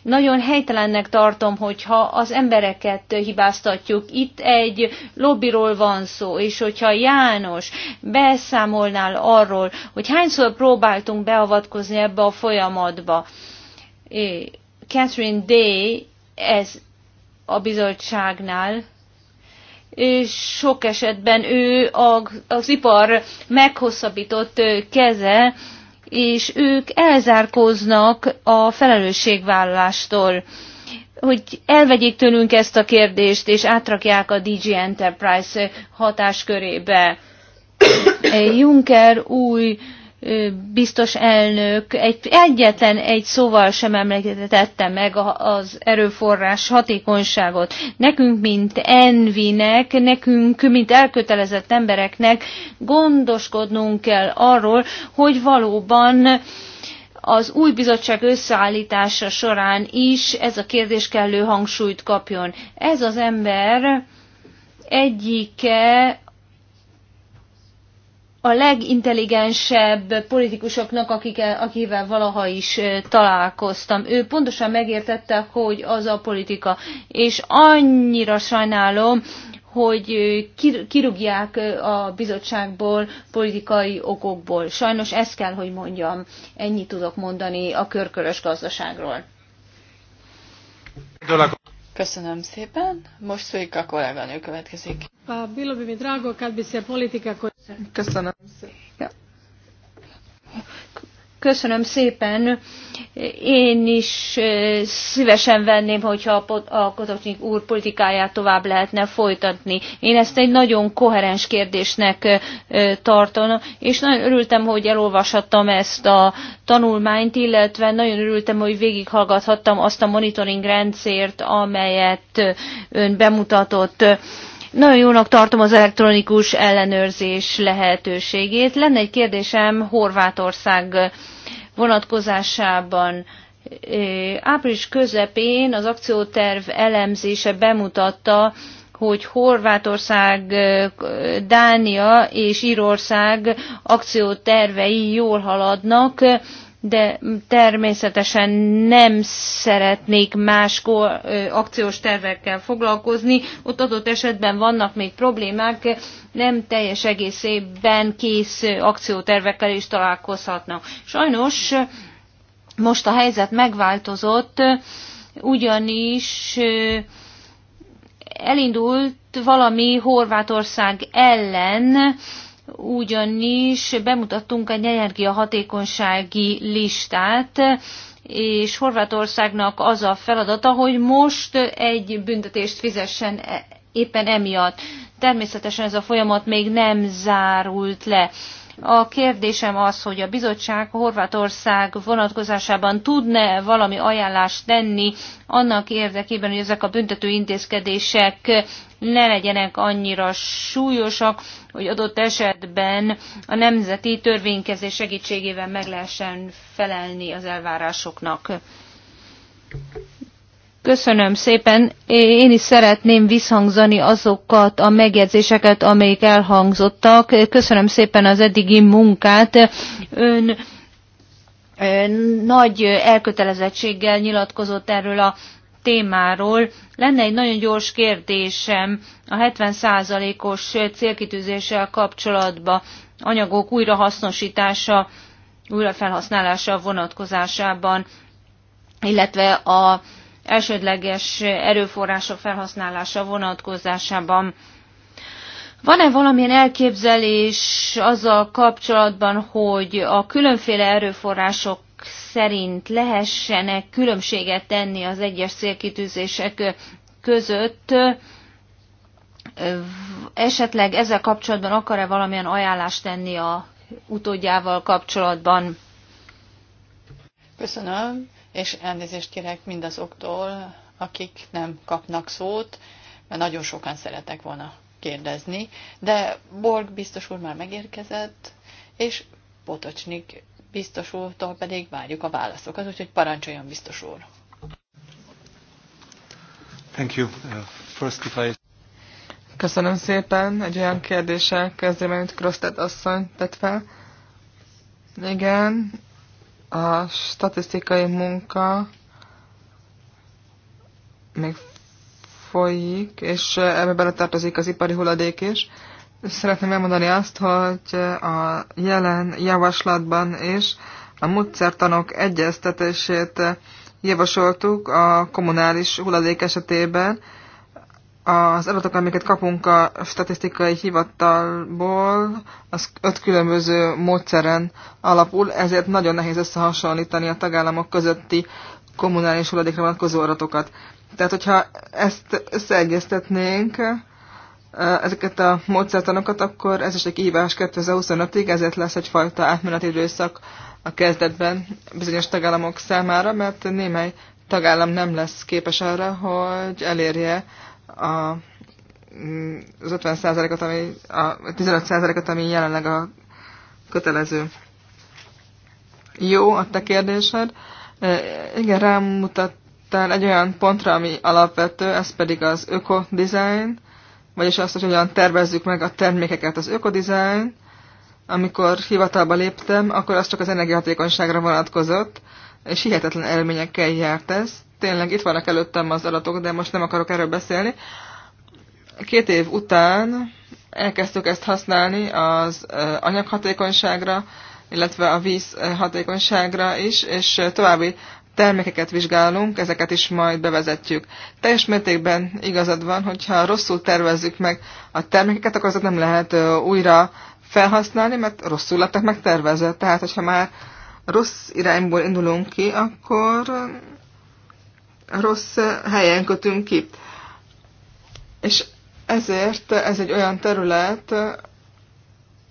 Nagyon helytelennek tartom, hogyha az embereket hibáztatjuk. Itt egy lobbiról van szó, és hogyha János beszámolnál arról, hogy hányszor próbáltunk beavatkozni ebbe a folyamatba. Catherine Day, ez a bizottságnál és sok esetben ő az ipar meghosszabbított keze, és ők elzárkóznak a felelősségvállalástól, hogy elvegyék tőlünk ezt a kérdést, és átrakják a DG Enterprise hatáskörébe. Juncker új uh, biztos elnök egy, egyetlen egy szóval sem említette meg az erőforrás hatékonyságot. Nekünk, mint Envinek, nekünk, mint elkötelezett embereknek gondoskodnunk kell arról, hogy valóban az új bizottság összeállítása során is ez a kérdés kellő hangsúlyt kapjon. Ez az ember egyike a legintelligensebb politikusoknak, akik, akivel valaha is találkoztam. Ő pontosan megértette, hogy az a politika. És annyira sajnálom, hogy kirúgják a bizottságból politikai okokból. Sajnos ezt kell, hogy mondjam. Ennyit tudok mondani a körkörös gazdaságról. Köszönöm szépen. Most szóik a kolléganő következik. A bilobi mi drago kad bi se politika... Köszönöm szépen. Köszönöm szépen én is szívesen venném, hogyha a Kotocsnik úr politikáját tovább lehetne folytatni. Én ezt egy nagyon koherens kérdésnek tartom, és nagyon örültem, hogy elolvashattam ezt a tanulmányt, illetve nagyon örültem, hogy végighallgathattam azt a monitoring rendszert, amelyet ön bemutatott. Nagyon jónak tartom az elektronikus ellenőrzés lehetőségét. Lenne egy kérdésem Horvátország vonatkozásában április közepén az akcióterv elemzése bemutatta, hogy Horvátország, Dánia és Írország akciótervei jól haladnak, de természetesen nem szeretnék más akciós tervekkel foglalkozni. Ott adott esetben vannak még problémák, nem teljes egészében kész akciótervekkel is találkozhatnak. Sajnos most a helyzet megváltozott, ugyanis elindult valami Horvátország ellen, ugyanis bemutattunk egy energiahatékonysági listát, és Horvátországnak az a feladata, hogy most egy büntetést fizessen e- éppen emiatt. Természetesen ez a folyamat még nem zárult le. A kérdésem az, hogy a bizottság Horvátország vonatkozásában tudne valami ajánlást tenni annak érdekében, hogy ezek a büntető intézkedések ne legyenek annyira súlyosak, hogy adott esetben a nemzeti törvénykezés segítségével meg lehessen felelni az elvárásoknak. Köszönöm szépen. Én is szeretném visszhangzani azokat a megjegyzéseket, amelyik elhangzottak. Köszönöm szépen az eddigi munkát. Ön nagy elkötelezettséggel nyilatkozott erről a témáról. Lenne egy nagyon gyors kérdésem a 70%-os célkitűzéssel kapcsolatban anyagok újrahasznosítása, újrafelhasználása vonatkozásában, illetve a elsődleges erőforrások felhasználása vonatkozásában. Van-e valamilyen elképzelés azzal kapcsolatban, hogy a különféle erőforrások szerint lehessenek különbséget tenni az egyes célkitűzések között, esetleg ezzel kapcsolatban akar-e valamilyen ajánlást tenni a utódjával kapcsolatban? Köszönöm, és elnézést kérek mindazoktól, akik nem kapnak szót, mert nagyon sokan szeretek volna kérdezni, de Borg biztos úr már megérkezett, és Potocsnik biztos úrtól pedig várjuk a válaszokat, úgyhogy parancsoljon biztos úr. Thank you. Uh, first, if I... Köszönöm szépen. Egy olyan kérdéssel kezdem, amit Krosztet asszony tett fel. Igen, a statisztikai munka még folyik, és ebbe beletartozik az ipari hulladék is. Szeretném elmondani azt, hogy a jelen javaslatban is a módszertanok egyeztetését javasoltuk a kommunális hulladék esetében. Az adatok, amiket kapunk a statisztikai hivatalból, az öt különböző módszeren alapul, ezért nagyon nehéz összehasonlítani a tagállamok közötti kommunális hulladékra vonatkozó adatokat. Tehát, hogyha ezt összeegyeztetnénk, ezeket a módszertanokat, akkor ez is egy kihívás 2025-ig, ezért lesz egyfajta átmeneti időszak a kezdetben bizonyos tagállamok számára, mert némely tagállam nem lesz képes arra, hogy elérje a, mm, az 50%-ot, ami, a 15%-ot, ami jelenleg a kötelező. Jó, a te kérdésed. Igen, rámutattál egy olyan pontra, ami alapvető, ez pedig az öko-design vagyis azt, hogy hogyan tervezzük meg a termékeket. Az ökodizájn, amikor hivatalba léptem, akkor az csak az energiahatékonyságra vonatkozott, és hihetetlen elményekkel járt ez. Tényleg itt vannak előttem az adatok, de most nem akarok erről beszélni. Két év után elkezdtük ezt használni az anyaghatékonyságra, illetve a víz hatékonyságra is, és további termékeket vizsgálunk, ezeket is majd bevezetjük. Teljes mértékben igazad van, hogyha rosszul tervezzük meg a termékeket, akkor azokat nem lehet újra felhasználni, mert rosszul lettek megtervezve. Tehát, hogyha már rossz irányból indulunk ki, akkor rossz helyen kötünk ki. És ezért ez egy olyan terület,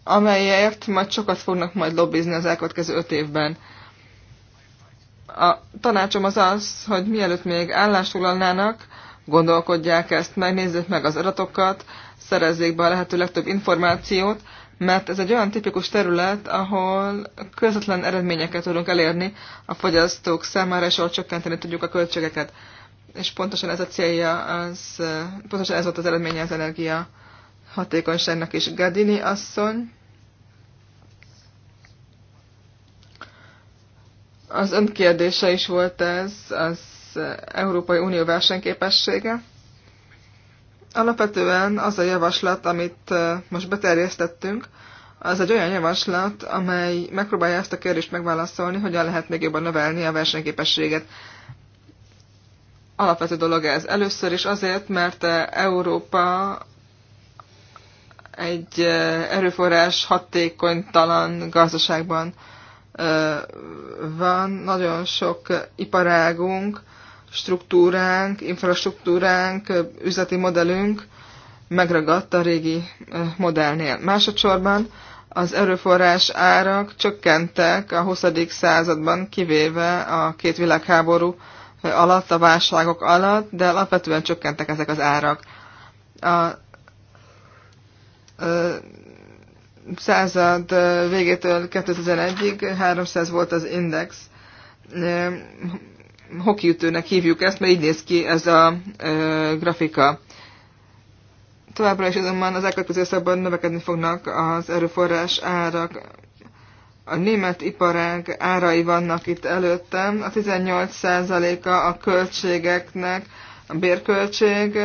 amelyért majd sokat fognak majd lobbizni az elkövetkező öt évben a tanácsom az az, hogy mielőtt még állást foglalnának, gondolkodják ezt, megnézzék meg az adatokat, szerezzék be a lehető legtöbb információt, mert ez egy olyan tipikus terület, ahol közvetlen eredményeket tudunk elérni a fogyasztók számára, és ahol csökkenteni tudjuk a költségeket. És pontosan ez a célja, az, pontosan ez volt az eredménye az energia hatékonyságnak is. Gadini asszony. Az ön kérdése is volt ez, az Európai Unió versenyképessége. Alapvetően az a javaslat, amit most beterjesztettünk, az egy olyan javaslat, amely megpróbálja ezt a kérdést megválaszolni, hogyan lehet még jobban növelni a versenyképességet. Alapvető dolog ez. Először is azért, mert Európa egy erőforrás hatékonytalan gazdaságban van, nagyon sok iparágunk, struktúránk, infrastruktúránk, üzleti modellünk megragadt a régi modellnél. Másodszorban az erőforrás árak csökkentek a 20. században, kivéve a két világháború alatt, a válságok alatt, de alapvetően csökkentek ezek az árak. A, század végétől 2011-ig 300 volt az index. Hokiütőnek hívjuk ezt, mert így néz ki ez a grafika. Továbbra is azonban az elkövetkező szakban növekedni fognak az erőforrás árak. A német iparág árai vannak itt előttem. A 18%-a a költségeknek, a bérköltség,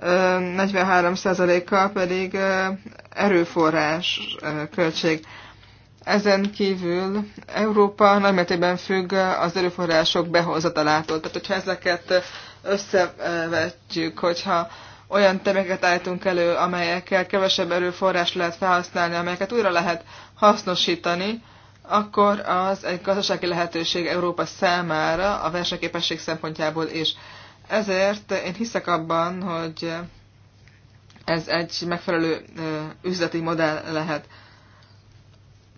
43%-a pedig erőforrás költség. Ezen kívül Európa nagymértékben függ az erőforrások behozatalától. Tehát, hogyha ezeket összevetjük, hogyha olyan terméket állítunk elő, amelyekkel kevesebb erőforrás lehet felhasználni, amelyeket újra lehet hasznosítani, akkor az egy gazdasági lehetőség Európa számára a versenyképesség szempontjából is. És ezért én hiszek abban, hogy ez egy megfelelő üzleti modell lehet.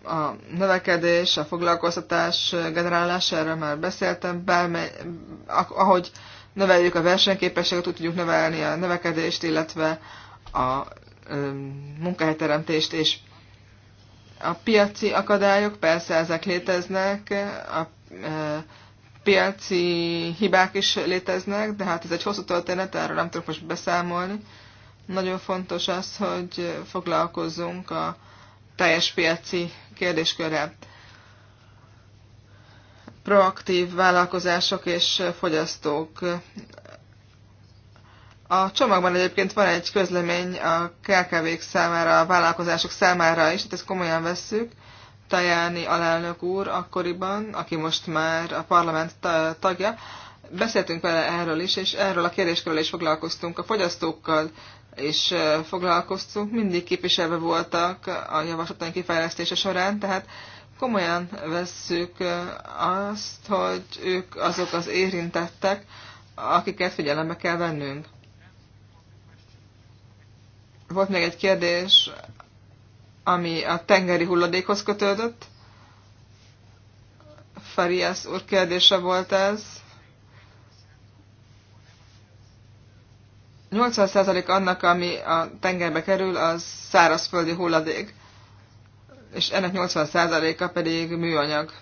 A növekedés, a foglalkoztatás generálása, erről már beszéltem, bármely, ahogy növeljük a versenyképességet, úgy tudjuk növelni a növekedést, illetve a munkahelyteremtést és a piaci akadályok, persze ezek léteznek, a piaci hibák is léteznek, de hát ez egy hosszú történet, erről nem tudok most beszámolni. Nagyon fontos az, hogy foglalkozzunk a teljes piaci kérdéskörrel. Proaktív vállalkozások és fogyasztók. A csomagban egyébként van egy közlemény a kkv számára, a vállalkozások számára is, tehát ezt komolyan vesszük Tajani alelnök úr akkoriban, aki most már a parlament tagja, beszéltünk vele erről is, és erről a kérdéskörről is foglalkoztunk, a fogyasztókkal és foglalkoztunk, mindig képviselve voltak a javaslataink kifejlesztése során, tehát komolyan vesszük azt, hogy ők azok az érintettek, akiket figyelembe kell vennünk. Volt még egy kérdés ami a tengeri hulladékhoz kötődött. Farias úr kérdése volt ez. 80% annak, ami a tengerbe kerül, az szárazföldi hulladék, és ennek 80%-a pedig műanyag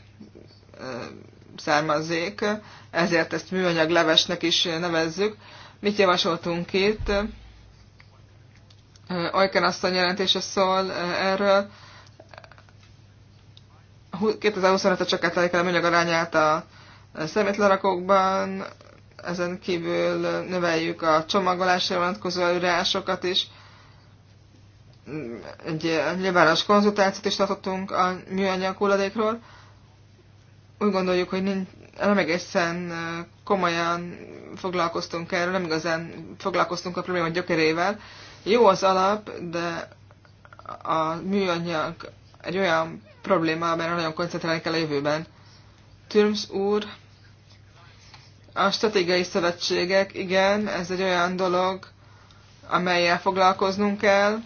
származék, ezért ezt műanyag levesnek is nevezzük. Mit javasoltunk itt? Ajken asszony jelentése szól erről. 2025 csak csökkentelik el a műanyag arányát a szemétlerakókban, ezen kívül növeljük a csomagolásra vonatkozó előreásokat is. Mm, egy nyilvános konzultációt is tartottunk a műanyag hulladékról. Úgy gondoljuk, hogy nincs, nem egészen komolyan foglalkoztunk erről, nem igazán foglalkoztunk a probléma gyökerével, jó az alap, de a műanyag egy olyan probléma, mert nagyon koncentrálni kell a jövőben. Türms úr, a stratégiai szövetségek, igen, ez egy olyan dolog, amelyel foglalkoznunk kell.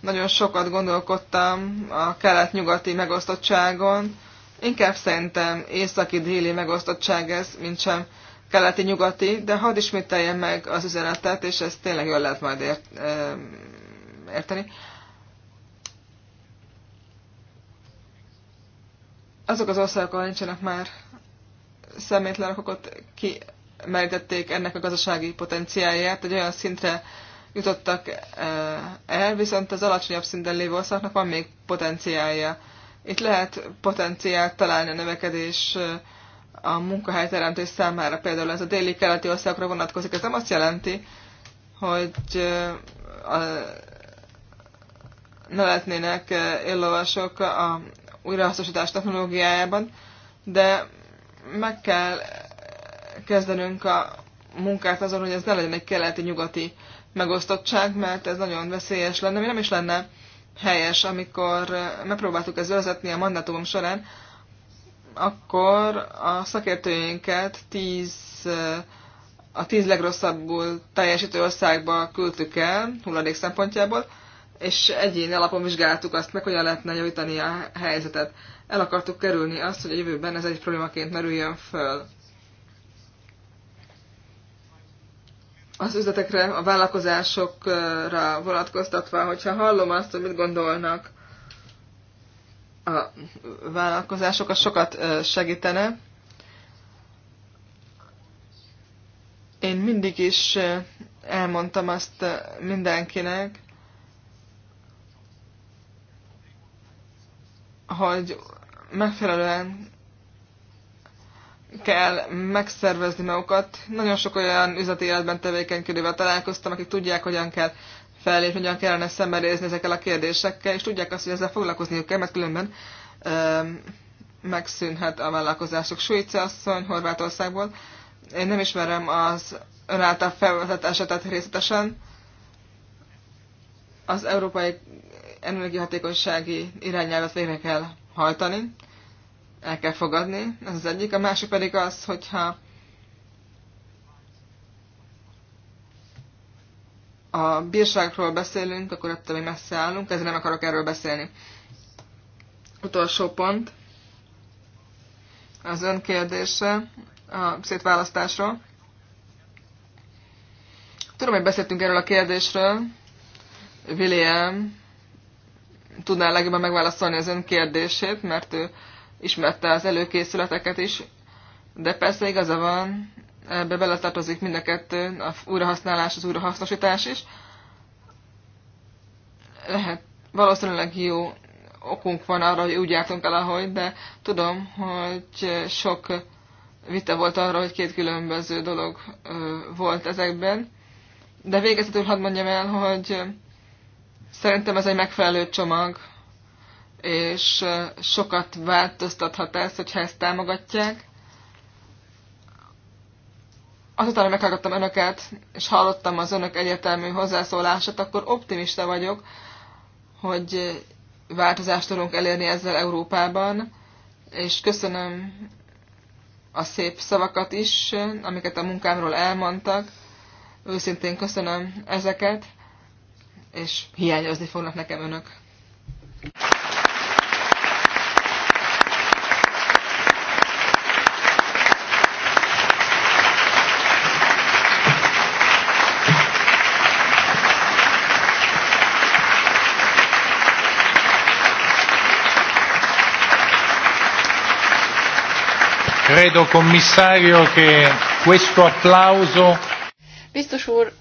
Nagyon sokat gondolkodtam a kelet-nyugati megosztottságon. Inkább szerintem északi-déli megosztottság ez, mint sem keleti-nyugati, de hadd ismételjem meg az üzenetet, és ezt tényleg jól lehet majd ért, érteni. Azok az országok, ahol nincsenek már ki kimerítették ennek a gazdasági potenciáját, egy olyan szintre jutottak el, viszont az alacsonyabb szinten lévő országnak van még potenciálja. Itt lehet potenciált találni a növekedés a munkahelyteremtés számára, például ez a déli-keleti országokra vonatkozik, ez nem azt jelenti, hogy a, ne lehetnének éllovasok a újrahasznosítás technológiájában, de meg kell kezdenünk a munkát azon, hogy ez ne legyen egy keleti-nyugati megosztottság, mert ez nagyon veszélyes lenne, mi nem is lenne helyes, amikor megpróbáltuk ezt vezetni a mandátumom során, akkor a szakértőinket tíz, a tíz legrosszabbul teljesítő országba küldtük el, hulladék szempontjából, és egyéni alapon vizsgáltuk azt meg, hogyan lehetne javítani a helyzetet. El akartuk kerülni azt, hogy a jövőben ez egy problémaként merüljön föl. az üzletekre, a vállalkozásokra vonatkoztatva, hogyha hallom azt, hogy mit gondolnak a vállalkozásokat sokat segítene. Én mindig is elmondtam azt mindenkinek, hogy megfelelően kell megszervezni magukat. Nagyon sok olyan üzleti életben tevékenykedővel találkoztam, akik tudják, hogyan kell fellép, hogyan kellene szembenézni ezekkel a kérdésekkel, és tudják azt, hogy ezzel foglalkozniuk kell, mert különben ö, megszűnhet a vállalkozások. Svíce asszony Horvátországból. Én nem ismerem az ön által felvetett esetet részletesen. Az európai energiahatékonysági irányelvet végre kell hajtani, el kell fogadni, ez az egyik. A másik pedig az, hogyha a bírságról beszélünk, akkor ettől még messze állunk, ezért nem akarok erről beszélni. Utolsó pont, az ön kérdése a szétválasztásról. Tudom, hogy beszéltünk erről a kérdésről. William tudná legjobban megválaszolni az ön kérdését, mert ő ismerte az előkészületeket is, de persze igaza van, ebbe beletartozik mind a kettő, a újrahasználás, az újrahasznosítás is. Lehet, valószínűleg jó okunk van arra, hogy úgy jártunk el, ahogy, de tudom, hogy sok vita volt arra, hogy két különböző dolog volt ezekben. De végezetül hadd mondjam el, hogy szerintem ez egy megfelelő csomag, és sokat változtathat ez, hogyha ezt támogatják azután, hogy meghallgattam önöket, és hallottam az önök egyetemű hozzászólását, akkor optimista vagyok, hogy változást tudunk elérni ezzel Európában, és köszönöm a szép szavakat is, amiket a munkámról elmondtak. Őszintén köszönöm ezeket, és hiányozni fognak nekem önök. Credo, commissario, che questo applauso... Biztos úr,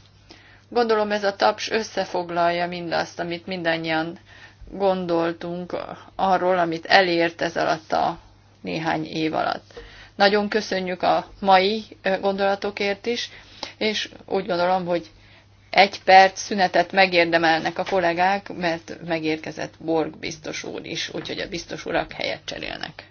gondolom ez a taps összefoglalja mindazt, amit mindannyian gondoltunk arról, amit elért ez alatt a néhány év alatt. Nagyon köszönjük a mai gondolatokért is, és úgy gondolom, hogy egy perc szünetet megérdemelnek a kollégák, mert megérkezett Borg biztos úr is, úgyhogy a biztos urak helyet cserélnek.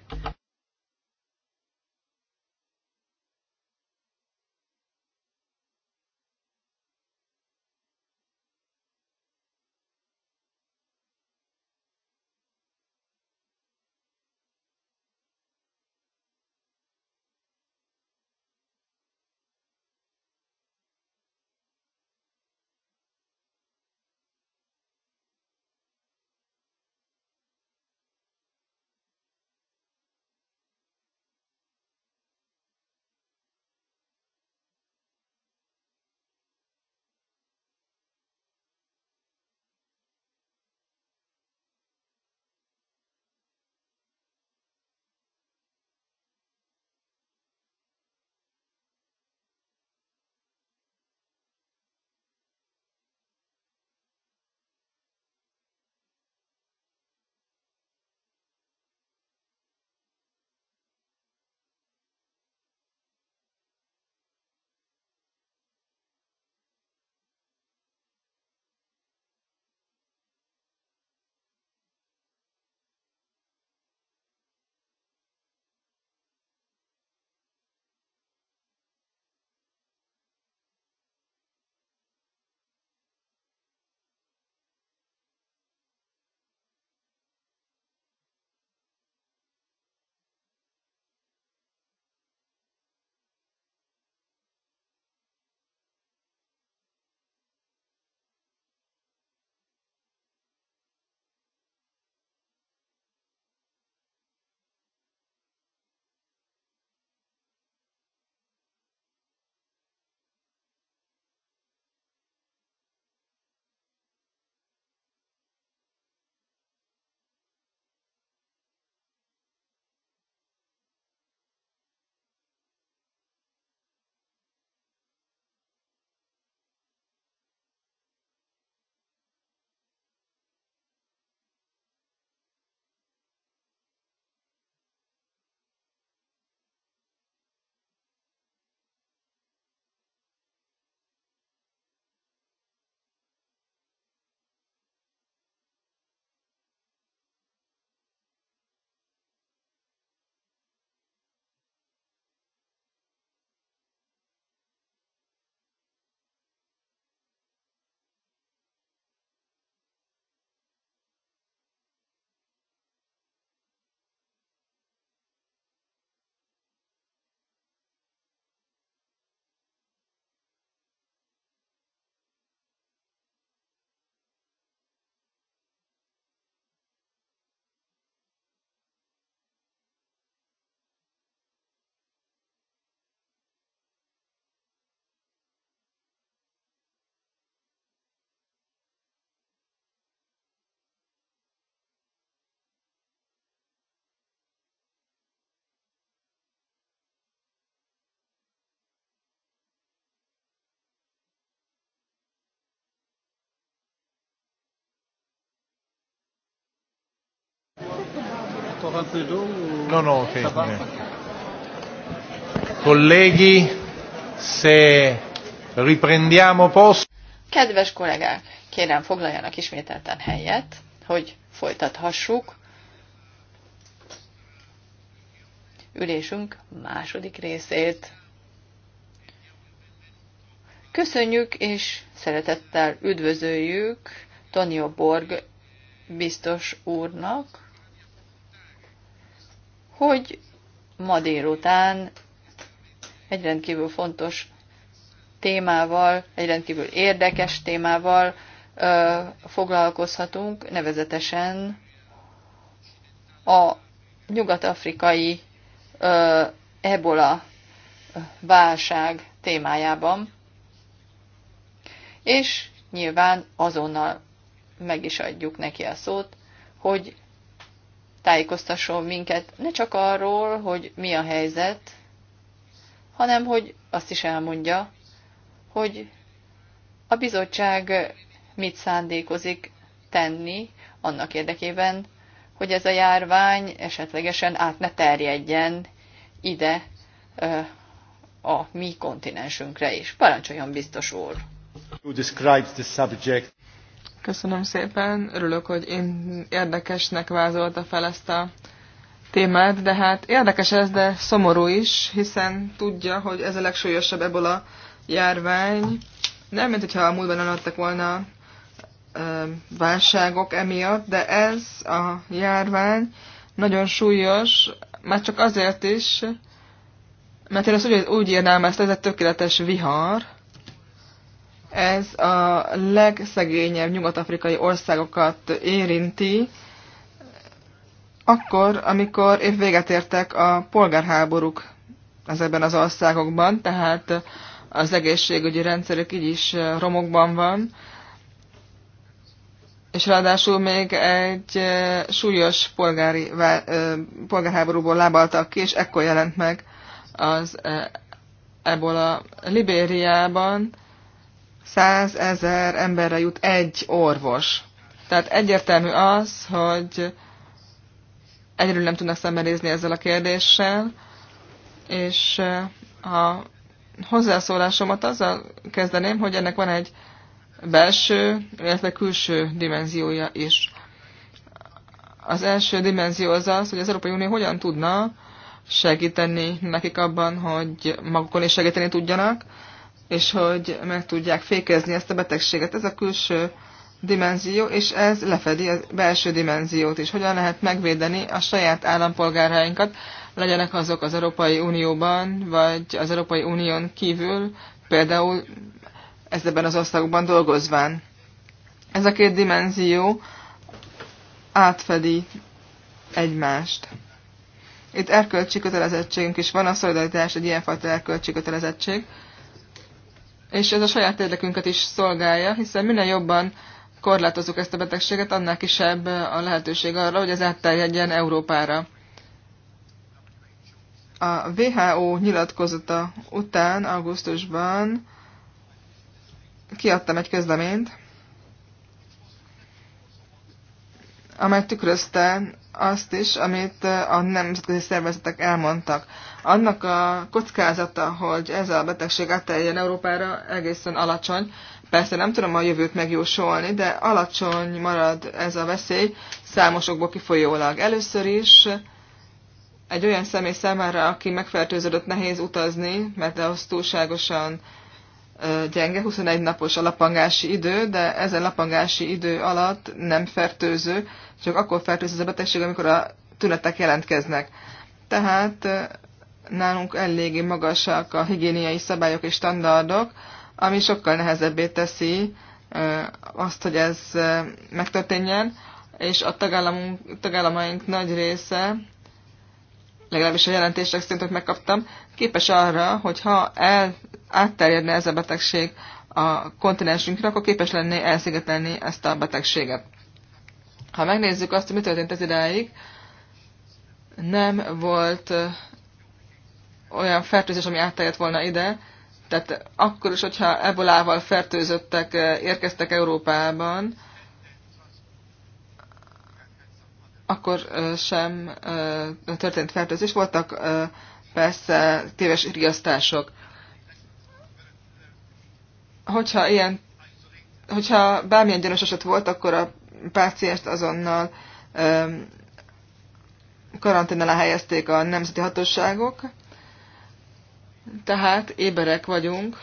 No, no, ok. Colleghi, se riprendiamo posto. Kedves kollégák, kérem foglaljanak ismételten helyet, hogy folytathassuk ülésünk második részét. Köszönjük és szeretettel üdvözöljük Tonio Borg biztos úrnak, hogy ma délután egy rendkívül fontos témával, egy rendkívül érdekes témával ö, foglalkozhatunk, nevezetesen a nyugat-afrikai ö, ebola válság témájában, és nyilván azonnal meg is adjuk neki a szót, hogy tájékoztasson minket ne csak arról, hogy mi a helyzet, hanem hogy azt is elmondja, hogy a bizottság mit szándékozik tenni annak érdekében, hogy ez a járvány esetlegesen át ne terjedjen ide a mi kontinensünkre is. Parancsoljon, biztos úr! Köszönöm szépen, örülök, hogy én érdekesnek vázolta fel ezt a témát, de hát érdekes ez, de szomorú is, hiszen tudja, hogy ez a legsúlyosabb ebből a járvány. Nem, mint hogyha a múltban eladtak volna ö, válságok emiatt, de ez a járvány nagyon súlyos, már csak azért is, mert én ezt úgy, úgy írnám ezt, ez egy tökéletes vihar, ez a legszegényebb nyugat-afrikai országokat érinti, akkor, amikor év véget értek a polgárháborúk ezekben az országokban, tehát az egészségügyi rendszerük így is romokban van, és ráadásul még egy súlyos polgári, polgárháborúból lábaltak ki, és ekkor jelent meg az ebola Libériában 100 ezer emberre jut egy orvos. Tehát egyértelmű az, hogy egyről nem tudnak szembenézni ezzel a kérdéssel, és eh, a hozzászólásomat azzal kezdeném, hogy ennek van egy belső, illetve külső dimenziója is. Az első dimenzió az az, hogy az Európai Unió hogyan tudna segíteni nekik abban, hogy magukon is segíteni tudjanak, és hogy meg tudják fékezni ezt a betegséget. Ez a külső dimenzió, és ez lefedi a belső dimenziót is. Hogyan lehet megvédeni a saját állampolgárainkat, legyenek azok az Európai Unióban, vagy az Európai Unión kívül, például ezekben az országokban dolgozván. Ez a két dimenzió átfedi egymást. Itt erkölcsi kötelezettségünk is van, a szolidaritás egy ilyenfajta erkölcsi kötelezettség, és ez a saját érdekünket is szolgálja, hiszen minél jobban korlátozunk ezt a betegséget, annál kisebb a lehetőség arra, hogy ez átterjedjen Európára. A WHO nyilatkozata után augusztusban kiadtam egy közleményt, amely tükrözte azt is, amit eh, a nemzetközi szervezetek elmondtak. Annak a kockázata, hogy ez a betegség átterjen Európára, egészen alacsony. Persze nem tudom a jövőt megjósolni, de alacsony marad ez a veszély számosokból kifolyólag. Először is egy olyan személy számára, aki megfertőződött, nehéz utazni, mert ahhoz túlságosan gyenge, 21 napos a lapangási idő, de ezen lapangási idő alatt nem fertőző, csak akkor fertőző ez a betegség, amikor a tünetek jelentkeznek. Tehát nálunk eléggé magasak a higiéniai szabályok és standardok, ami sokkal nehezebbé teszi azt, hogy ez megtörténjen, és a tagállamaink nagy része, legalábbis a jelentések szerint, hogy megkaptam, képes arra, hogy ha el, átterjedne ez a betegség a kontinensünkre, akkor képes lenné elszigetelni ezt a betegséget. Ha megnézzük azt, hogy mi történt ez idáig, nem volt olyan fertőzés, ami átterjedt volna ide, tehát akkor is, hogyha ebolával fertőzöttek, érkeztek Európában, akkor sem történt fertőzés. Voltak persze téves riasztások. Hogyha ilyen, hogyha bármilyen gyanús eset volt, akkor a pácienst azonnal um, karantén alá helyezték a nemzeti hatóságok. Tehát éberek vagyunk,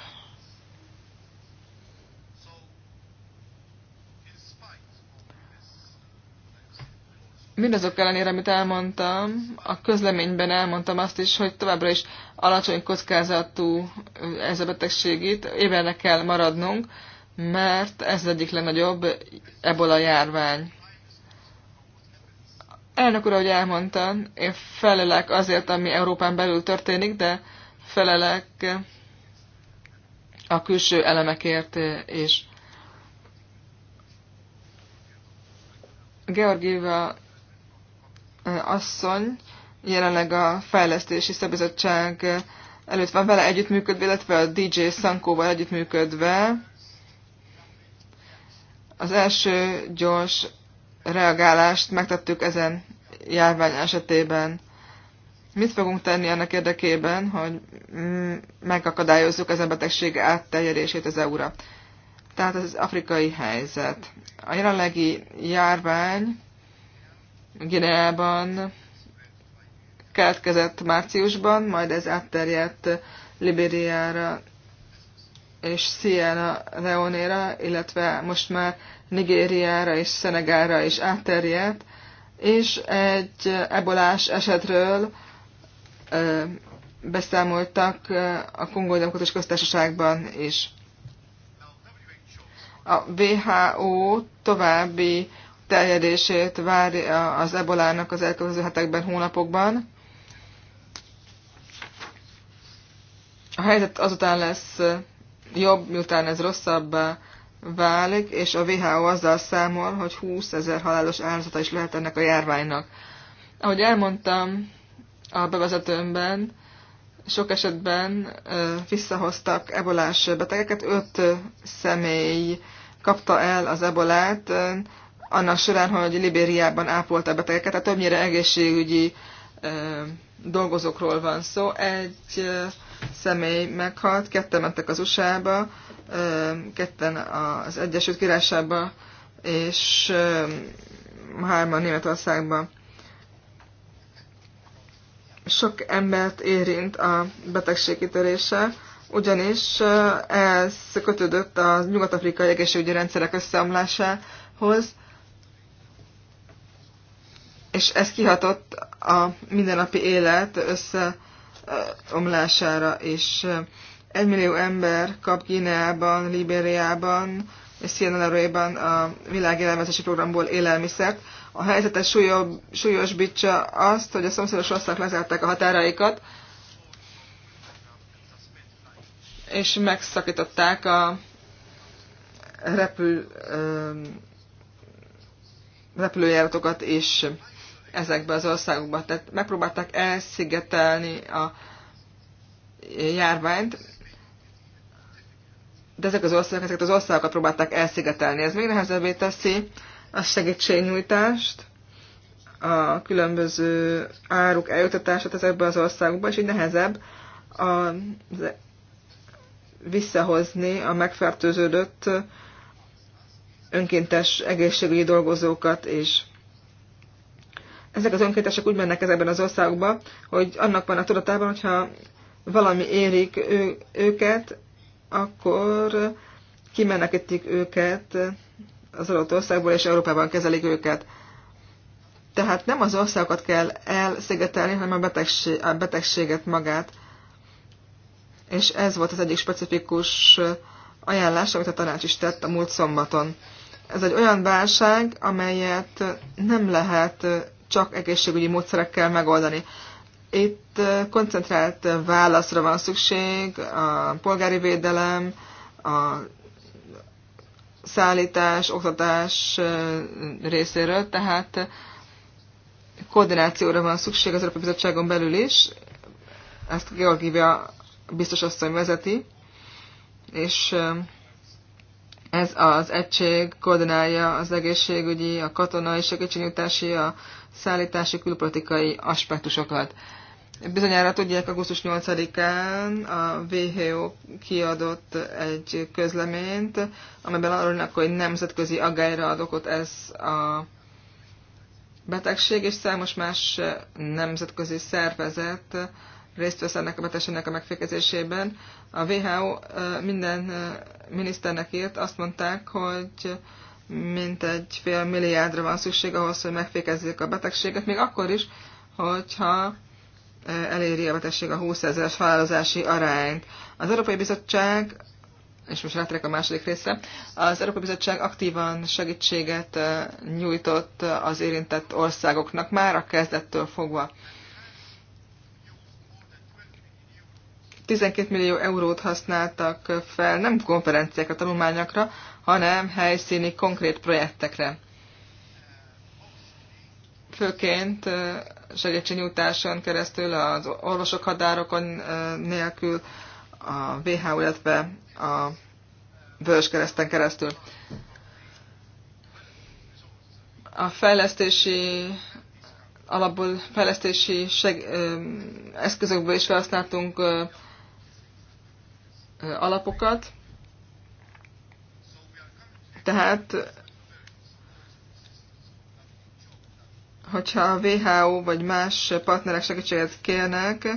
mindazok ellenére, amit elmondtam, a közleményben elmondtam azt is, hogy továbbra is alacsony kockázatú ez a betegségét, ébernek kell maradnunk, mert ez az egyik legnagyobb ebola járvány. Elnök úr, ahogy elmondta, én felelek azért, ami Európán belül történik, de felelek a külső elemekért és Georgieva asszony jelenleg a fejlesztési szabizottság előtt van vele együttműködve, illetve a DJ Sankóval együttműködve. Az első gyors reagálást megtettük ezen járvány esetében. Mit fogunk tenni annak érdekében, hogy megakadályozzuk ezen betegség átterjedését az EU-ra? Tehát ez az afrikai helyzet. A jelenlegi járvány Gineában keletkezett márciusban, majd ez átterjedt Liberiára és Sierra Leonéra, illetve most már Nigériára és Szenegára is átterjedt, és egy ebolás esetről ö, beszámoltak a Kongói Demokratikus Köztársaságban is. A WHO további terjedését várja az ebolának az elkövető hetekben, hónapokban. A helyzet azután lesz jobb, miután ez rosszabbá válik, és a WHO azzal számol, hogy 20 ezer halálos áldozata is lehet ennek a járványnak. Ahogy elmondtam a bevezetőmben, sok esetben visszahoztak ebolás betegeket, öt személy kapta el az ebolát, annak során, hogy Libériában ápolta a betegeket, tehát többnyire egészségügyi dolgozókról van szó. Egy személy meghalt, ketten mentek az USA-ba, ketten az Egyesült Királyságba, és hárman Németországba. Sok embert érint a betegség kitörése, ugyanis ez kötődött a nyugat-afrikai egészségügyi rendszerek összeomlásához, és ez kihatott a mindennapi élet összeomlására, és egymillió ember kap Gineában, Libériában és Sierra a világélelmezési programból élelmiszert. A helyzetes súlyos, bicsa azt, hogy a szomszédos országok lezárták a határaikat, és megszakították a repül, repülőjáratokat is ezekbe az országokba. Tehát megpróbálták elszigetelni a járványt, de ezek az országok, ezeket az országokat próbálták elszigetelni. Ez még nehezebbé teszi a segítségnyújtást, a különböző áruk eljutatását ezekbe az országokba, és így nehezebb a, visszahozni a megfertőződött önkéntes egészségügyi dolgozókat is ezek az önkéntesek úgy mennek ezekben az országokba, hogy annak van a tudatában, hogyha valami érik ő, őket, akkor kimenekítik őket az adott országból, és Európában kezelik őket. Tehát nem az országokat kell elszigetelni, hanem a, betegség, a betegséget magát. És ez volt az egyik specifikus ajánlás, amit a tanács is tett a múlt szombaton. Ez egy olyan válság, amelyet nem lehet csak egészségügyi módszerekkel megoldani. Itt koncentrált válaszra van szükség, a polgári védelem, a szállítás, oktatás részéről, tehát koordinációra van szükség az Európai Bizottságon belül is, ezt Georgívia biztos asszony vezeti, és ez az egység koordinálja az egészségügyi, a katonai segítségnyújtási, a szállítási külpolitikai aspektusokat. Bizonyára tudják, augusztus 8-án a WHO kiadott egy közleményt, amelyben arról hogy nemzetközi agályra ad okot ez a betegség, és számos más nemzetközi szervezet részt vesz ennek a betegségnek a megfékezésében. A WHO minden miniszternek írt, azt mondták, hogy mint egy fél milliárdra van szükség ahhoz, hogy megfékezzék a betegséget, még akkor is, hogyha e, eléri a betegség a 20 ezeres halálozási arányt. Az Európai Bizottság, és most rátérek a második részre, az Európai Bizottság aktívan segítséget e, nyújtott az érintett országoknak már a kezdettől fogva. 12 millió eurót használtak fel nem konferenciákra, tanulmányokra, hanem helyszíni konkrét projektekre. Főként segítségnyújtáson keresztül az orvosok határokon nélkül, a WHO, illetve a Vöröskereszten keresztül. A fejlesztési alapból fejlesztési seg, ö, eszközökből is felhasználtunk ö, alapokat. Tehát, hogyha a WHO vagy más partnerek segítséget kérnek,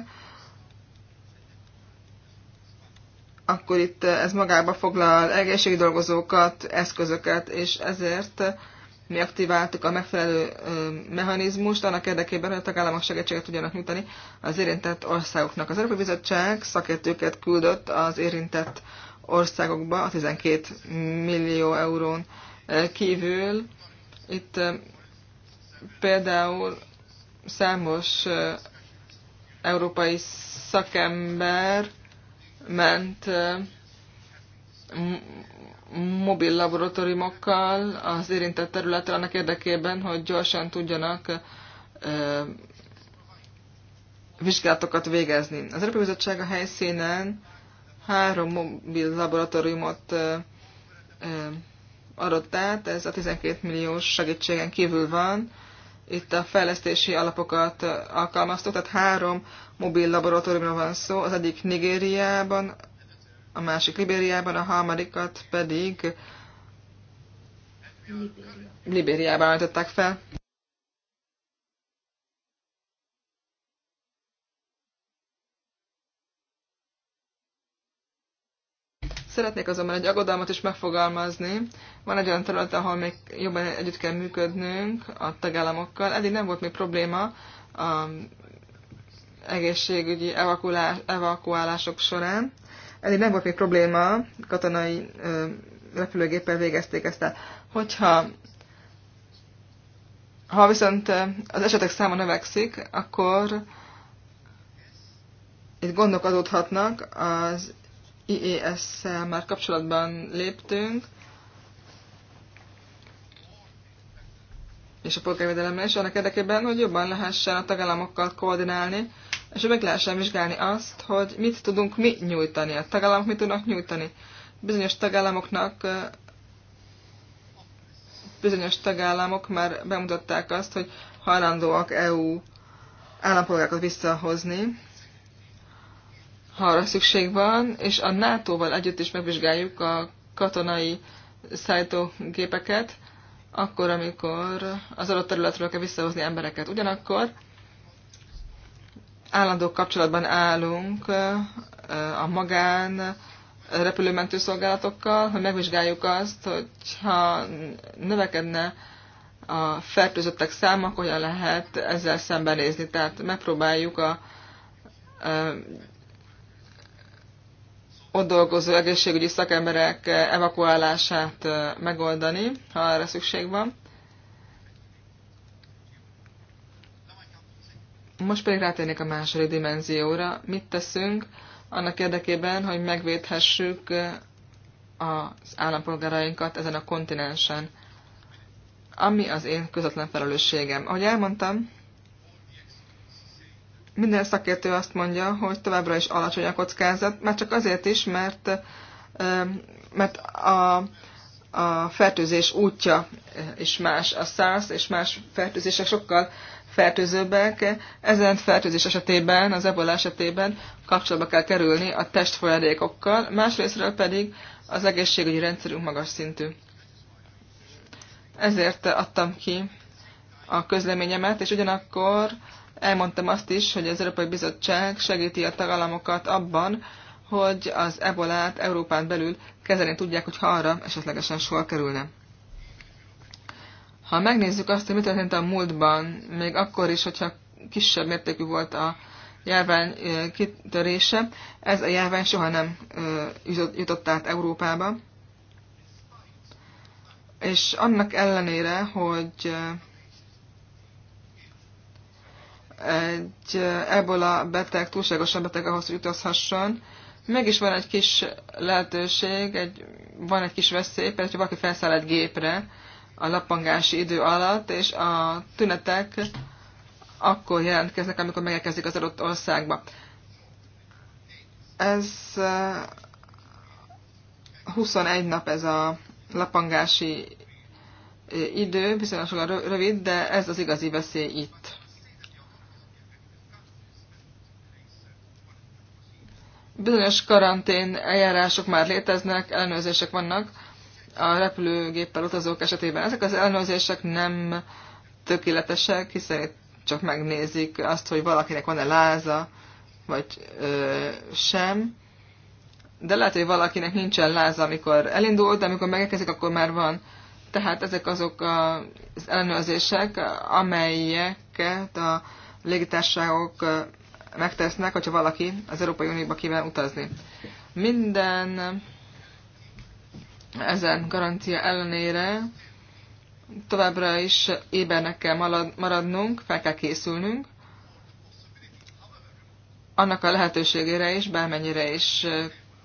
akkor itt ez magába foglal egészségdolgozókat, eszközöket, és ezért mi aktiváltuk a megfelelő mechanizmust annak érdekében, hogy a tagállamok segítséget tudjanak nyújtani az érintett országoknak. Az Európai Bizottság szakértőket küldött az érintett országokba a 12 millió eurón kívül. Itt például számos európai szakember ment mobil laboratóriumokkal az érintett területre annak érdekében, hogy gyorsan tudjanak vizsgálatokat végezni. Az Európai Bizottság a helyszínen három mobil laboratóriumot adott át, ez a 12 milliós segítségen kívül van. Itt a fejlesztési alapokat alkalmaztuk, tehát három mobil laboratóriumra van szó, az egyik Nigériában, a másik Libériában, a harmadikat pedig Libériában állították fel. Szeretnék azonban egy aggodalmat is megfogalmazni. Van egy olyan terület, ahol még jobban együtt kell működnünk a tagállamokkal. Eddig nem volt még probléma az egészségügyi evakuálások során. Eddig nem volt még probléma, katonai repülőgéppel végezték ezt el. Hogyha ha viszont az esetek száma növekszik, akkor itt gondok adódhatnak, az IES-szel már kapcsolatban léptünk, és a polgárvédelemre is annak érdekében, hogy jobban lehessen a tagállamokkal koordinálni és meg lehessen vizsgálni azt, hogy mit tudunk mi nyújtani, a tagállamok mit tudnak nyújtani. Bizonyos tagállamoknak bizonyos tagállamok már bemutatták azt, hogy hajlandóak EU állampolgárokat visszahozni, ha arra szükség van, és a NATO-val együtt is megvizsgáljuk a katonai szállítógépeket, akkor, amikor az adott területről kell visszahozni embereket. Ugyanakkor állandó kapcsolatban állunk a magán repülőmentő szolgálatokkal, hogy megvizsgáljuk azt, hogyha növekedne a fertőzöttek száma, hogyan lehet ezzel szembenézni. Tehát megpróbáljuk a, a ott dolgozó egészségügyi szakemberek evakuálását megoldani, ha erre szükség van. Most pedig rátérnék a második dimenzióra. Mit teszünk annak érdekében, hogy megvédhessük az állampolgárainkat ezen a kontinensen, ami az én közvetlen felelősségem. Ahogy elmondtam, minden szakértő azt mondja, hogy továbbra is alacsony a kockázat, már csak azért is, mert, mert a, a fertőzés útja is más, a száz, és más fertőzések sokkal fertőzőbbek, ezen fertőzés esetében, az ebola esetében kapcsolatba kell kerülni a testfolyadékokkal, másrésztről pedig az egészségügyi rendszerünk magas szintű. Ezért adtam ki a közleményemet, és ugyanakkor elmondtam azt is, hogy az Európai Bizottság segíti a tagállamokat abban, hogy az ebolát Európán belül kezelni tudják, hogy arra esetlegesen sor kerülne. Ha megnézzük azt, hogy mit történt a múltban, még akkor is, hogyha kisebb mértékű volt a járvány kitörése, ez a járvány soha nem jutott át Európába. És annak ellenére, hogy egy ebola beteg túlságosan beteg ahhoz, hogy utazhasson, mégis van egy kis lehetőség, egy, van egy kis veszély, például, ha valaki felszáll egy gépre, a lappangási idő alatt, és a tünetek akkor jelentkeznek, amikor megérkezik az adott országba. Ez 21 eh, nap ez a lapangási eh, idő, viszonylag rövid, de ez az igazi veszély itt. Bizonyos karantén eljárások már léteznek, ellenőrzések vannak, a repülőgéppel utazók esetében. Ezek az ellenőrzések nem tökéletesek, hiszen csak megnézik azt, hogy valakinek van-e láza, vagy ö, sem. De lehet, hogy valakinek nincsen láza, amikor elindul, de amikor megérkezik, akkor már van. Tehát ezek azok az ellenőrzések, amelyeket a légitársaságok megtesznek, hogyha valaki az Európai Unióba kíván utazni. Minden ezen garancia ellenére továbbra is ébernek kell maradnunk, fel kell készülnünk, annak a lehetőségére is, bármennyire is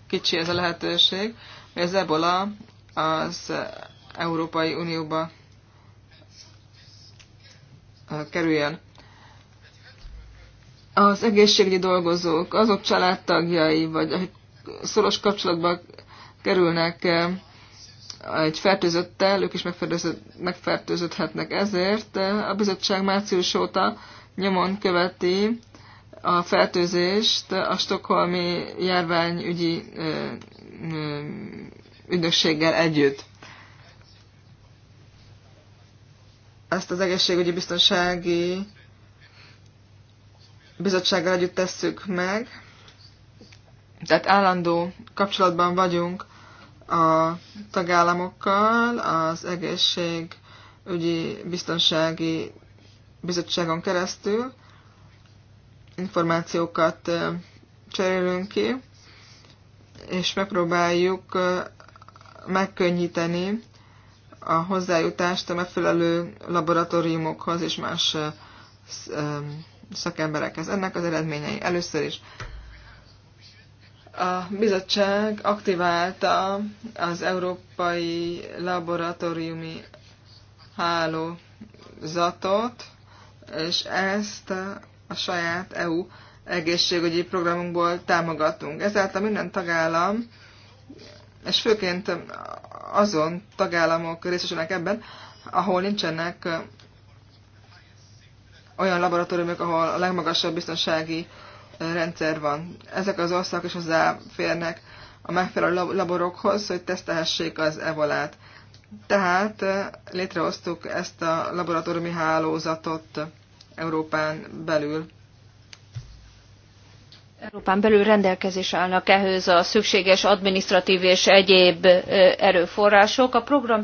kicsi ez a lehetőség, hogy az ebola az Európai Unióba kerüljön. Az egészségügyi dolgozók, azok családtagjai, vagy szoros kapcsolatban kerülnek egy fertőzöttel, ők is megfertőződhetnek ezért. A bizottság március óta nyomon követi a fertőzést a stokholmi járványügyi ügynökséggel együtt. Ezt az egészségügyi biztonsági bizottsággal együtt tesszük meg. Tehát állandó kapcsolatban vagyunk a tagállamokkal, az egészségügyi biztonsági bizottságon keresztül információkat cserélünk ki, és megpróbáljuk megkönnyíteni a hozzájutást a megfelelő laboratóriumokhoz és más szakemberekhez. Ennek az eredményei először is a bizottság aktiválta az Európai Laboratóriumi Hálózatot, és ezt a saját EU egészségügyi programunkból támogatunk. Ezáltal minden tagállam, és főként azon tagállamok részesülnek ebben, ahol nincsenek olyan laboratóriumok, ahol a legmagasabb biztonsági rendszer van. Ezek az országok is hozzáférnek a megfelelő laborokhoz, hogy tesztelhessék az evolát. Tehát létrehoztuk ezt a laboratóriumi hálózatot Európán belül. Európán belül rendelkezésre állnak ehhez a szükséges adminisztratív és egyéb erőforrások. A program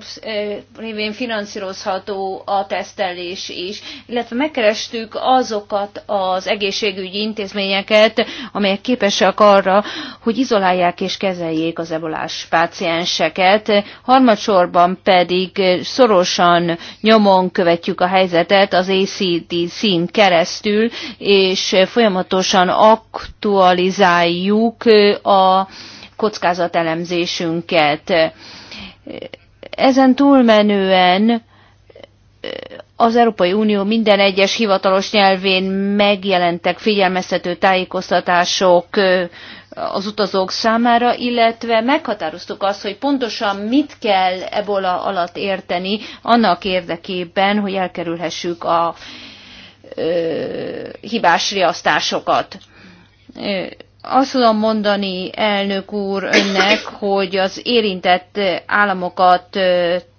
révén finanszírozható a tesztelés is, illetve megkerestük azokat az egészségügyi intézményeket, amelyek képesek arra, hogy izolálják és kezeljék az ebolás pácienseket. Harmadsorban pedig szorosan nyomon követjük a helyzetet az ACD szín keresztül, és folyamatosan aktuális aktualizáljuk a kockázatelemzésünket. Ezen túlmenően az Európai Unió minden egyes hivatalos nyelvén megjelentek figyelmeztető tájékoztatások az utazók számára, illetve meghatároztuk azt, hogy pontosan mit kell ebola alatt érteni annak érdekében, hogy elkerülhessük a ö, hibás riasztásokat azt tudom mondani, elnök úr, önnek, hogy az érintett államokat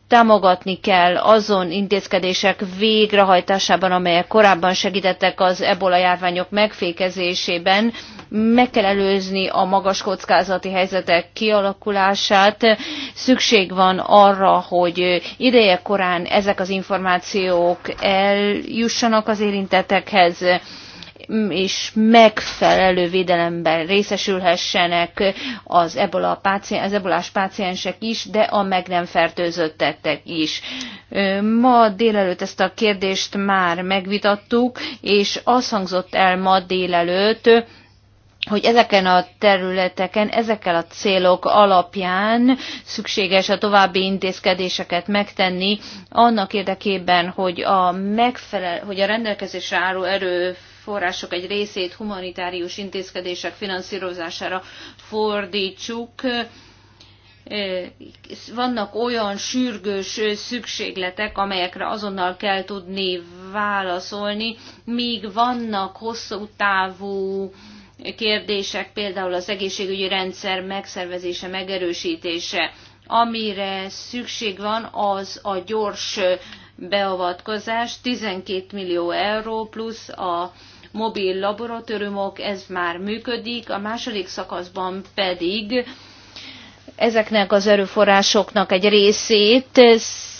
támogatni kell azon intézkedések végrehajtásában, amelyek korábban segítettek az ebola járványok megfékezésében. Meg kell előzni a magas kockázati helyzetek kialakulását. Szükség van arra, hogy ideje korán ezek az információk eljussanak az érintettekhez és megfelelő védelemben részesülhessenek az, ebola pácien az ebolás páciensek is, de a meg nem fertőzöttek is. Ma délelőtt ezt a kérdést már megvitattuk, és az hangzott el ma délelőtt, hogy ezeken a területeken, ezekkel a célok alapján szükséges a további intézkedéseket megtenni, annak érdekében, hogy a, megfelel, hogy a rendelkezésre álló erő források egy részét humanitárius intézkedések finanszírozására fordítsuk. Vannak olyan sürgős szükségletek, amelyekre azonnal kell tudni válaszolni, míg vannak hosszú távú kérdések, például az egészségügyi rendszer megszervezése, megerősítése. Amire szükség van, az a gyors beavatkozás, 12 millió euró plusz a mobil laboratóriumok, ez már működik, a második szakaszban pedig ezeknek az erőforrásoknak egy részét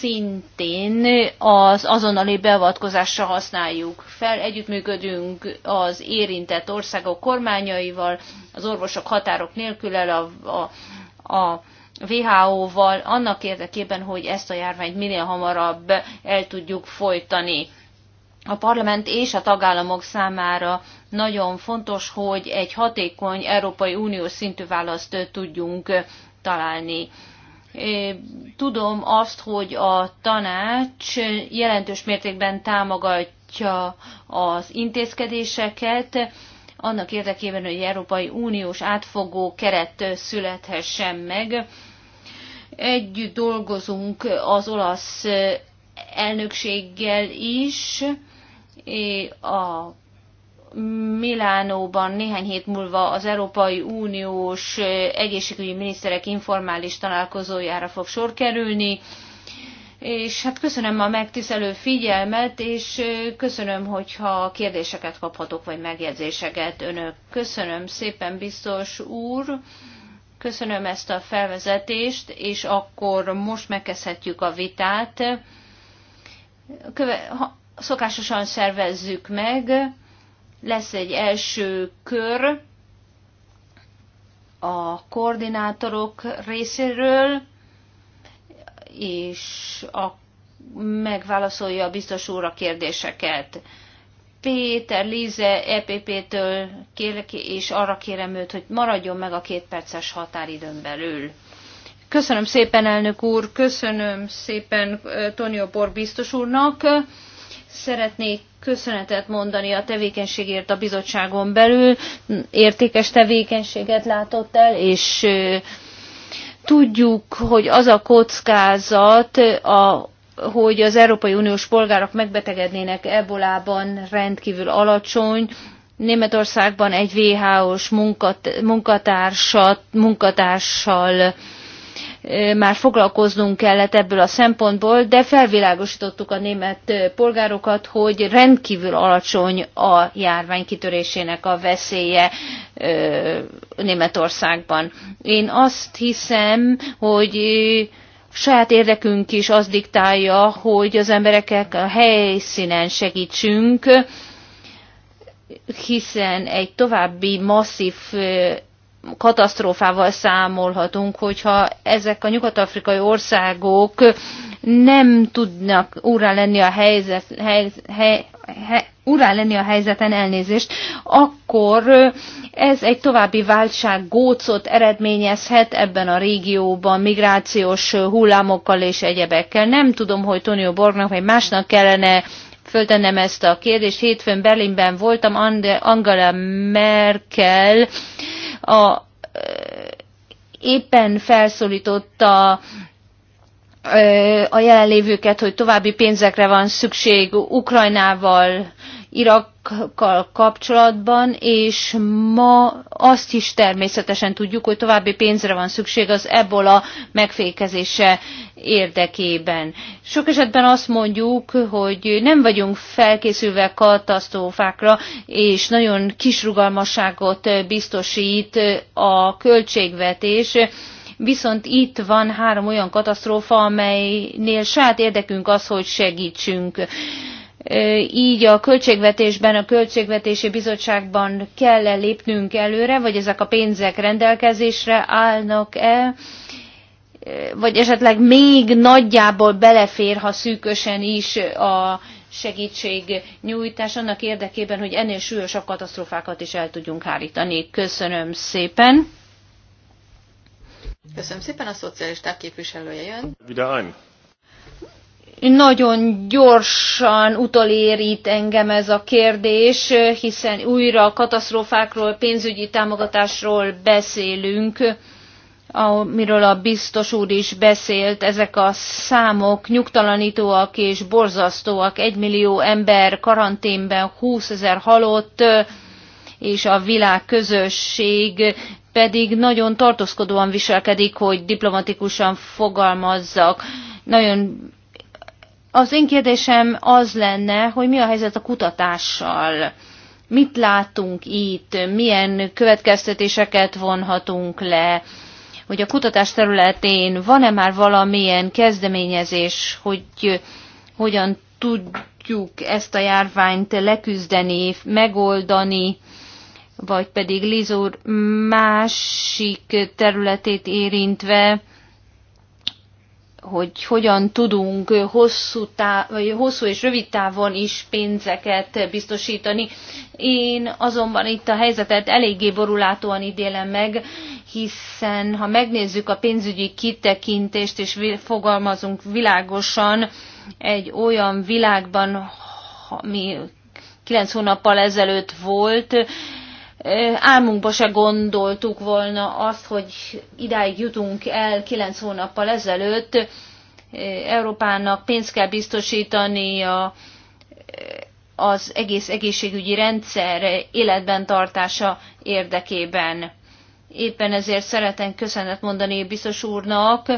szintén az azonnali beavatkozásra használjuk fel. Együttműködünk az érintett országok kormányaival, az orvosok határok nélkül el a, a, a WHO-val, annak érdekében, hogy ezt a járványt minél hamarabb el tudjuk folytani a parlament és a tagállamok számára nagyon fontos, hogy egy hatékony Európai Uniós szintű választ tudjunk találni. Tudom azt, hogy a tanács jelentős mértékben támogatja az intézkedéseket, annak érdekében, hogy Európai Uniós átfogó keret születhessen meg. Együtt dolgozunk az olasz elnökséggel is, a Milánóban néhány hét múlva az Európai Uniós egészségügyi miniszterek informális találkozójára fog sor kerülni. És hát köszönöm a megtisztelő figyelmet, és köszönöm, hogyha kérdéseket kaphatok, vagy megjegyzéseket önök. Köszönöm szépen, biztos úr. Köszönöm ezt a felvezetést, és akkor most megkezdhetjük a vitát. Köve- ha- szokásosan szervezzük meg, lesz egy első kör a koordinátorok részéről, és a, megválaszolja a biztos úr a kérdéseket. Péter, Líze EPP-től kérlek, és arra kérem őt, hogy maradjon meg a két perces határidőn belül. Köszönöm szépen, elnök úr, köszönöm szépen eh, Tonio Bor biztos úrnak. Szeretnék köszönetet mondani a tevékenységért a bizottságon belül. Értékes tevékenységet látott el, és tudjuk, hogy az a kockázat, a, hogy az Európai Uniós polgárok megbetegednének ebolában rendkívül alacsony, Németországban egy WHO-s munkatársat, munkatársal már foglalkoznunk kellett ebből a szempontból, de felvilágosítottuk a német polgárokat, hogy rendkívül alacsony a járvány kitörésének a veszélye Németországban. Én azt hiszem, hogy saját érdekünk is az diktálja, hogy az embereket a helyszínen segítsünk, hiszen egy további masszív katasztrófával számolhatunk, hogyha ezek a nyugat-afrikai országok nem tudnak úrá lenni a helyzet, hely, hely, hely, urán lenni a helyzeten elnézést, akkor ez egy további válság gócot eredményezhet ebben a régióban migrációs hullámokkal és egyebekkel. Nem tudom, hogy Tonio Borgnak vagy másnak kellene föltennem ezt a kérdést. Hétfőn Berlinben voltam, Angela Merkel a éppen felszólította a jelenlévőket, hogy további pénzekre van szükség Ukrajnával, Irakkal kapcsolatban, és ma azt is természetesen tudjuk, hogy további pénzre van szükség az ebola megfékezése érdekében. Sok esetben azt mondjuk, hogy nem vagyunk felkészülve katasztrófákra, és nagyon kis rugalmasságot biztosít a költségvetés, viszont itt van három olyan katasztrófa, amelynél saját érdekünk az, hogy segítsünk így a költségvetésben, a költségvetési bizottságban kell -e lépnünk előre, vagy ezek a pénzek rendelkezésre állnak-e, vagy esetleg még nagyjából belefér, ha szűkösen is a segítségnyújtás annak érdekében, hogy ennél súlyosabb katasztrófákat is el tudjunk hárítani. Köszönöm szépen! Köszönöm szépen, a szocialisták képviselője jön. Wieder Nagyon gyorsan utolérít engem ez a kérdés, hiszen újra a katasztrófákról, pénzügyi támogatásról beszélünk, amiről a biztos úr is beszélt. Ezek a számok nyugtalanítóak és borzasztóak. Egy millió ember karanténben, 20 ezer halott, és a világ közösség pedig nagyon tartózkodóan viselkedik, hogy diplomatikusan fogalmazzak. Nagyon az én kérdésem az lenne, hogy mi a helyzet a kutatással. Mit látunk itt, milyen következtetéseket vonhatunk le, hogy a kutatás területén van-e már valamilyen kezdeményezés, hogy hogyan tudjuk ezt a járványt leküzdeni, megoldani, vagy pedig Lizur másik területét érintve, hogy hogyan tudunk hosszú, táv, vagy hosszú és rövid távon is pénzeket biztosítani. Én azonban itt a helyzetet eléggé borulátóan idélem meg, hiszen ha megnézzük a pénzügyi kitekintést és fogalmazunk világosan egy olyan világban, ami kilenc hónappal ezelőtt volt, álmunkba se gondoltuk volna azt, hogy idáig jutunk el kilenc hónappal ezelőtt. Európának pénzt kell biztosítani a, az egész egészségügyi rendszer életben tartása érdekében. Éppen ezért szeretem köszönet mondani biztos úrnak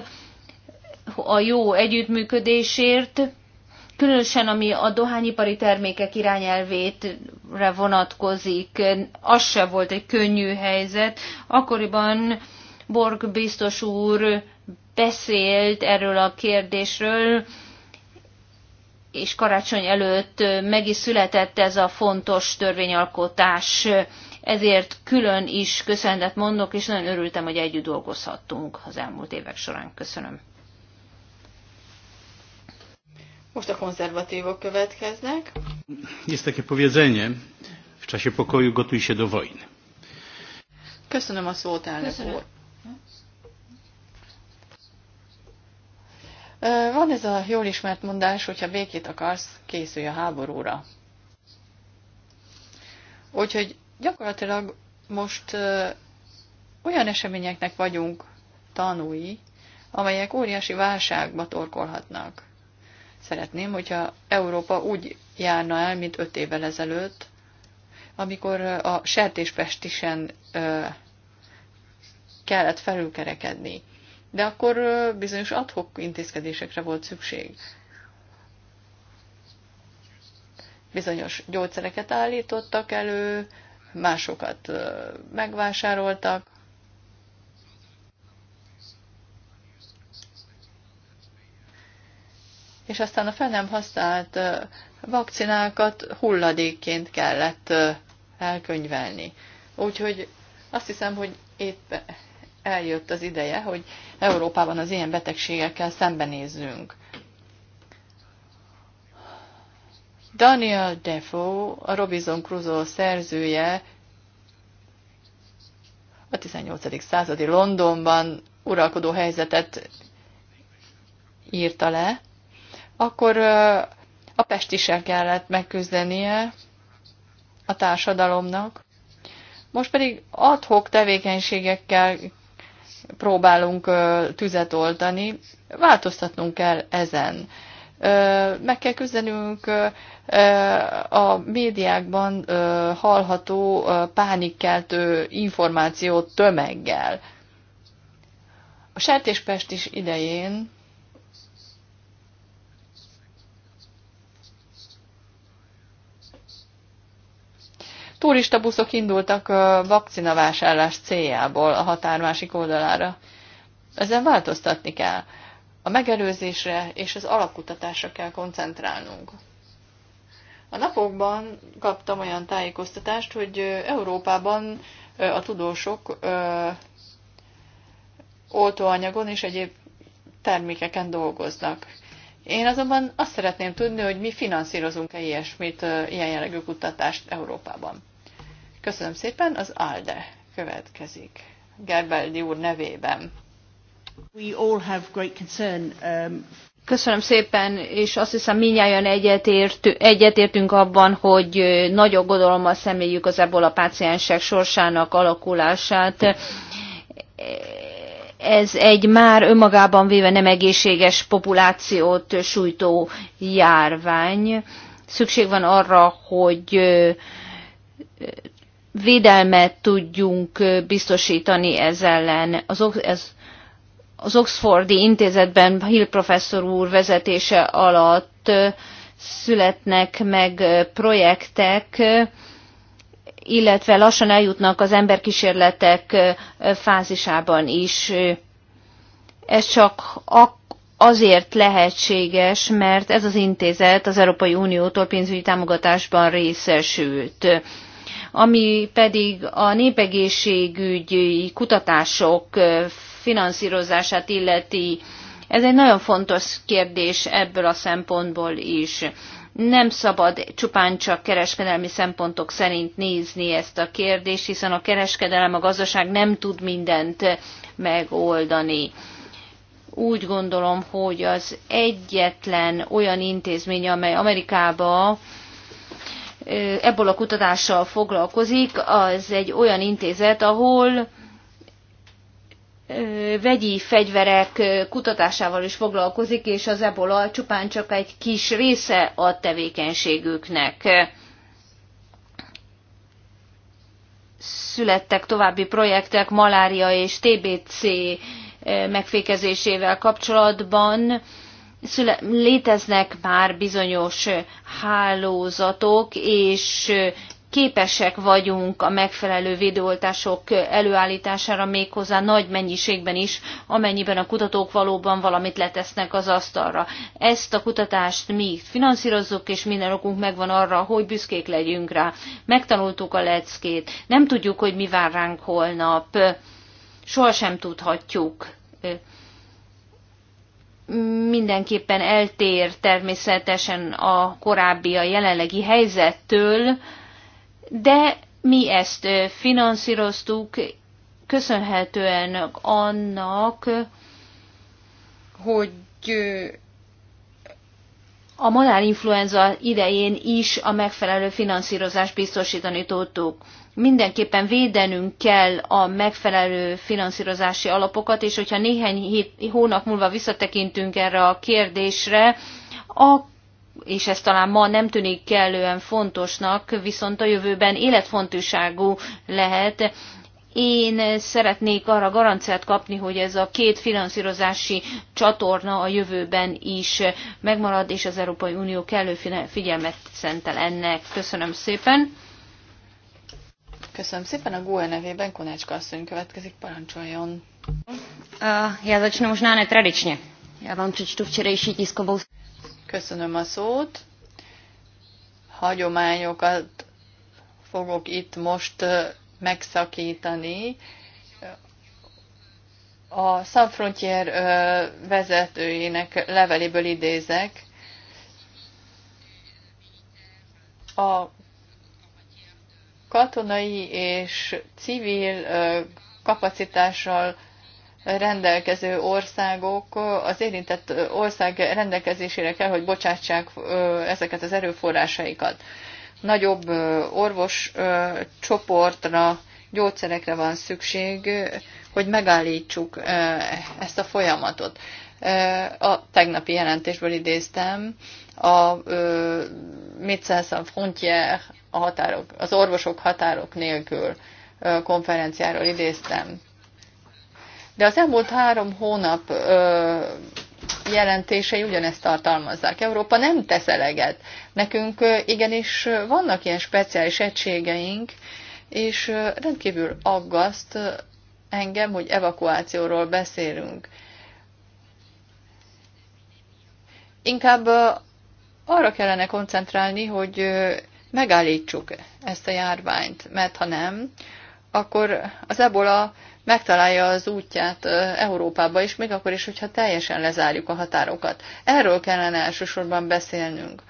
a jó együttműködésért, különösen ami a dohányipari termékek irányelvétre vonatkozik, az se volt egy könnyű helyzet. Akkoriban Borg biztos úr beszélt erről a kérdésről, és karácsony előtt meg is született ez a fontos törvényalkotás, ezért külön is köszönetet mondok, és nagyon örültem, hogy együtt dolgozhattunk az elmúlt évek során. Köszönöm. Most a konzervatívok következnek. Jest takie powiedzenie, w czasie pokoju gotuj się do wojny. Köszönöm a szót, elnök úr. Van ez a jól ismert mondás, hogyha békét akarsz, készülj a háborúra. Úgyhogy gyakorlatilag most olyan eseményeknek vagyunk tanúi, amelyek óriási válságba torkolhatnak. Szeretném, hogyha Európa úgy járna el, mint öt évvel ezelőtt, amikor a sertéspestisen kellett felülkerekedni. De akkor bizonyos adhok intézkedésekre volt szükség. Bizonyos gyógyszereket állítottak elő, másokat megvásároltak, és aztán a fel nem használt vakcinákat hulladékként kellett elkönyvelni. Úgyhogy azt hiszem, hogy épp eljött az ideje, hogy Európában az ilyen betegségekkel szembenézzünk. Daniel Defoe, a Robinson Crusoe szerzője a 18. századi Londonban uralkodó helyzetet írta le, akkor a pest is el kellett megküzdenie a társadalomnak. Most pedig adhok tevékenységekkel próbálunk tüzet oltani, változtatnunk kell ezen. Meg kell küzdenünk a médiákban hallható pánikkeltő információ tömeggel. A sertéspest is idején turistabuszok indultak a vakcinavásárlás céljából a határ másik oldalára. Ezen változtatni kell. A megelőzésre és az alapkutatásra kell koncentrálnunk. A napokban kaptam olyan tájékoztatást, hogy Európában a tudósok oltóanyagon és egyéb termékeken dolgoznak. Én azonban azt szeretném tudni, hogy mi finanszírozunk-e ilyesmit, ilyen jellegű kutatást Európában. Köszönöm szépen, az ALDE következik. Gerbeldi úr nevében. We all have great concern, um... Köszönöm szépen, és azt hiszem minnyáján egyetért, egyetértünk abban, hogy nagy aggodalommal szemléljük az ebből a páciensek sorsának alakulását. Ez egy már önmagában véve nem egészséges populációt sújtó járvány. Szükség van arra, hogy védelmet tudjunk biztosítani ez ellen. Az, ez, az Oxfordi intézetben Hill professzor úr vezetése alatt születnek meg projektek, illetve lassan eljutnak az emberkísérletek fázisában is. Ez csak azért lehetséges, mert ez az intézet az Európai Uniótól pénzügyi támogatásban részesült ami pedig a népegészségügyi kutatások finanszírozását illeti. Ez egy nagyon fontos kérdés ebből a szempontból is nem szabad csupán csak kereskedelmi szempontok szerint nézni ezt a kérdést, hiszen a kereskedelem, a gazdaság nem tud mindent megoldani. Úgy gondolom, hogy az egyetlen olyan intézmény, amely Amerikában ebből a kutatással foglalkozik, az egy olyan intézet, ahol vegyi fegyverek kutatásával is foglalkozik, és az ebola csupán csak egy kis része a tevékenységüknek. Születtek további projektek malária és TBC megfékezésével kapcsolatban, szüle, léteznek már bizonyos hálózatok, és képesek vagyunk a megfelelő védőoltások előállítására méghozzá nagy mennyiségben is, amennyiben a kutatók valóban valamit letesznek az asztalra. Ezt a kutatást mi finanszírozzuk, és minden okunk megvan arra, hogy büszkék legyünk rá. Megtanultuk a leckét, nem tudjuk, hogy mi vár ránk holnap, sohasem tudhatjuk mindenképpen eltér természetesen a korábbi, a jelenlegi helyzettől, de mi ezt finanszíroztuk, köszönhetően annak, hogy a madárinfluenza idején is a megfelelő finanszírozást biztosítani tudtuk mindenképpen védenünk kell a megfelelő finanszírozási alapokat, és hogyha néhány hét, hónap múlva visszatekintünk erre a kérdésre, a, és ez talán ma nem tűnik kellően fontosnak, viszont a jövőben életfontosságú lehet, én szeretnék arra garanciát kapni, hogy ez a két finanszírozási csatorna a jövőben is megmarad, és az Európai Unió kellő figyelmet szentel ennek. Köszönöm szépen! Köszönöm szépen. A GUE nevében Konácska asszony következik. Parancsoljon. Já začnu možná netradičně. Já vám přečtu včerejší tiskovou... Köszönöm a szót. Hagyományokat fogok itt most megszakítani. A Sanfrontier vezetőjének leveléből idézek. A katonai és civil kapacitással rendelkező országok az érintett ország rendelkezésére kell, hogy bocsátsák ezeket az erőforrásaikat. Nagyobb orvos csoportra, gyógyszerekre van szükség, hogy megállítsuk ezt a folyamatot. A tegnapi jelentésből idéztem a Médecins Frontières a határok, az orvosok határok nélkül konferenciáról idéztem. De az elmúlt három hónap jelentései ugyanezt tartalmazzák. Európa nem tesz eleget. Nekünk igenis vannak ilyen speciális egységeink, és rendkívül aggaszt engem, hogy evakuációról beszélünk. Inkább arra kellene koncentrálni, hogy megállítsuk ezt a járványt, mert ha nem, akkor az ebola megtalálja az útját Európába is, még akkor is, hogyha teljesen lezárjuk a határokat. Erről kellene elsősorban beszélnünk.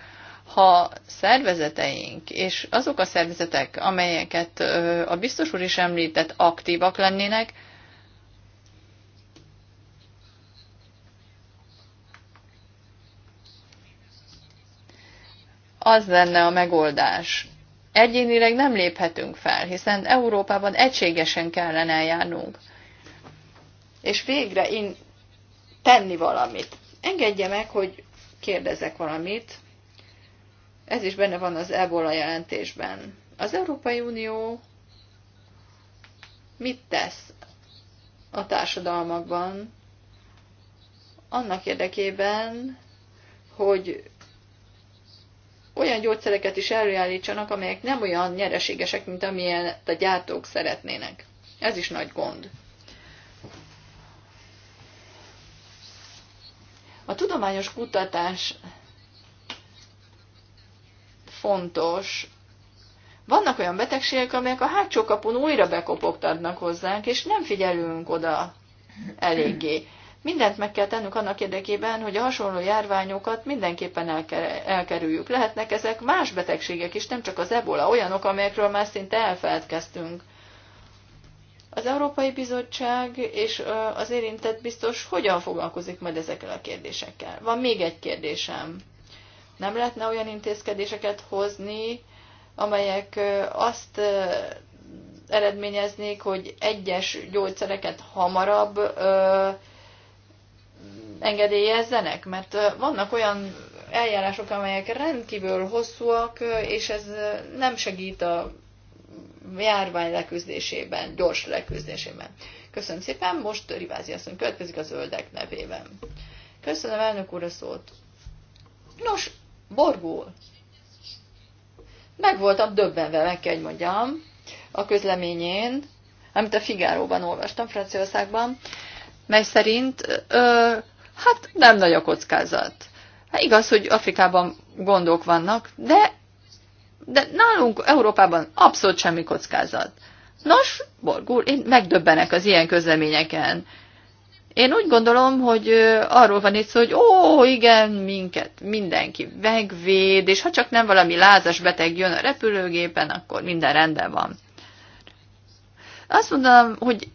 Ha szervezeteink, és azok a szervezetek, amelyeket a biztos úr is említett, aktívak lennének, az lenne a megoldás. Egyénileg nem léphetünk fel, hiszen Európában egységesen kellene eljárnunk. És végre én tenni valamit. Engedje meg, hogy kérdezek valamit. Ez is benne van az ebola jelentésben. Az Európai Unió mit tesz a társadalmakban annak érdekében, hogy olyan gyógyszereket is előállítsanak, amelyek nem olyan nyereségesek, mint amilyen a gyártók szeretnének. Ez is nagy gond. A tudományos kutatás fontos. Vannak olyan betegségek, amelyek a hátsó kapun újra bekopogtatnak hozzánk, és nem figyelünk oda eléggé. Mindent meg kell tennünk annak érdekében, hogy a hasonló járványokat mindenképpen elkerüljük. Lehetnek ezek más betegségek is, nem csak az ebola, olyanok, amelyekről már szinte elfeledkeztünk. Az Európai Bizottság és az érintett biztos hogyan foglalkozik majd ezekkel a kérdésekkel? Van még egy kérdésem. Nem lehetne olyan intézkedéseket hozni, amelyek azt eredményeznék, hogy egyes gyógyszereket hamarabb engedélyezzenek, mert vannak olyan eljárások, amelyek rendkívül hosszúak, és ez nem segít a járvány leküzdésében, gyors leküzdésében. Köszönöm szépen, most Rivázi asszony következik a zöldek nevében. Köszönöm elnök úr a szót. Nos, borgul. Meg voltam döbbenve, meg kell, hogy mondjam, a közleményén, amit a Figáróban olvastam Franciaországban, mely szerint ö, Hát nem nagy a kockázat. Hát igaz, hogy Afrikában gondok vannak, de, de nálunk Európában abszolút semmi kockázat. Nos, borgul, én megdöbbenek az ilyen közleményeken. Én úgy gondolom, hogy arról van itt szó, hogy ó, igen, minket mindenki megvéd, és ha csak nem valami lázas beteg jön a repülőgépen, akkor minden rendben van. Azt mondanám, hogy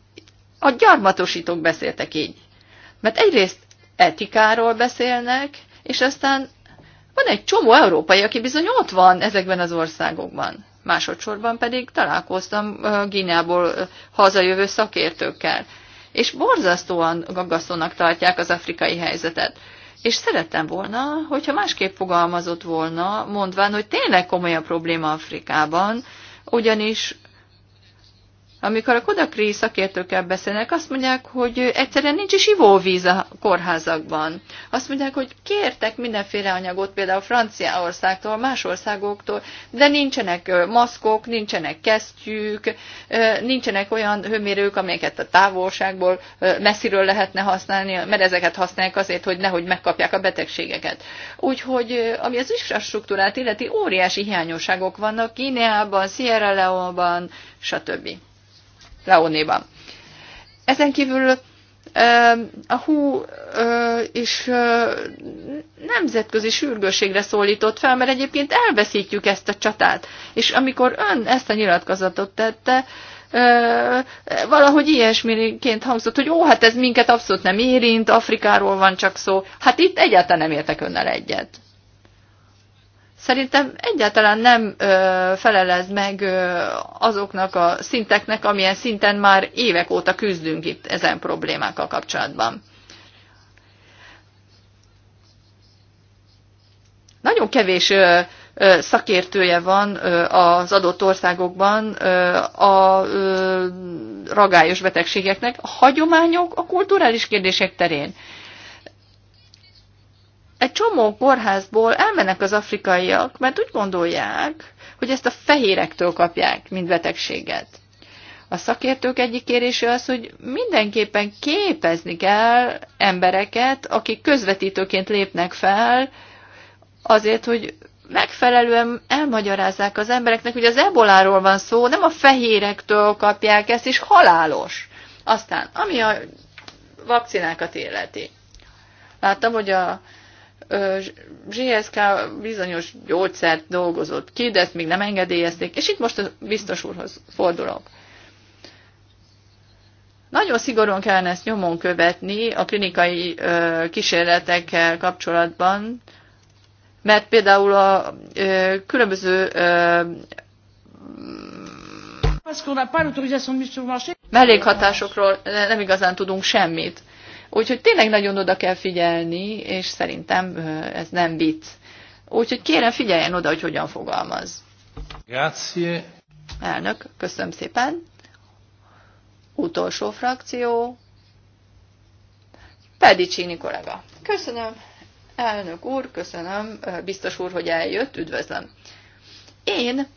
a gyarmatosítók beszéltek így. Mert egyrészt etikáról beszélnek, és aztán van egy csomó európai, aki bizony ott van ezekben az országokban. Másodszorban pedig találkoztam Gineából hazajövő szakértőkkel, és borzasztóan gaggasztónak tartják az afrikai helyzetet. És szerettem volna, hogyha másképp fogalmazott volna, mondván, hogy tényleg komoly a probléma Afrikában, ugyanis amikor a Kodakri szakértőkkel beszélnek, azt mondják, hogy egyszerűen nincs is ivóvíz a kórházakban. Azt mondják, hogy kértek mindenféle anyagot, például Franciaországtól, más országoktól, de nincsenek maszkok, nincsenek kesztyűk, nincsenek olyan hőmérők, amelyeket a távolságból messziről lehetne használni, mert ezeket használják azért, hogy nehogy megkapják a betegségeket. Úgyhogy, ami az infrastruktúrát illeti, óriási hiányosságok vannak kínában, Sierra Leone-ban, stb. Leonéban. Ezen kívül a hú is nemzetközi sürgőségre szólított fel, mert egyébként elveszítjük ezt a csatát. És amikor ön ezt a nyilatkozatot tette, valahogy ilyesmiként hangzott, hogy ó, hát ez minket abszolút nem érint, Afrikáról van csak szó. Hát itt egyáltalán nem értek önnel egyet szerintem egyáltalán nem ö, felelez meg ö, azoknak a szinteknek, amilyen szinten már évek óta küzdünk itt ezen problémákkal kapcsolatban. Nagyon kevés ö, ö, szakértője van ö, az adott országokban ö, a ö, ragályos betegségeknek, a hagyományok a kulturális kérdések terén. Ö, egy csomó kórházból elmennek az afrikaiak, mert úgy gondolják, hogy ezt a fehérektől kapják, mint betegséget. A szakértők egyik kérése az, hogy mindenképpen képezni kell embereket, akik közvetítőként lépnek fel, azért, hogy megfelelően elmagyarázzák az embereknek, hogy az eboláról van szó, nem a fehérektől kapják ezt, és halálos. Aztán, ami a vakcinákat illeti. Láttam, hogy a GSK bizonyos gyógyszert dolgozott ki, de ezt még nem engedélyezték, és itt most a biztos úrhoz fordulok. Nagyon szigorúan kellene ezt nyomon követni a klinikai ö, kísérletekkel kapcsolatban, mert például a ö, különböző ö, mellékhatásokról nem igazán tudunk semmit. Úgyhogy tényleg nagyon oda kell figyelni, és szerintem ez nem vicc. Úgyhogy kérem figyeljen oda, hogy hogyan fogalmaz. Grazie. Elnök, köszönöm szépen. Utolsó frakció. Pedicini kollega. Köszönöm, elnök úr, köszönöm, biztos úr, hogy eljött, üdvözlöm. Én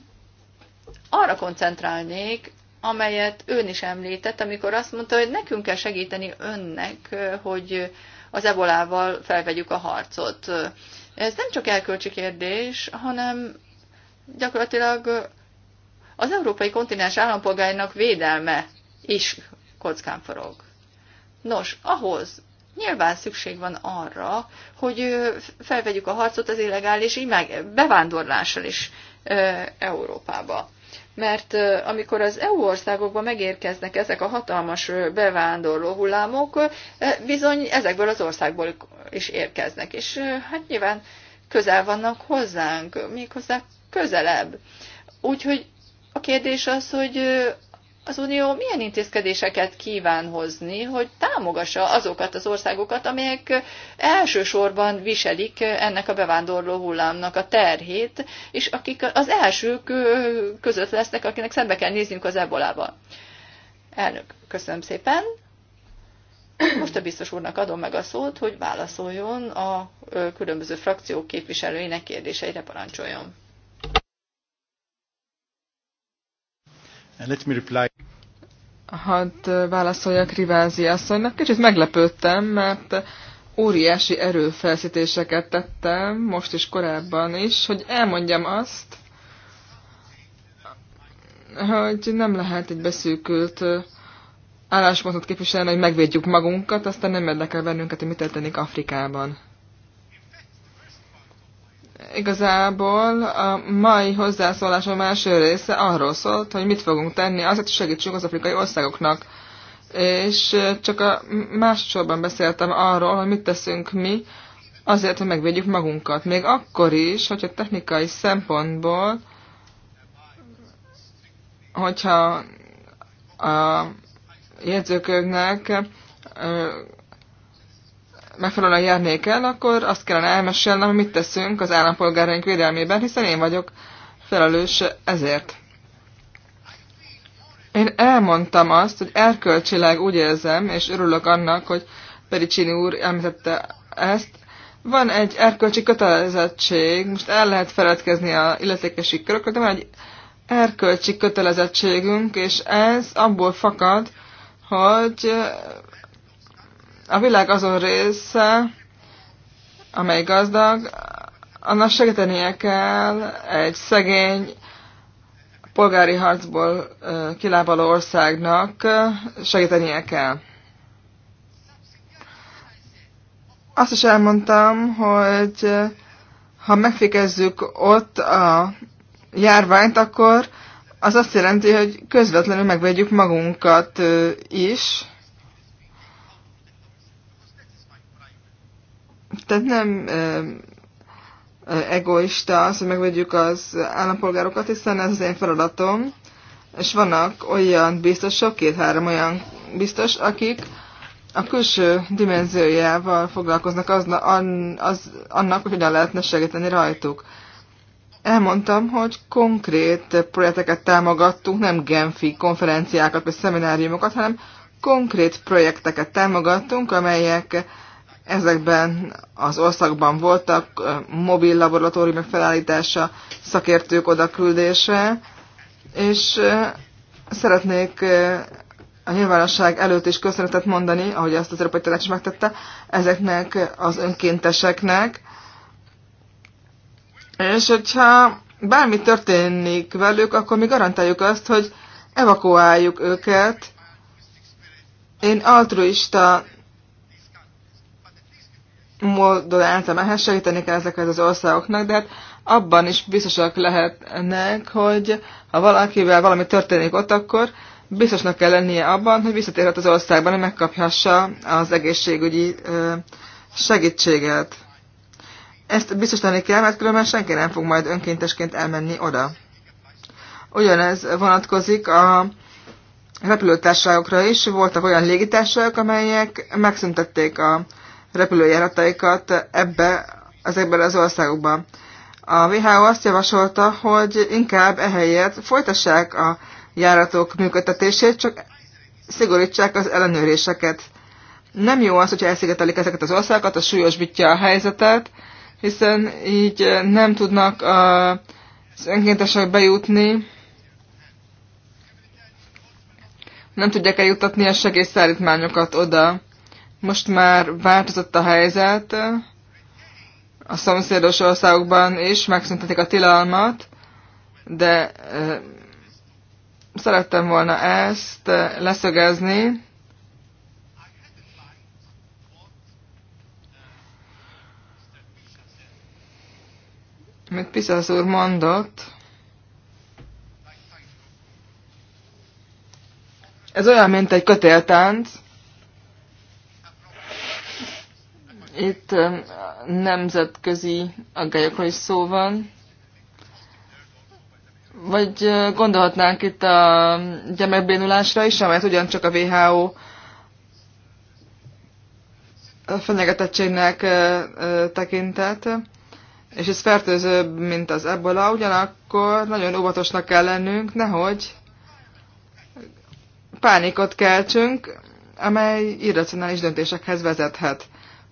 arra koncentrálnék, amelyet ön is említett, amikor azt mondta, hogy nekünk kell segíteni önnek, hogy az ebolával felvegyük a harcot. Ez nem csak elkölcsi kérdés, hanem gyakorlatilag az európai kontinens állampolgárnak védelme is kockán forog. Nos, ahhoz nyilván szükség van arra, hogy felvegyük a harcot az illegális bevándorlással is Európába mert amikor az EU országokba megérkeznek ezek a hatalmas bevándorló hullámok, bizony ezekből az országból is érkeznek, és hát nyilván közel vannak hozzánk, méghozzá közelebb. Úgyhogy a kérdés az, hogy az Unió milyen intézkedéseket kíván hozni, hogy támogassa azokat az országokat, amelyek elsősorban viselik ennek a bevándorló hullámnak a terhét, és akik az elsők között lesznek, akinek szembe kell nézniük az ebolával. Elnök, köszönöm szépen. Most a biztos úrnak adom meg a szót, hogy válaszoljon a különböző frakciók képviselőinek kérdéseire parancsoljon. Let me reply. Hadd eh, válaszoljak Rivázi asszonynak. Kicsit meglepődtem, mert óriási erőfelszítéseket tettem, most is korábban is, hogy elmondjam azt, hogy nem lehet egy beszűkült eh, álláspontot képviselni, hogy megvédjük magunkat, aztán nem érdekel bennünket, hogy mi történik Afrikában. Igazából a mai hozzászólásom első része arról szólt, hogy mit fogunk tenni, azért hogy segítsünk az afrikai országoknak. És csak a másodszorban beszéltem arról, hogy mit teszünk mi, azért, hogy megvédjük magunkat. Még akkor is, hogyha technikai szempontból, hogyha a jegyzőköknek megfelelően járnék el, akkor azt kellene elmesélnem, hogy mit teszünk az állampolgáraink védelmében, hiszen én vagyok felelős ezért. Én elmondtam azt, hogy erkölcsileg úgy érzem, és örülök annak, hogy Pericsini úr említette ezt, van egy erkölcsi kötelezettség, most el lehet feledkezni a illetékesi körökről, de van egy erkölcsi kötelezettségünk, és ez abból fakad, hogy a világ azon része, amely gazdag, annak segítenie kell egy szegény, polgári harcból kilábaló országnak segítenie kell. Azt is elmondtam, hogy ha megfékezzük ott a járványt, akkor az azt jelenti, hogy közvetlenül megvédjük magunkat is, tehát nem egoista az, hogy megvédjük az állampolgárokat, hiszen ez az én feladatom, és vannak olyan biztosok, két-három olyan biztos, akik a külső dimenziójával foglalkoznak az, az, annak, hogy hogyan lehetne segíteni rajtuk. Elmondtam, hogy konkrét projekteket támogattunk, nem genfi konferenciákat vagy szemináriumokat, hanem konkrét projekteket támogattunk, amelyek ezekben az országban voltak, mobil laboratóriumok felállítása, szakértők odaküldése, és szeretnék a nyilvánosság előtt is köszönetet mondani, ahogy azt az Európai Tanács megtette, ezeknek az önkénteseknek. És hogyha bármi történik velük, akkor mi garantáljuk azt, hogy evakuáljuk őket. Én altruista módon általában hát segíteni kell ezeket az országoknak, de hát abban is biztosak lehetnek, hogy ha valakivel valami történik ott, akkor biztosnak kell lennie abban, hogy visszatérhet az országban, hogy megkaphassa az egészségügyi segítséget. Ezt biztosítani kell, mert különben senki nem fog majd önkéntesként elmenni oda. Ugyanez vonatkozik a repülőtársaságokra is. Voltak olyan légitársaságok, amelyek megszüntették a repülőjárataikat ebbe, ezekben az országokban. A WHO azt javasolta, hogy inkább ehelyett folytassák a járatok működtetését, csak szigorítsák az ellenőréseket. Nem jó az, hogyha elszigetelik ezeket az országokat, a súlyosbítja a helyzetet, hiszen így nem tudnak az önkéntesek bejutni, nem tudják eljutatni a segélyszállítmányokat oda. Most már változott a helyzet, a szomszédos országokban is megszüntetik a tilalmat, de szerettem volna ezt leszögezni. Mit Piszász úr mondott, ez olyan, mint egy kötéltánc, Itt nemzetközi aggályokról is szó van. Vagy gondolhatnánk itt a gyermekbénulásra is, amelyet ugyancsak a WHO fenyegetettségnek tekintett, és ez fertőzőbb, mint az ebola, ugyanakkor nagyon óvatosnak kell lennünk, nehogy pánikot keltsünk, amely irracionális döntésekhez vezethet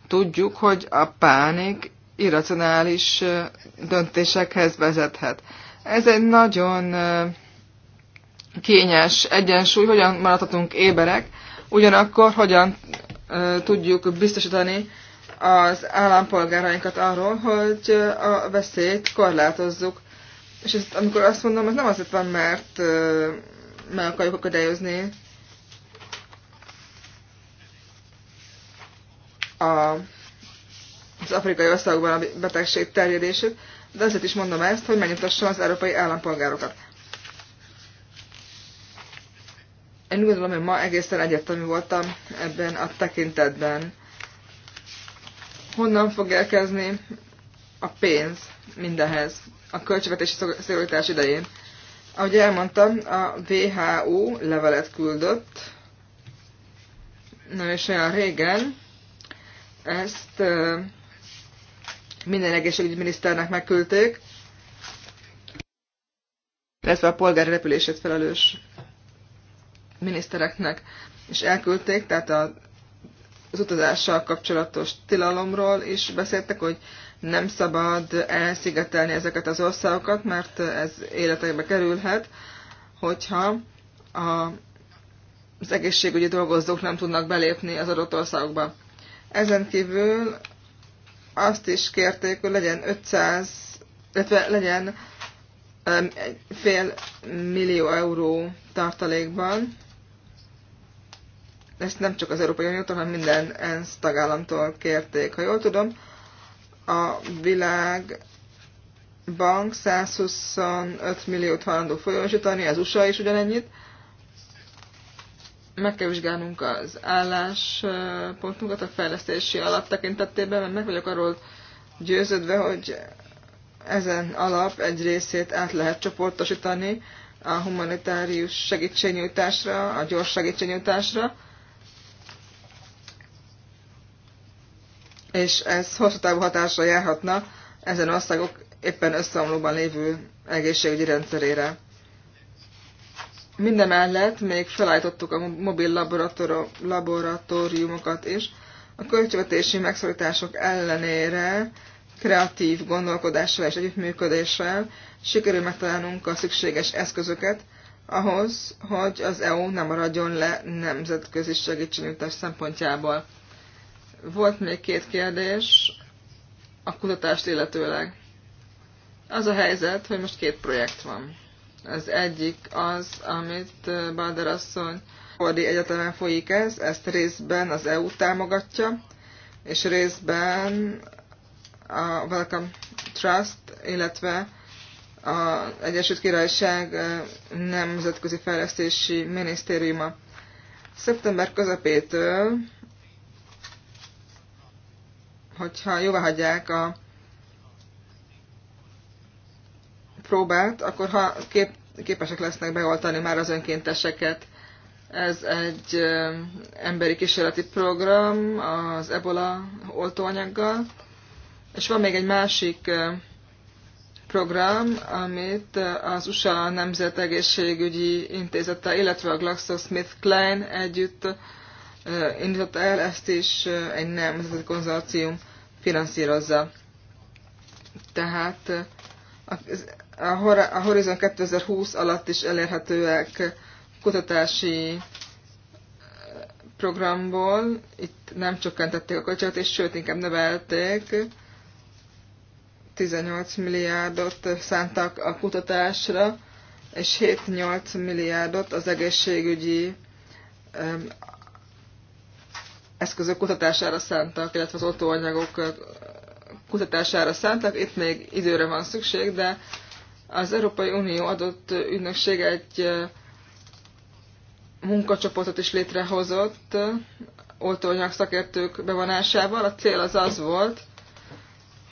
tudjuk, hogy a pánik irracionális döntésekhez vezethet. Ez egy nagyon kényes egyensúly, hogyan maradhatunk éberek, ugyanakkor hogyan tudjuk biztosítani az állampolgárainkat arról, hogy a veszélyt korlátozzuk. És ezt, amikor azt mondom, ez nem azért van, mert meg akarjuk akadályozni a, az afrikai országokban a betegség terjedését, de azért is mondom ezt, hogy megnyugtassam az európai állampolgárokat. Én úgy gondolom, hogy ma egészen egyértelmű voltam ebben a tekintetben. Honnan fog elkezni a pénz mindehez a költségvetési szigorítás idején? Ahogy elmondtam, a WHO levelet küldött, nem is olyan régen, ezt minden egészségügyminiszternek megküldték, illetve a polgári repülését felelős minisztereknek is elküldték, tehát a, az utazással kapcsolatos tilalomról is beszéltek, hogy nem szabad elszigetelni ezeket az országokat, mert ez életekbe kerülhet, hogyha a, az egészségügyi dolgozók nem tudnak belépni az adott országokba. Ezen kívül azt is kérték, hogy legyen 500, illetve legyen fél millió euró tartalékban. Ezt nem csak az Európai Uniótól, hanem minden ENSZ tagállamtól kérték. Ha jól tudom, a világ bank 125 milliót hajlandó folyósítani, az USA is ugyanennyit, meg kell vizsgálnunk az álláspontunkat a fejlesztési alap tekintetében, mert meg vagyok arról győződve, hogy ezen alap egy részét át lehet csoportosítani a humanitárius segítségnyújtásra, a gyors segítségnyújtásra, és ez hosszú távú hatásra járhatna ezen országok éppen összeomlóban lévő egészségügyi rendszerére. Mindemellett még felállítottuk a mobil laboratóriumokat is. A költségvetési megszorítások ellenére kreatív gondolkodással és együttműködéssel sikerül megtalálnunk a szükséges eszközöket ahhoz, hogy az EU nem maradjon le nemzetközi segítségnyújtás szempontjából. Volt még két kérdés a kutatást illetőleg. Az a helyzet, hogy most két projekt van. Az egyik az, amit Báder asszony Fordi Egyetemen folyik ez, ezt részben az EU támogatja, és részben a Welcome Trust, illetve az Egyesült Királyság Nemzetközi Fejlesztési Minisztériuma. Szeptember közepétől, hogyha jóvá hagyják a próbát, akkor ha kép, képesek lesznek beoltani már az önkénteseket. Ez egy emberi kísérleti program az ebola oltóanyaggal, és van még egy másik program, amit az USA Nemzetegészségügyi Intézete, illetve a GlaxoSmithKline együtt indított el, ezt is egy nemzeti konzorcium finanszírozza. Tehát az a Horizon 2020 alatt is elérhetőek kutatási eh, programból. Itt nem csökkentették a és sőt, inkább növelték. 18 milliárdot szántak a kutatásra, és 7-8 milliárdot az egészségügyi eszközök kutatására szántak, illetve az oltóanyagok eh, kutatására szántak. Itt még időre van szükség, de az Európai Unió adott ügynökség egy munkacsoportot is létrehozott oltóanyag szakértők bevonásával. A cél az az volt,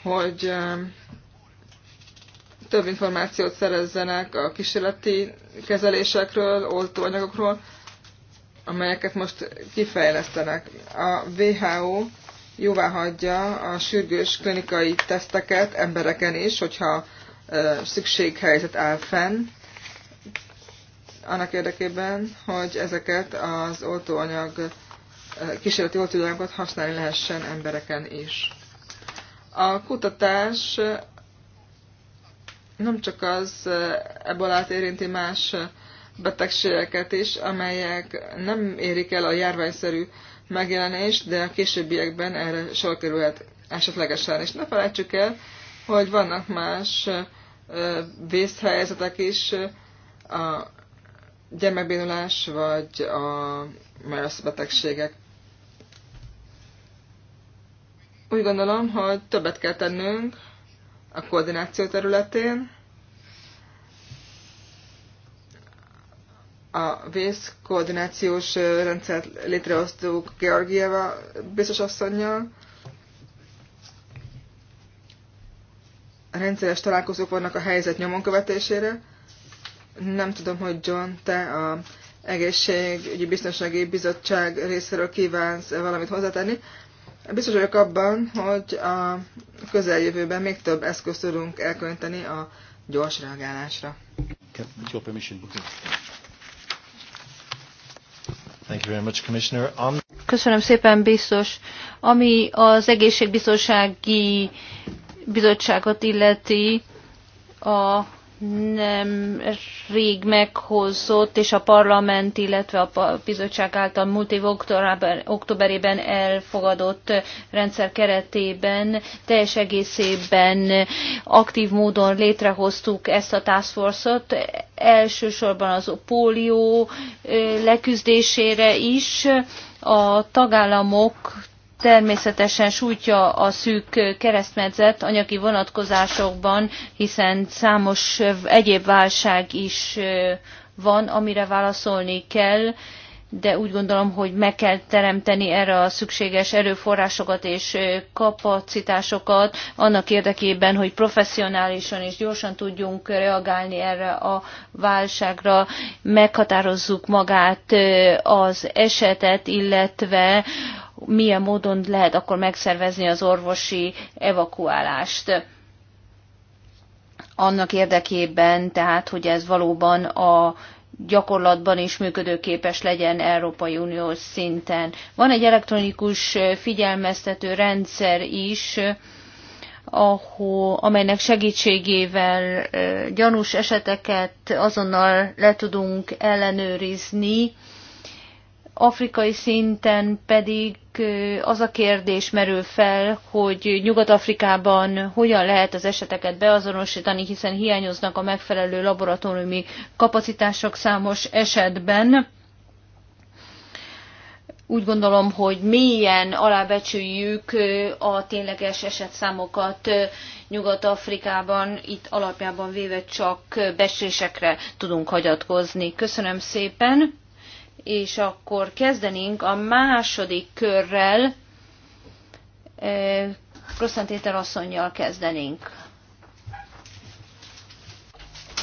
hogy több információt szerezzenek a kísérleti kezelésekről, oltóanyagokról, amelyeket most kifejlesztenek. A WHO jóvá hagyja a sürgős klinikai teszteket embereken is, hogyha szükséghelyzet áll fenn, annak érdekében, hogy ezeket az oltóanyag, kísérleti oltóanyagokat használni lehessen embereken is. A kutatás nem csak az ebolát érinti más betegségeket is, amelyek nem érik el a járványszerű megjelenést, de a későbbiekben erre sor kerülhet esetlegesen. És ne felejtsük el, hogy vannak más vészhelyzetek is, a gyermekbénulás vagy a MERS betegségek. Úgy gondolom, hogy többet kell tennünk a koordináció területén, a vészkoordinációs rendszert létrehoztuk Georgieva biztos asszonynal, rendszeres találkozók vannak a helyzet nyomon követésére. Nem tudom, hogy John, te a egészségügyi biztonsági bizottság részéről kívánsz valamit hozzátenni. Biztos vagyok abban, hogy a közeljövőben még több eszközt tudunk elkönteni a gyors reagálásra. Köszönöm szépen, biztos. Ami az egészségbiztonsági bizottságot illeti a nem rég meghozott, és a parlament, illetve a bizottság által múlt év októberében elfogadott rendszer keretében teljes egészében aktív módon létrehoztuk ezt a task force-ot, elsősorban az polió leküzdésére is, a tagállamok természetesen sújtja a szűk keresztmetszet anyagi vonatkozásokban, hiszen számos egyéb válság is van, amire válaszolni kell, de úgy gondolom, hogy meg kell teremteni erre a szükséges erőforrásokat és kapacitásokat annak érdekében, hogy professzionálisan és gyorsan tudjunk reagálni erre a válságra, meghatározzuk magát az esetet, illetve milyen módon lehet akkor megszervezni az orvosi evakuálást annak érdekében, tehát, hogy ez valóban a gyakorlatban is működőképes legyen Európai Unió szinten. Van egy elektronikus figyelmeztető rendszer is, ahol, amelynek segítségével gyanús eseteket azonnal le tudunk ellenőrizni, afrikai szinten pedig az a kérdés merül fel, hogy Nyugat-Afrikában hogyan lehet az eseteket beazonosítani, hiszen hiányoznak a megfelelő laboratóriumi kapacitások számos esetben. Úgy gondolom, hogy mélyen alábecsüljük a tényleges esetszámokat Nyugat-Afrikában, itt alapjában véve csak besésekre tudunk hagyatkozni. Köszönöm szépen! és akkor kezdenénk a második körrel, Grosszantéter asszonynal kezdenénk.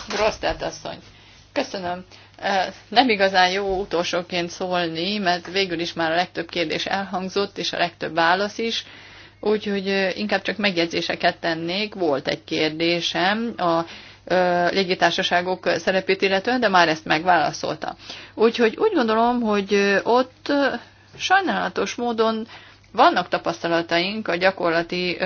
Grossztát asszony. Köszönöm. Nem igazán jó utolsóként szólni, mert végül is már a legtöbb kérdés elhangzott, és a legtöbb válasz is. Úgyhogy inkább csak megjegyzéseket tennék. Volt egy kérdésem a légitársaságok szerepét illetően, de már ezt megválaszolta. Úgyhogy úgy gondolom, hogy ott sajnálatos módon vannak tapasztalataink a gyakorlati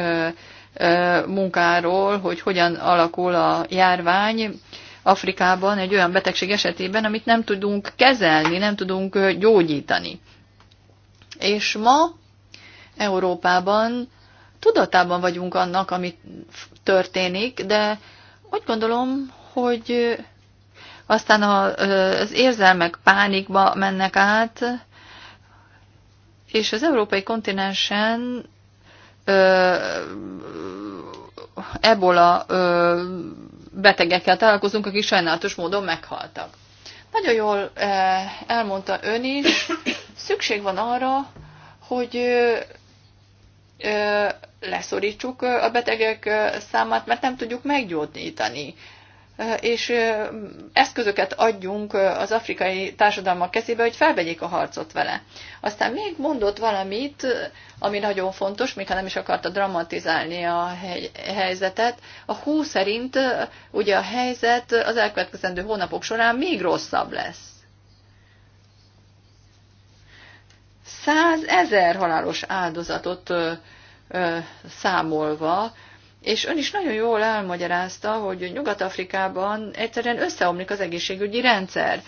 munkáról, hogy hogyan alakul a járvány Afrikában egy olyan betegség esetében, amit nem tudunk kezelni, nem tudunk gyógyítani. És ma Európában tudatában vagyunk annak, ami történik, de úgy gondolom, hogy aztán az érzelmek pánikba mennek át, és az európai kontinensen ebola betegekkel találkozunk, akik sajnálatos módon meghaltak. Nagyon jól elmondta ön is, szükség van arra, hogy leszorítsuk a betegek számát, mert nem tudjuk meggyógyítani. És eszközöket adjunk az afrikai társadalmak kezébe, hogy felvegyék a harcot vele. Aztán még mondott valamit, ami nagyon fontos, még ha nem is akarta dramatizálni a helyzetet. A hú szerint ugye a helyzet az elkövetkezendő hónapok során még rosszabb lesz százezer halálos áldozatot ö, ö, számolva, és ön is nagyon jól elmagyarázta, hogy Nyugat-Afrikában egyszerűen összeomlik az egészségügyi rendszer.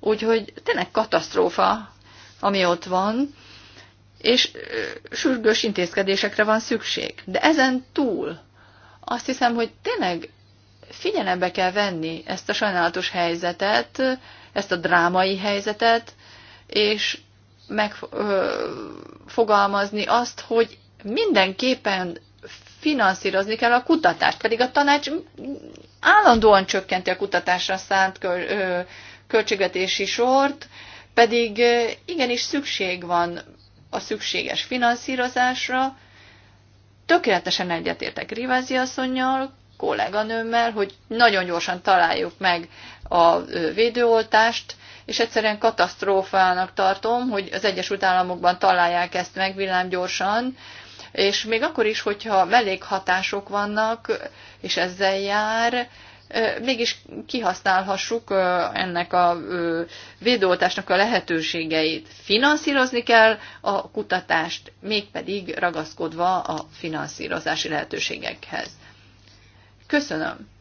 Úgyhogy tényleg katasztrófa, ami ott van, és sürgős intézkedésekre van szükség. De ezen túl azt hiszem, hogy tényleg figyelembe kell venni ezt a sajnálatos helyzetet, ezt a drámai helyzetet, és megfogalmazni azt, hogy mindenképpen finanszírozni kell a kutatást, pedig a tanács állandóan csökkenti a kutatásra szánt költségvetési sort, pedig igenis szükség van a szükséges finanszírozásra. Tökéletesen egyetértek Rivázi asszonynal, kolléganőmmel, hogy nagyon gyorsan találjuk meg a védőoltást, és egyszerűen katasztrófának tartom, hogy az Egyesült Államokban találják ezt meg villámgyorsan, és még akkor is, hogyha mellékhatások vannak, és ezzel jár, mégis kihasználhassuk ennek a védőoltásnak a lehetőségeit. Finanszírozni kell a kutatást, mégpedig ragaszkodva a finanszírozási lehetőségekhez. Köszönöm.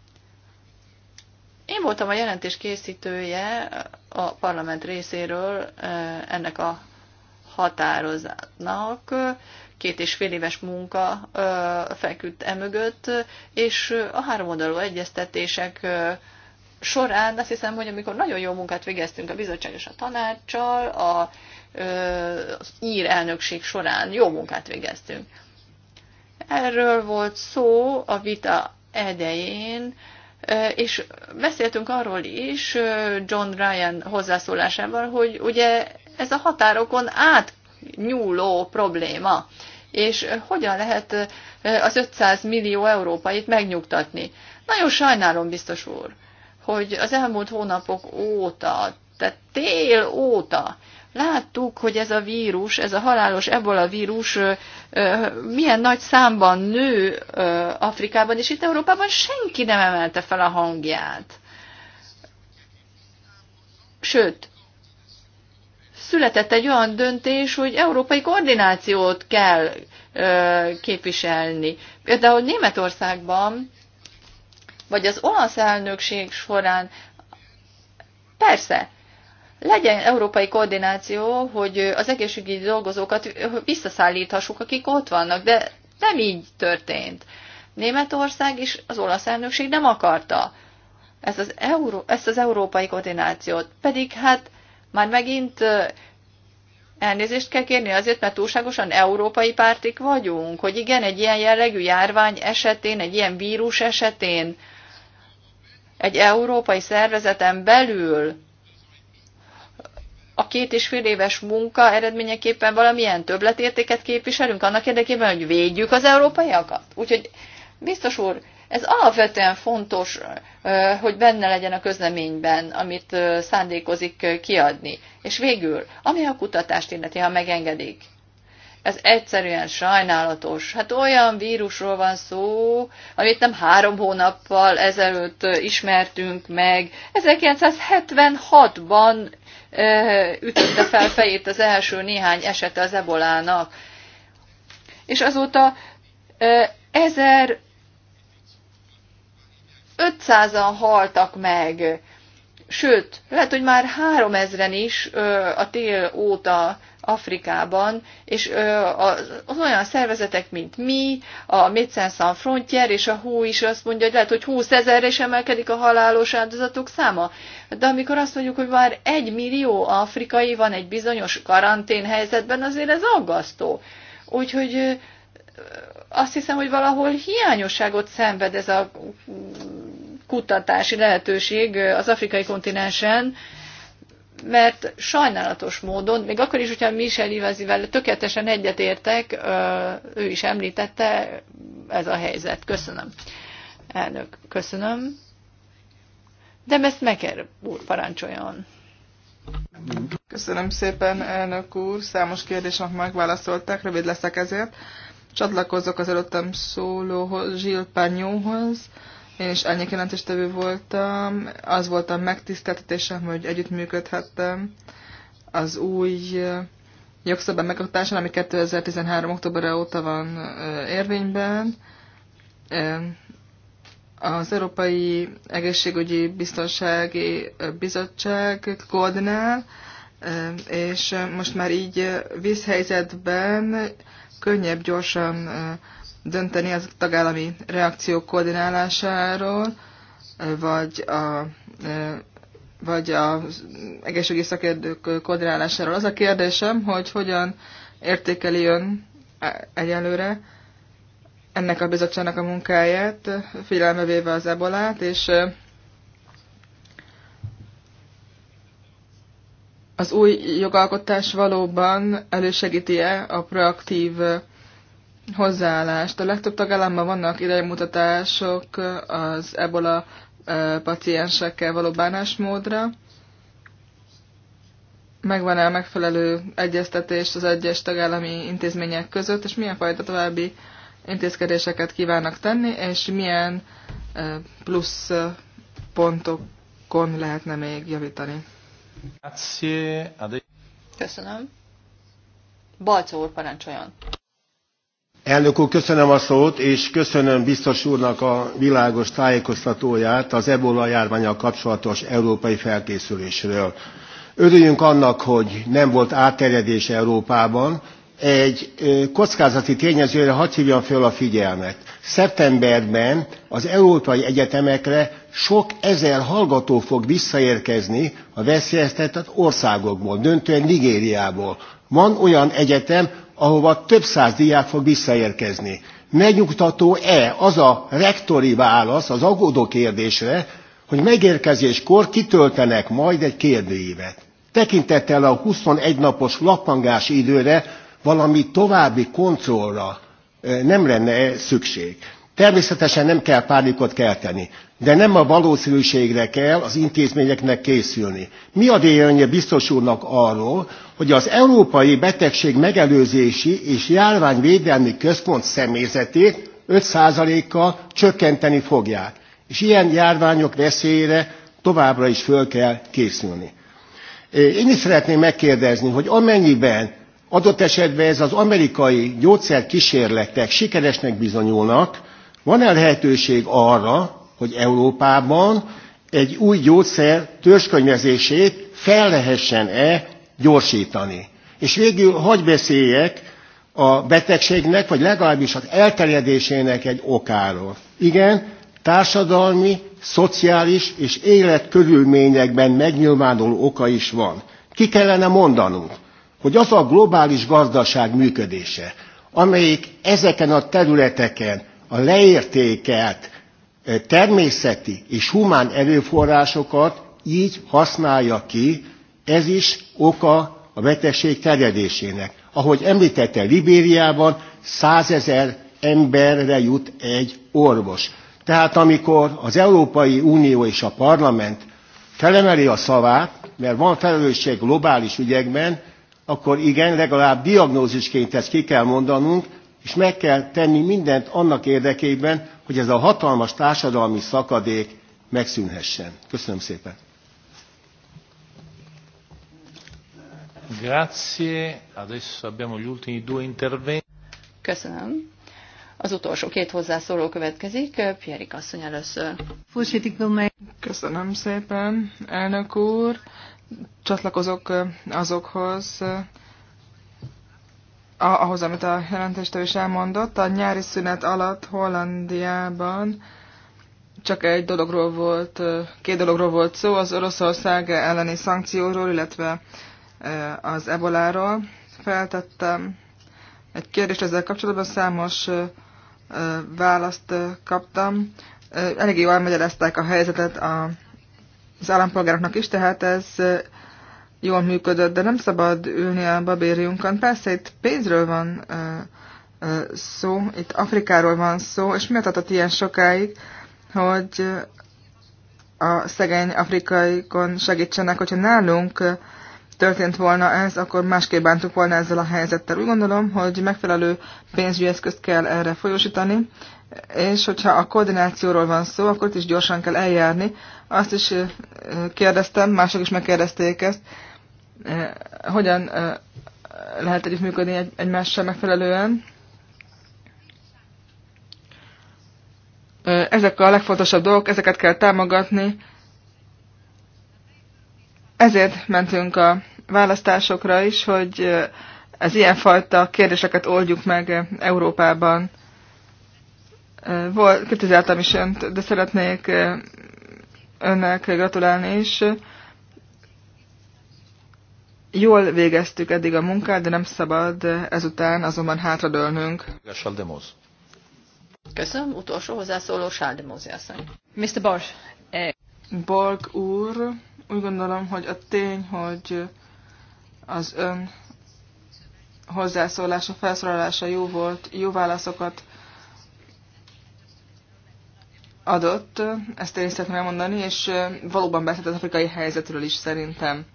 Én voltam a jelentés készítője a parlament részéről ennek a határozatnak. Két és fél éves munka feküdt emögött, és a háromoldalú egyeztetések során azt hiszem, hogy amikor nagyon jó munkát végeztünk a bizottság és a tanácssal, a, az ír elnökség során jó munkát végeztünk. Erről volt szó a vita edején, és beszéltünk arról is John Ryan hozzászólásával, hogy ugye ez a határokon átnyúló probléma, és hogyan lehet az 500 millió európait megnyugtatni. Nagyon sajnálom, biztos úr, hogy az elmúlt hónapok óta, tehát tél óta Láttuk, hogy ez a vírus, ez a halálos ebola vírus milyen nagy számban nő Afrikában, és itt Európában senki nem emelte fel a hangját. Sőt, született egy olyan döntés, hogy európai koordinációt kell képviselni. Például Németországban, vagy az olasz elnökség során, persze, legyen európai koordináció, hogy az egészségügyi dolgozókat visszaszállíthassuk, akik ott vannak, de nem így történt. Németország is az olasz elnökség nem akarta ezt az, euró, ezt az európai koordinációt, pedig hát már megint elnézést kell kérni azért, mert túlságosan európai pártik vagyunk, hogy igen, egy ilyen jellegű járvány esetén, egy ilyen vírus esetén, egy európai szervezeten belül a két és fél éves munka eredményeképpen valamilyen többletértéket képviselünk annak érdekében, hogy védjük az európaiakat. Úgyhogy biztos úr, ez alapvetően fontos, hogy benne legyen a közleményben, amit szándékozik kiadni. És végül, ami a kutatást illeti, ha megengedik. Ez egyszerűen sajnálatos. Hát olyan vírusról van szó, amit nem három hónappal ezelőtt ismertünk meg. 1976-ban ütötte fel fejét az első néhány esete az ebolának. És azóta 1500-an haltak meg, sőt, lehet, hogy már 3000-en is a tél óta Afrikában, és az olyan szervezetek, mint mi, a Médecins Sans Frontier és a hú is azt mondja, hogy lehet, hogy 20 ezerre is emelkedik a halálos áldozatok száma. De amikor azt mondjuk, hogy már egy millió afrikai van egy bizonyos karantén helyzetben, azért ez aggasztó. Úgyhogy azt hiszem, hogy valahol hiányosságot szenved ez a kutatási lehetőség az afrikai kontinensen, mert sajnálatos módon, még akkor is, hogyha Michel Ivezivel tökéletesen egyetértek, ő is említette, ez a helyzet. Köszönöm. Elnök, köszönöm. De ezt Meker úr parancsoljon. Köszönöm szépen, elnök úr. Számos kérdésnek megválaszolták, rövid leszek ezért. Csatlakozok az előttem szólóhoz, Zsilpányóhoz. Én is ennyi jelentéstevő voltam. Az volt a megtiszteltetésem, hogy együttműködhettem az új eh, jogszabály megalkotásán, ami 2013. október óta van eh, érvényben. Eh, az Európai Egészségügyi Biztonsági Bizottság koordinál, és most már így vízhelyzetben könnyebb, gyorsan dönteni az tagállami reakció koordinálásáról, vagy a vagy az egészségügyi szakértők koordinálásáról. Az a kérdésem, hogy hogyan értékeli ön egyelőre ennek a bizottságnak a munkáját, figyelembe véve az ebolát, és az új jogalkotás valóban elősegíti-e a proaktív hozzáállást. A legtöbb tagállamban vannak iránymutatások az ebola paciensekkel való bánásmódra. Megvan-e a megfelelő egyeztetés az egyes tagállami intézmények között, és milyen fajta további intézkedéseket kívánnak tenni, és milyen plusz pontokon lehetne még javítani. Köszönöm. Balcó úr, parancsoljon. Elnök úr, köszönöm a szót, és köszönöm biztos úrnak a világos tájékoztatóját az ebola járványal kapcsolatos európai felkészülésről. Örüljünk annak, hogy nem volt átterjedés Európában. Egy kockázati tényezőre hadd hívjam fel a figyelmet. Szeptemberben az európai egyetemekre sok ezer hallgató fog visszaérkezni a veszélyeztetett országokból, döntően Nigériából. Van olyan egyetem, ahova több száz diák fog visszaérkezni. Megnyugtató-e az a rektori válasz az aggódó kérdésre, hogy megérkezéskor kitöltenek majd egy kérdőívet. Tekintettel a 21 napos lappangás időre valami további kontrollra nem lenne -e szükség. Természetesen nem kell pánikot kelteni, de nem a valószínűségre kell az intézményeknek készülni. Mi a véleménye biztos úrnak arról, hogy az Európai Betegség Megelőzési és Járványvédelmi Központ személyzetét 5%-kal csökkenteni fogják, és ilyen járványok veszélyére továbbra is föl kell készülni. Én is szeretném megkérdezni, hogy amennyiben adott esetben ez az amerikai gyógyszerkísérletek sikeresnek bizonyulnak, van-e lehetőség arra, hogy Európában egy új gyógyszer törzskönyvezését fel lehessen-e gyorsítani. És végül hagy beszéljek a betegségnek, vagy legalábbis az elterjedésének egy okáról. Igen, társadalmi, szociális és életkörülményekben megnyilvánuló oka is van. Ki kellene mondanunk, hogy az a globális gazdaság működése, amelyik ezeken a területeken a leértékelt eh, természeti és humán erőforrásokat így használja ki, ez is oka a betegség terjedésének. Ahogy említette, Libériában százezer emberre jut egy orvos. Tehát amikor az Európai Unió és a Parlament felemeli a szavát, mert van felelősség globális ügyekben, akkor igen, legalább diagnózisként ezt ki kell mondanunk, és meg kell tenni mindent annak érdekében, hogy ez a hatalmas társadalmi szakadék megszűnhessen. Köszönöm szépen! Grazie. Adesso abbiamo gli ultimi due interventi. Köszönöm. Az utolsó két hozzászóló következik. Pierik asszony először. Köszönöm szépen, elnök úr. Csatlakozok azokhoz, ahhoz, amit a jelentéstől is elmondott. A nyári szünet alatt Hollandiában csak egy dologról volt, két dologról volt szó, az Oroszország elleni szankcióról, illetve az eboláról. Feltettem egy kérdést ezzel kapcsolatban, számos választ kaptam. Elég jól elmagyarázták a helyzetet az állampolgároknak is, tehát ez jól működött, de nem szabad ülni a babériunkon. Persze itt pénzről van szó, itt Afrikáról van szó, és miért adott ilyen sokáig, hogy a szegény afrikaikon segítsenek, hogyha nálunk történt volna ez, akkor másképp bántuk volna ezzel a helyzettel. Úgy gondolom, hogy megfelelő pénzügyi eszközt kell erre folyósítani, és hogyha a koordinációról van szó, akkor is gyorsan kell eljárni. Azt is eh, kérdeztem, mások is megkérdezték ezt, eh, hogyan eh, lehet együttműködni egymással megfelelően. Ezek a legfontosabb dolgok, ezeket kell támogatni, ezért mentünk a választásokra is, hogy ez ilyenfajta kérdéseket oldjuk meg Európában. Volt, kritizáltam is önt, de szeretnék önnek gratulálni is. Jól végeztük eddig a munkát, de nem szabad ezután azonban hátradőlnünk. Köszönöm. Utolsó hozzászóló Sáldemózi asszony. Mr. Borg. Eh, Borg úr. Úgy gondolom, hogy a tény, hogy az ön hozzászólása, felszólalása jó volt, jó válaszokat adott, ezt én szeretném elmondani, és valóban beszélt az afrikai helyzetről is szerintem.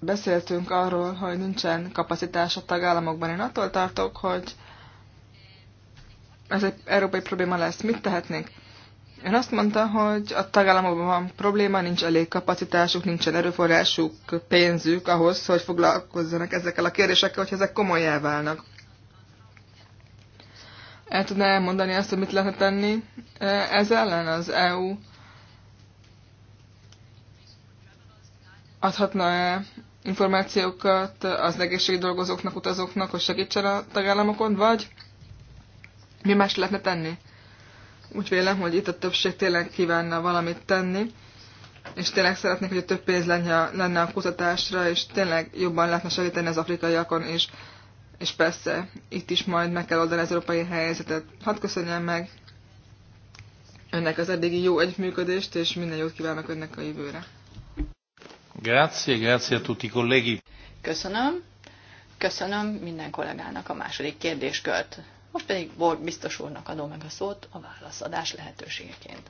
Beszéltünk arról, hogy nincsen kapacitás a tagállamokban. Én attól tartok, hogy ez egy európai probléma lesz. Mit tehetnénk? Ön azt mondta, hogy a tagállamokban van probléma, nincs elég kapacitásuk, nincsen erőforrásuk, pénzük ahhoz, hogy foglalkozzanak ezekkel a kérdésekkel, hogy ezek komolyá válnak. El tudná elmondani azt, hogy mit lehet tenni e, ez ellen az EU? Adhatna-e információkat az dolgozóknak, utazóknak, hogy segítsen a tagállamokon, vagy mi más lehetne tenni? Úgy vélem, hogy itt a többség tényleg kívánna valamit tenni, és tényleg szeretnék, hogy több pénz lenne, lenne a kutatásra, és tényleg jobban lehetne segíteni az afrikaiakon is. És persze, itt is majd meg kell oldani az európai helyzetet. Hadd köszönjem meg önnek az eddigi jó együttműködést, és minden jót kívánok önnek a jövőre. Grazie, grazie a tutti colleghi. Köszönöm. Köszönöm minden kollégának a második kérdéskört. Most pedig volt biztos úrnak adom meg a szót a válaszadás lehetőségeként.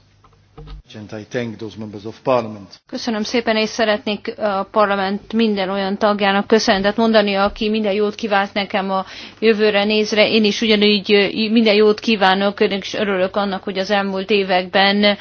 Köszönöm szépen, és szeretnék a parlament minden olyan tagjának köszönetet mondani, aki minden jót kívánt nekem a jövőre nézre. Én is ugyanúgy minden jót kívánok, és örülök annak, hogy az elmúlt években uh,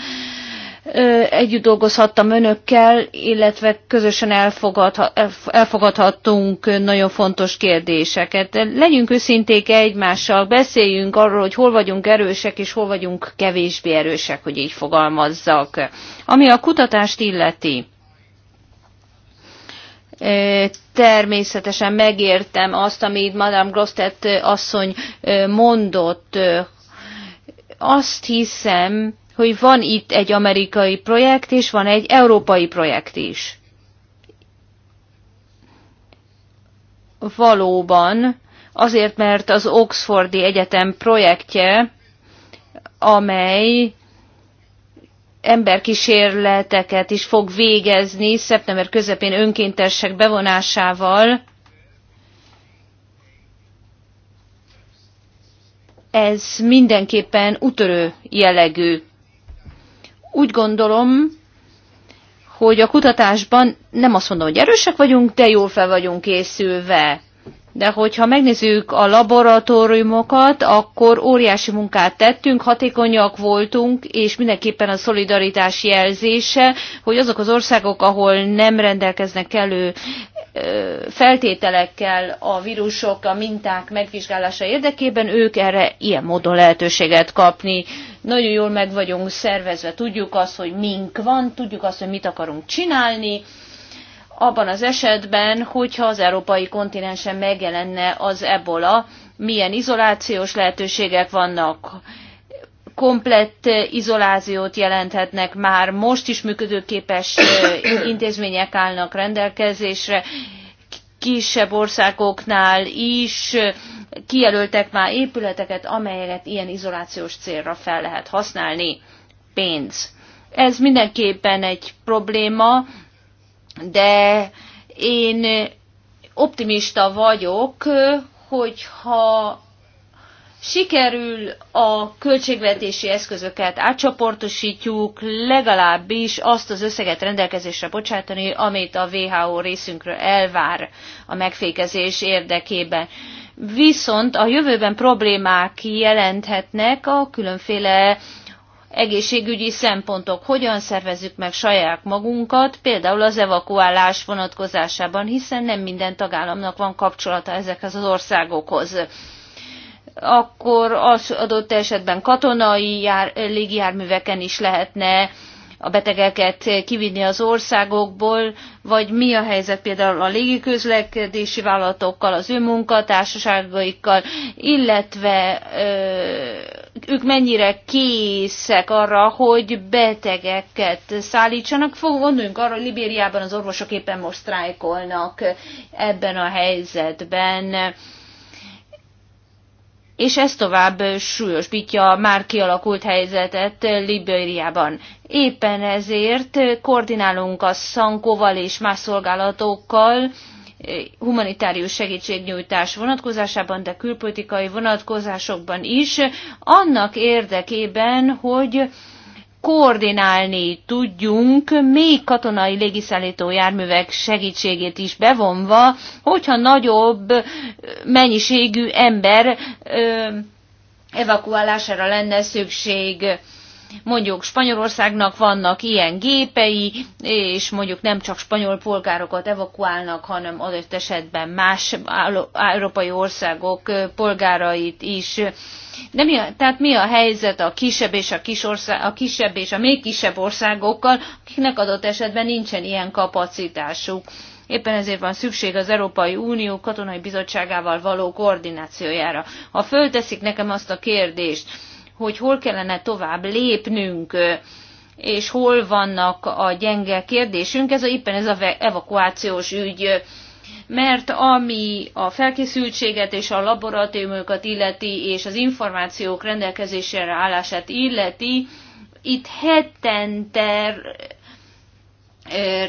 együtt dolgozhattam önökkel, illetve közösen elfogadha, elfogadhattunk nagyon fontos kérdéseket. Legyünk őszinték egymással, beszéljünk arról, hogy hol vagyunk erősek, és hol vagyunk kevésbé erősek, hogy így fogalmazzak. Ami a kutatást illeti, természetesen megértem azt, amit Madame Grostet asszony mondott. Azt hiszem, hogy van itt egy amerikai projekt, és van egy európai projekt is. Valóban, azért, mert az Oxfordi Egyetem projektje, amely emberkísérleteket is fog végezni szeptember közepén önkéntesek bevonásával. Ez mindenképpen utörő jellegű úgy gondolom, hogy a kutatásban nem azt mondom, hogy erősek vagyunk, de jól fel vagyunk készülve de hogyha megnézzük a laboratóriumokat, akkor óriási munkát tettünk, hatékonyak voltunk, és mindenképpen a szolidaritás jelzése, hogy azok az országok, ahol nem rendelkeznek elő feltételekkel a vírusok, a minták megvizsgálása érdekében, ők erre ilyen módon lehetőséget kapni. Nagyon jól meg vagyunk szervezve, tudjuk azt, hogy mink van, tudjuk azt, hogy mit akarunk csinálni, abban az esetben, hogyha az európai kontinensen megjelenne az ebola, milyen izolációs lehetőségek vannak, komplett izolációt jelenthetnek, már most is működőképes intézmények állnak rendelkezésre, kisebb országoknál is kijelöltek már épületeket, amelyeket ilyen izolációs célra fel lehet használni. Pénz. Ez mindenképpen egy probléma, de én optimista vagyok, hogyha sikerül a költségvetési eszközöket átcsoportosítjuk, legalábbis azt az összeget rendelkezésre bocsátani, amit a WHO részünkről elvár a megfékezés érdekében. Viszont a jövőben problémák jelenthetnek a különféle egészségügyi szempontok, hogyan szervezzük meg saját magunkat, például az evakuálás vonatkozásában, hiszen nem minden tagállamnak van kapcsolata ezekhez az országokhoz. Akkor az adott esetben katonai jár, légijárműveken is lehetne a betegeket kivinni az országokból, vagy mi a helyzet például a légiközlekedési vállalatokkal, az ő munkatársaságaikkal, illetve ö, ők mennyire készek arra, hogy betegeket szállítsanak. Fog, gondoljunk arra, hogy Libériában az orvosok éppen most sztrájkolnak ebben a helyzetben és ez tovább súlyosbítja a már kialakult helyzetet Libériában. Éppen ezért koordinálunk a Szankóval és más szolgálatokkal, eh, humanitárius segítségnyújtás vonatkozásában, de külpolitikai vonatkozásokban is, annak érdekében, hogy koordinálni tudjunk még katonai légiszállító járművek segítségét is bevonva, hogyha nagyobb mennyiségű ember evakuálására lenne szükség mondjuk Spanyolországnak vannak ilyen gépei, és mondjuk nem csak spanyol polgárokat evakuálnak, hanem adott esetben más európai országok polgárait is. De mi a, tehát mi a helyzet a kisebb és a, kis ország, a kisebb és a még kisebb országokkal, akiknek adott esetben nincsen ilyen kapacitásuk? Éppen ezért van szükség az Európai Unió katonai bizottságával való koordinációjára. Ha fölteszik nekem azt a kérdést, hogy hol kellene tovább lépnünk, és hol vannak a gyenge kérdésünk, ez a, éppen ez a evakuációs ügy, mert ami a felkészültséget és a laboratóriumokat illeti, és az információk rendelkezésére állását illeti, itt hetente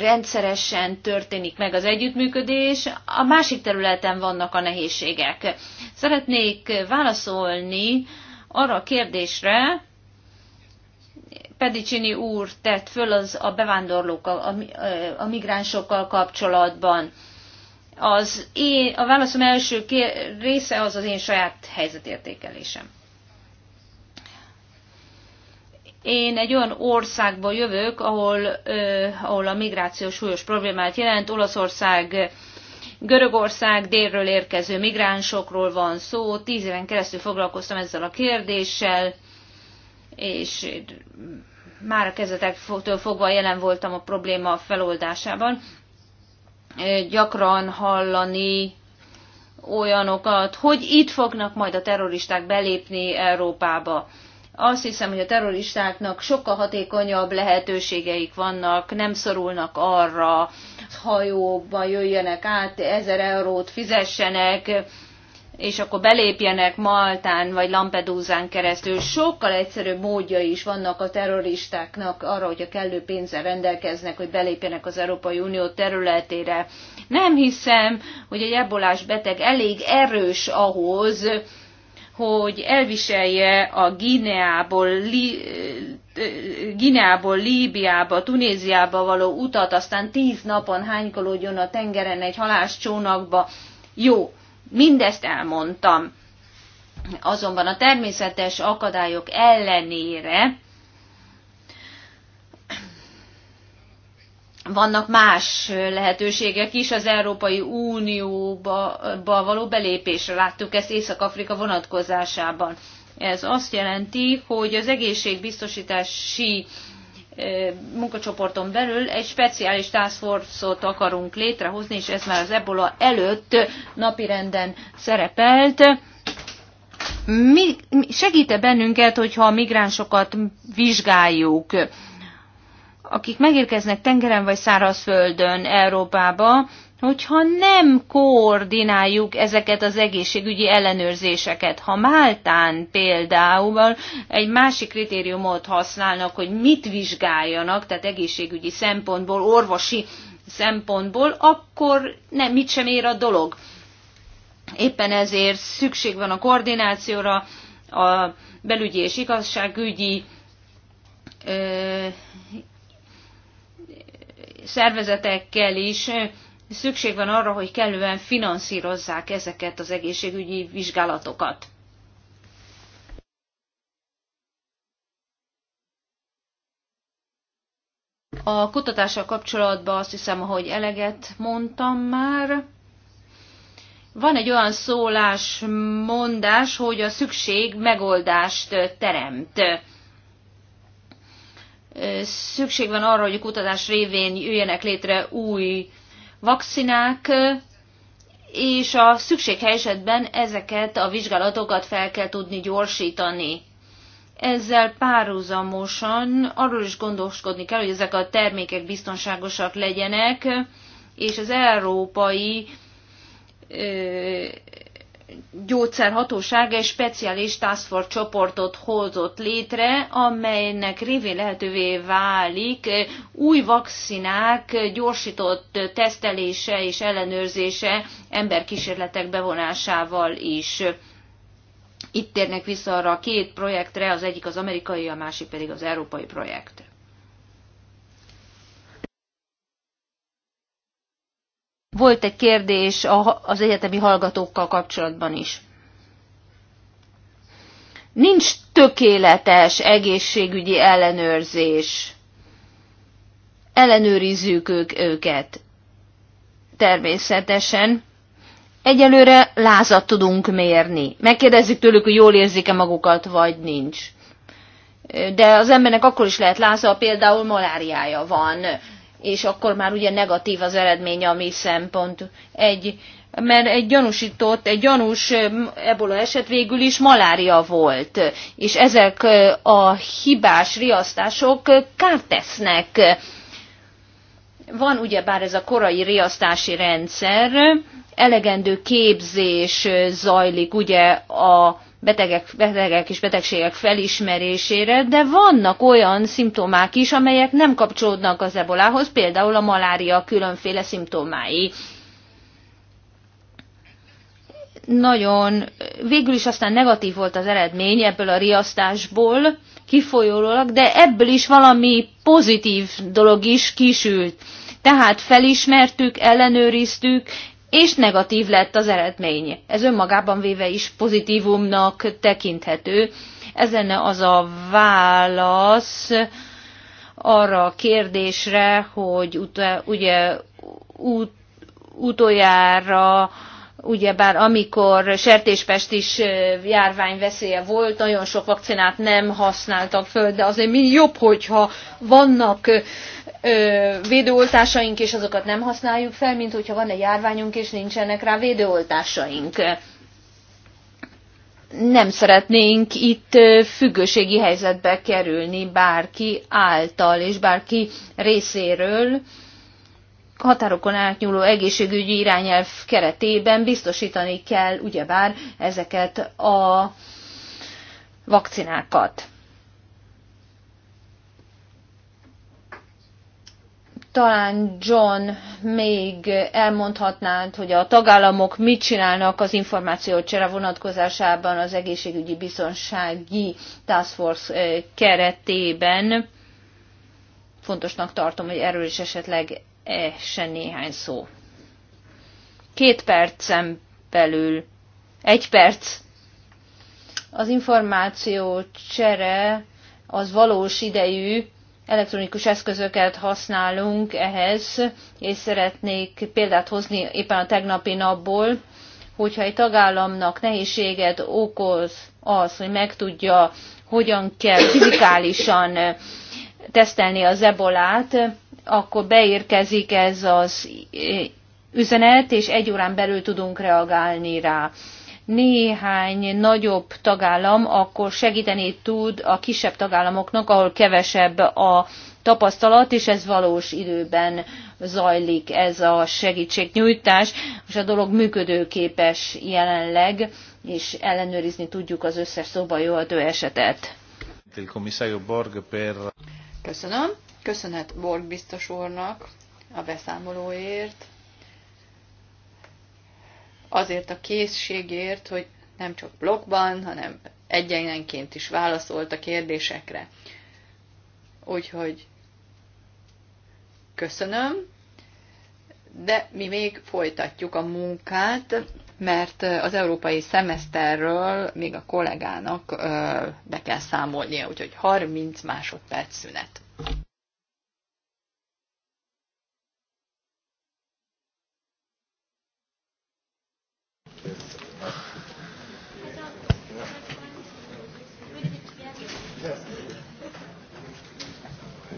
rendszeresen történik meg az együttműködés, a másik területen vannak a nehézségek. Szeretnék válaszolni arra a kérdésre Pedicini úr tett föl az a bevándorlók, a, a migránsokkal kapcsolatban. Az én, a válaszom első kér, része az az én saját helyzetértékelésem. Én egy olyan országból jövök, ahol, ahol a migráció súlyos problémát jelent. Olaszország Görögország délről érkező migránsokról van szó, tíz éven keresztül foglalkoztam ezzel a kérdéssel, és már a kezdetektől fogva jelen voltam a probléma feloldásában. Gyakran hallani olyanokat, hogy itt fognak majd a terroristák belépni Európába. Azt hiszem, hogy a terroristáknak sokkal hatékonyabb lehetőségeik vannak, nem szorulnak arra, hajóba jöjjenek át, ezer eurót fizessenek, és akkor belépjenek Maltán vagy Lampedúzán keresztül. Sokkal egyszerűbb módja is vannak a terroristáknak arra, hogy a kellő pénzzel rendelkeznek, hogy belépjenek az Európai Unió területére. Nem hiszem, hogy egy ebolás beteg elég erős ahhoz, hogy elviselje a Gineából, Li, Gineából Líbiába, Tunéziába való utat, aztán tíz napon hánykolódjon a tengeren egy halászcsónakba. Jó, mindezt elmondtam. Azonban a természetes akadályok ellenére vannak más lehetőségek is az Európai Unióba való belépésre. Láttuk ezt Észak-Afrika vonatkozásában. Ez azt jelenti, hogy az egészségbiztosítási eh, munkacsoporton belül egy speciális task force-ot akarunk létrehozni, és ez már az ebola előtt napirenden szerepelt. Mi, segíte bennünket, hogyha a migránsokat vizsgáljuk akik megérkeznek tengeren vagy szárazföldön Európába, hogyha nem koordináljuk ezeket az egészségügyi ellenőrzéseket. Ha Máltán például egy másik kritériumot használnak, hogy mit vizsgáljanak, tehát egészségügyi szempontból, orvosi szempontból, akkor nem, mit sem ér a dolog. Éppen ezért szükség van a koordinációra, a belügyi és igazságügyi ö, szervezetekkel is szükség van arra, hogy kellően finanszírozzák ezeket az egészségügyi vizsgálatokat. A kutatással kapcsolatban azt hiszem, hogy eleget mondtam már. Van egy olyan szólásmondás, hogy a szükség megoldást teremt szükség van arra, hogy a kutatás révén jöjjenek létre új vakcinák, és a szükséghelyzetben ezeket a vizsgálatokat fel kell tudni gyorsítani. Ezzel párhuzamosan arról is gondoskodni kell, hogy ezek a termékek biztonságosak legyenek, és az európai gyógyszerhatósága egy speciális task force csoportot hozott létre, amelynek révén lehetővé válik új vakcinák gyorsított tesztelése és ellenőrzése emberkísérletek bevonásával is. Itt térnek vissza arra a két projektre, az egyik az amerikai, a másik pedig az európai projekt. Volt egy kérdés az egyetemi hallgatókkal kapcsolatban is. Nincs tökéletes egészségügyi ellenőrzés. Ellenőrizzük ők őket. Természetesen. Egyelőre lázat tudunk mérni. Megkérdezzük tőlük, hogy jól érzik-e magukat, vagy nincs. De az embernek akkor is lehet láza, ha például maláriája van és akkor már ugye negatív az eredmény a mi szempont. Egy, mert egy gyanúsított, egy gyanús ebola eset végül is malária volt, és ezek a hibás riasztások kárt tesznek. Van ugyebár ez a korai riasztási rendszer, elegendő képzés zajlik ugye a betegek, betegek és betegségek felismerésére, de vannak olyan szimptomák is, amelyek nem kapcsolódnak az ebolához, például a malária különféle szimptomái nagyon, végül is aztán negatív volt az eredmény ebből a riasztásból kifolyólag, de ebből is valami pozitív dolog is kisült. Tehát felismertük, ellenőriztük, és negatív lett az eredmény. Ez önmagában véve is pozitívumnak tekinthető. Ez lenne az a válasz arra a kérdésre, hogy ut ugye ut utoljára ugyebár amikor sertéspest is járvány veszélye volt, nagyon sok vakcinát nem használtak föl, de azért mi jobb, hogyha vannak ö, védőoltásaink, és azokat nem használjuk fel, mint hogyha van egy járványunk, és nincsenek rá védőoltásaink. Nem szeretnénk itt függőségi helyzetbe kerülni bárki által és bárki részéről. Határokon átnyúló egészségügyi irányelv keretében biztosítani kell ugyebár ezeket a vakcinákat. Talán John még elmondhatnád, hogy a tagállamok mit csinálnak az csere vonatkozásában az egészségügyi biztonsági Task Force eh, keretében. Fontosnak tartom, hogy erről is esetleg eh, se néhány szó. Két percen belül, egy perc. Az információ csere az valós idejű elektronikus eszközöket használunk ehhez, és szeretnék példát hozni éppen a tegnapi napból, hogyha egy tagállamnak nehézséget okoz az, hogy megtudja, hogyan kell fizikálisan tesztelni az ebolát, akkor beérkezik ez az üzenet, és egy órán belül tudunk reagálni rá néhány nagyobb tagállam akkor segíteni tud a kisebb tagállamoknak, ahol kevesebb a tapasztalat, és ez valós időben zajlik ez a segítségnyújtás, és a dolog működőképes jelenleg, és ellenőrizni tudjuk az összes szóba jöhető esetet. Köszönöm. Köszönhet Borg biztos úrnak a beszámolóért azért a készségért, hogy nem csak blogban, hanem egyenlenként is válaszolt a kérdésekre. Úgyhogy köszönöm, de mi még folytatjuk a munkát, mert az európai szemeszterről még a kollégának be kell számolnia, úgyhogy 30 másodperc szünet.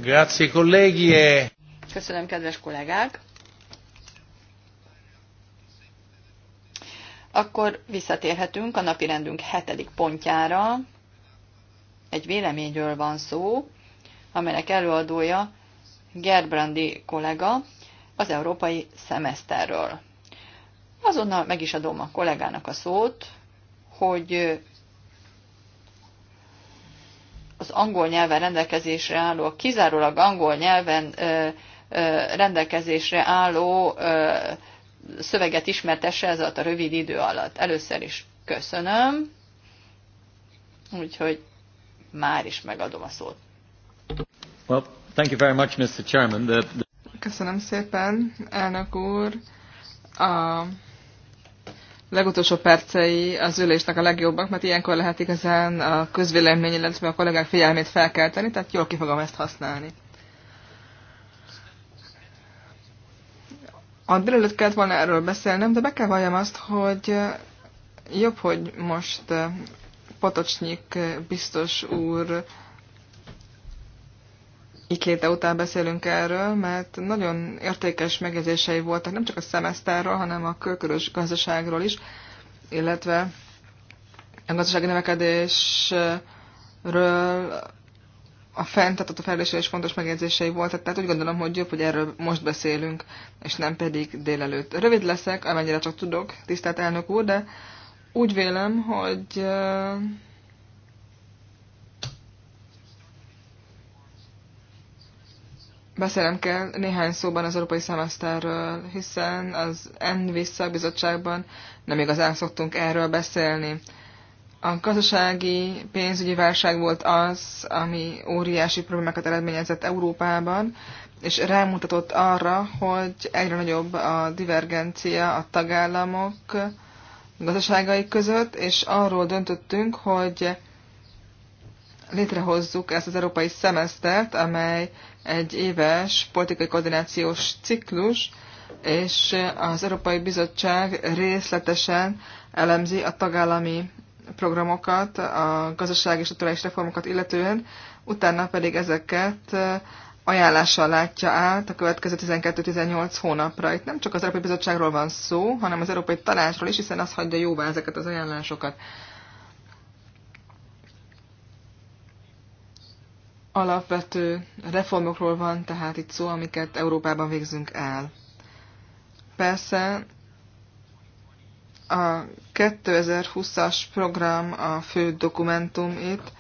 Grazie, colleghi. E Köszönöm, kedves kollégák. Akkor visszatérhetünk a napi rendünk hetedik pontjára. Egy véleményről van szó, amelynek előadója Gerbrandi kollega az európai szemeszterről. Azonnal meg is adom a kollégának a szót, hogy az angol nyelven rendelkezésre álló, kizárólag angol nyelven rendelkezésre álló szöveget ismertesse ez alatt a rövid idő alatt. Először is köszönöm, úgyhogy már is megadom a szót. Well, thank you very much, Mr. Chairman. The, the... Köszönöm szépen, elnök úr. A legutolsó percei az ülésnek a legjobbak, mert ilyenkor lehet igazán a közvélemény, illetve a kollégák figyelmét felkelteni, tehát jól ki fogom ezt használni. A délelőtt kellett volna erről beszélnem, de be kell valljam azt, hogy jobb, hogy most Potocsnyik biztos úr itt léte után beszélünk erről, mert nagyon értékes megjegyzései voltak nem csak a szemesztárról, hanem a körkörös gazdaságról is, illetve a gazdasági növekedésről a a fejlődésre is fontos megjegyzései voltak, tehát úgy gondolom, hogy jobb, hogy erről most beszélünk, és nem pedig délelőtt. Rövid leszek, amennyire csak tudok, tisztelt elnök úr, de úgy vélem, hogy Beszélnem kell néhány szóban az európai szemeszterről, hiszen az vissza bizottságban nem igazán szoktunk erről beszélni. A gazdasági pénzügyi válság volt az, ami óriási problémákat eredményezett Európában, és rámutatott arra, hogy egyre nagyobb a divergencia a tagállamok gazdaságai között, és arról döntöttünk, hogy létrehozzuk ezt az európai szemesztert, amely egy éves politikai koordinációs ciklus, és az Európai Bizottság részletesen elemzi a tagállami programokat, a gazdaság és tudományos reformokat illetően, utána pedig ezeket ajánlással látja át a következő 12-18 hónapra. Itt nem csak az Európai Bizottságról van szó, hanem az Európai Tanácsról is, hiszen az hagyja jóvá ezeket az ajánlásokat. alapvető reformokról van tehát itt szó, amiket Európában végzünk el. Persze a 2020-as program a fő dokumentum itt,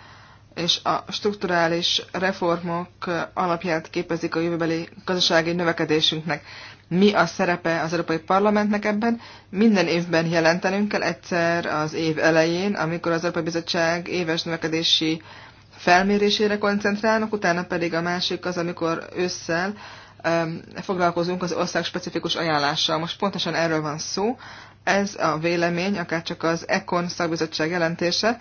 és a strukturális reformok alapját képezik a jövőbeli gazdasági növekedésünknek. Mi a szerepe az Európai Parlamentnek ebben? Minden évben jelentenünk kell egyszer az év elején, amikor az Európai Bizottság éves növekedési felmérésére koncentrálnak, utána pedig a másik az, amikor ősszel foglalkozunk az ország specifikus ajánlással. Most pontosan erről van szó. Ez a vélemény, akár csak az ECON szakbizottság jelentése,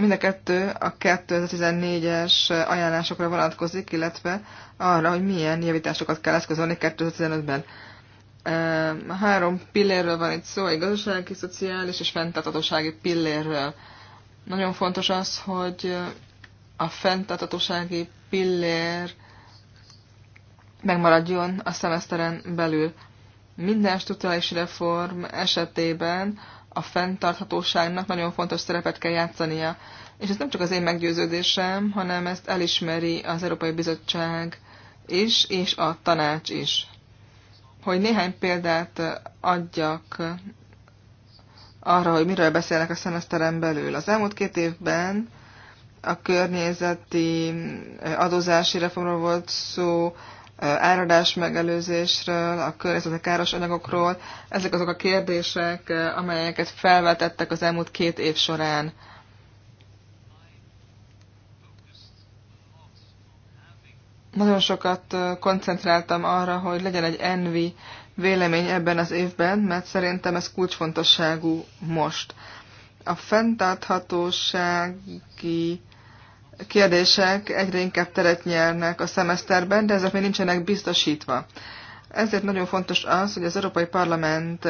mind a kettő a 2014-es ajánlásokra vonatkozik, illetve arra, hogy milyen javításokat kell eszközölni 2015-ben. Három pillérről van itt szó, egy gazdasági, szociális és fenntartatósági pillérről. Nagyon fontos az, hogy a fenntartatósági pillér megmaradjon a szemeszteren belül. Minden struktúrális reform esetében a fenntarthatóságnak nagyon fontos szerepet kell játszania. És ez nem csak az én meggyőződésem, hanem ezt elismeri az Európai Bizottság is, és a tanács is. Hogy néhány példát adjak arra, hogy miről beszélnek a szemeszteren belül. Az elmúlt két évben a környezeti adózási reformról volt szó, áradás megelőzésről, a környezetek káros anyagokról. Ezek azok a kérdések, amelyeket felvetettek az elmúlt két év során. Nagyon sokat koncentráltam arra, hogy legyen egy envi vélemény ebben az évben, mert szerintem ez kulcsfontosságú most. A fenntarthatósági kérdések egyre inkább teret nyernek a szemeszterben, de ezek még nincsenek biztosítva. Ezért nagyon fontos az, hogy az Európai Parlament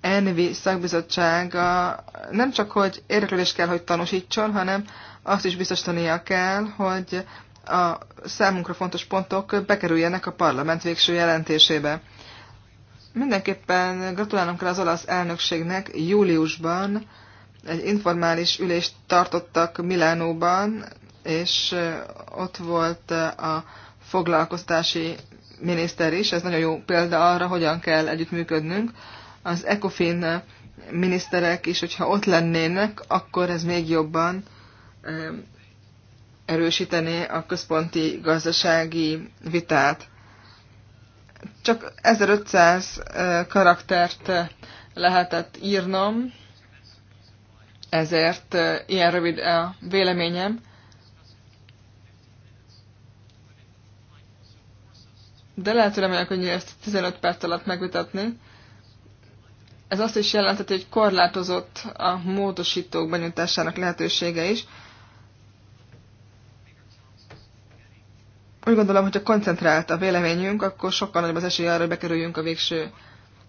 ENVI szakbizottsága nem csak, hogy érdeklődést kell, hogy tanúsítson, hanem azt is biztosítania kell, hogy a számunkra fontos pontok bekerüljenek a parlament végső jelentésébe. Mindenképpen gratulálunk kell az olasz elnökségnek júliusban egy informális ülést tartottak Milánóban, és ott volt a foglalkoztási miniszter is, ez nagyon jó példa arra, hogyan kell együttműködnünk. Az ECOFIN miniszterek is, hogyha ott lennének, akkor ez még jobban erősítené a központi gazdasági vitát. Csak 1500 karaktert lehetett írnom, ezért ilyen rövid a véleményem. de lehet, hogy remélem, hogy ezt 15 perc alatt megvitatni. Ez azt is jelenteti, hogy korlátozott a módosítók benyújtásának lehetősége is. Úgy gondolom, hogy ha koncentrált a véleményünk, akkor sokkal nagyobb az esély arra, hogy bekerüljünk a végső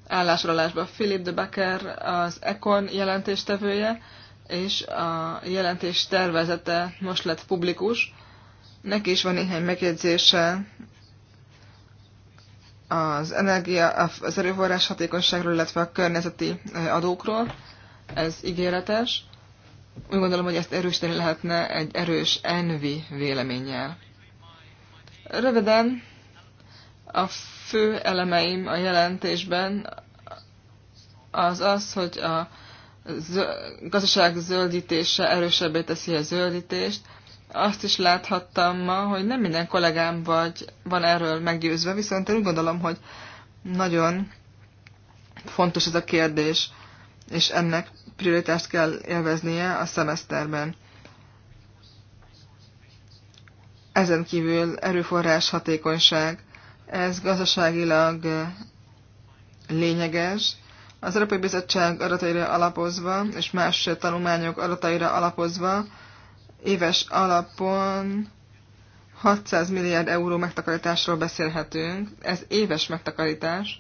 állásolásba. Philip de Becker az Econ jelentéstevője, és a jelentés tervezete most lett publikus. Neki is van néhány megjegyzése az energia, az erőforrás hatékonyságról, illetve a környezeti adókról. Ez ígéretes. Úgy gondolom, hogy ezt erősíteni lehetne egy erős envi véleménnyel. Röviden a fő elemeim a jelentésben az az, hogy a gazdaság zöldítése erősebbé teszi a zöldítést, azt is láthattam ma, hogy nem minden kollégám vagy van erről meggyőzve, viszont én úgy gondolom, hogy nagyon fontos ez a kérdés, és ennek prioritást kell élveznie a szemeszterben. Ezen kívül erőforrás hatékonyság. Ez gazdaságilag lényeges. Az Európai Bizottság adataira alapozva, és más tanulmányok adataira alapozva, éves alapon 600 milliárd euró megtakarításról beszélhetünk. Ez éves megtakarítás.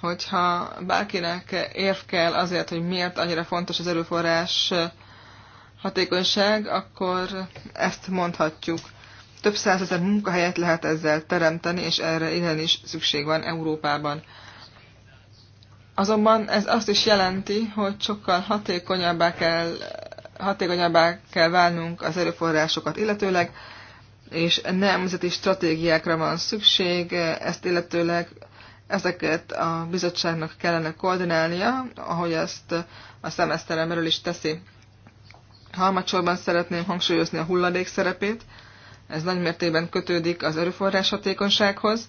Hogyha bárkinek érv kell azért, hogy miért annyira fontos az erőforrás hatékonyság, akkor ezt mondhatjuk. Több százezer munkahelyet lehet ezzel teremteni, és erre igen is szükség van Európában. Azonban ez azt is jelenti, hogy sokkal hatékonyabbá kell hatékonyabbá kell válnunk az erőforrásokat illetőleg, és nemzeti stratégiákra van szükség, ezt illetőleg ezeket a bizottságnak kellene koordinálnia, ahogy ezt a szemeszteren belül is teszi. Harmadsorban szeretném hangsúlyozni a hulladék szerepét. Ez nagymértékben kötődik az erőforrás hatékonysághoz.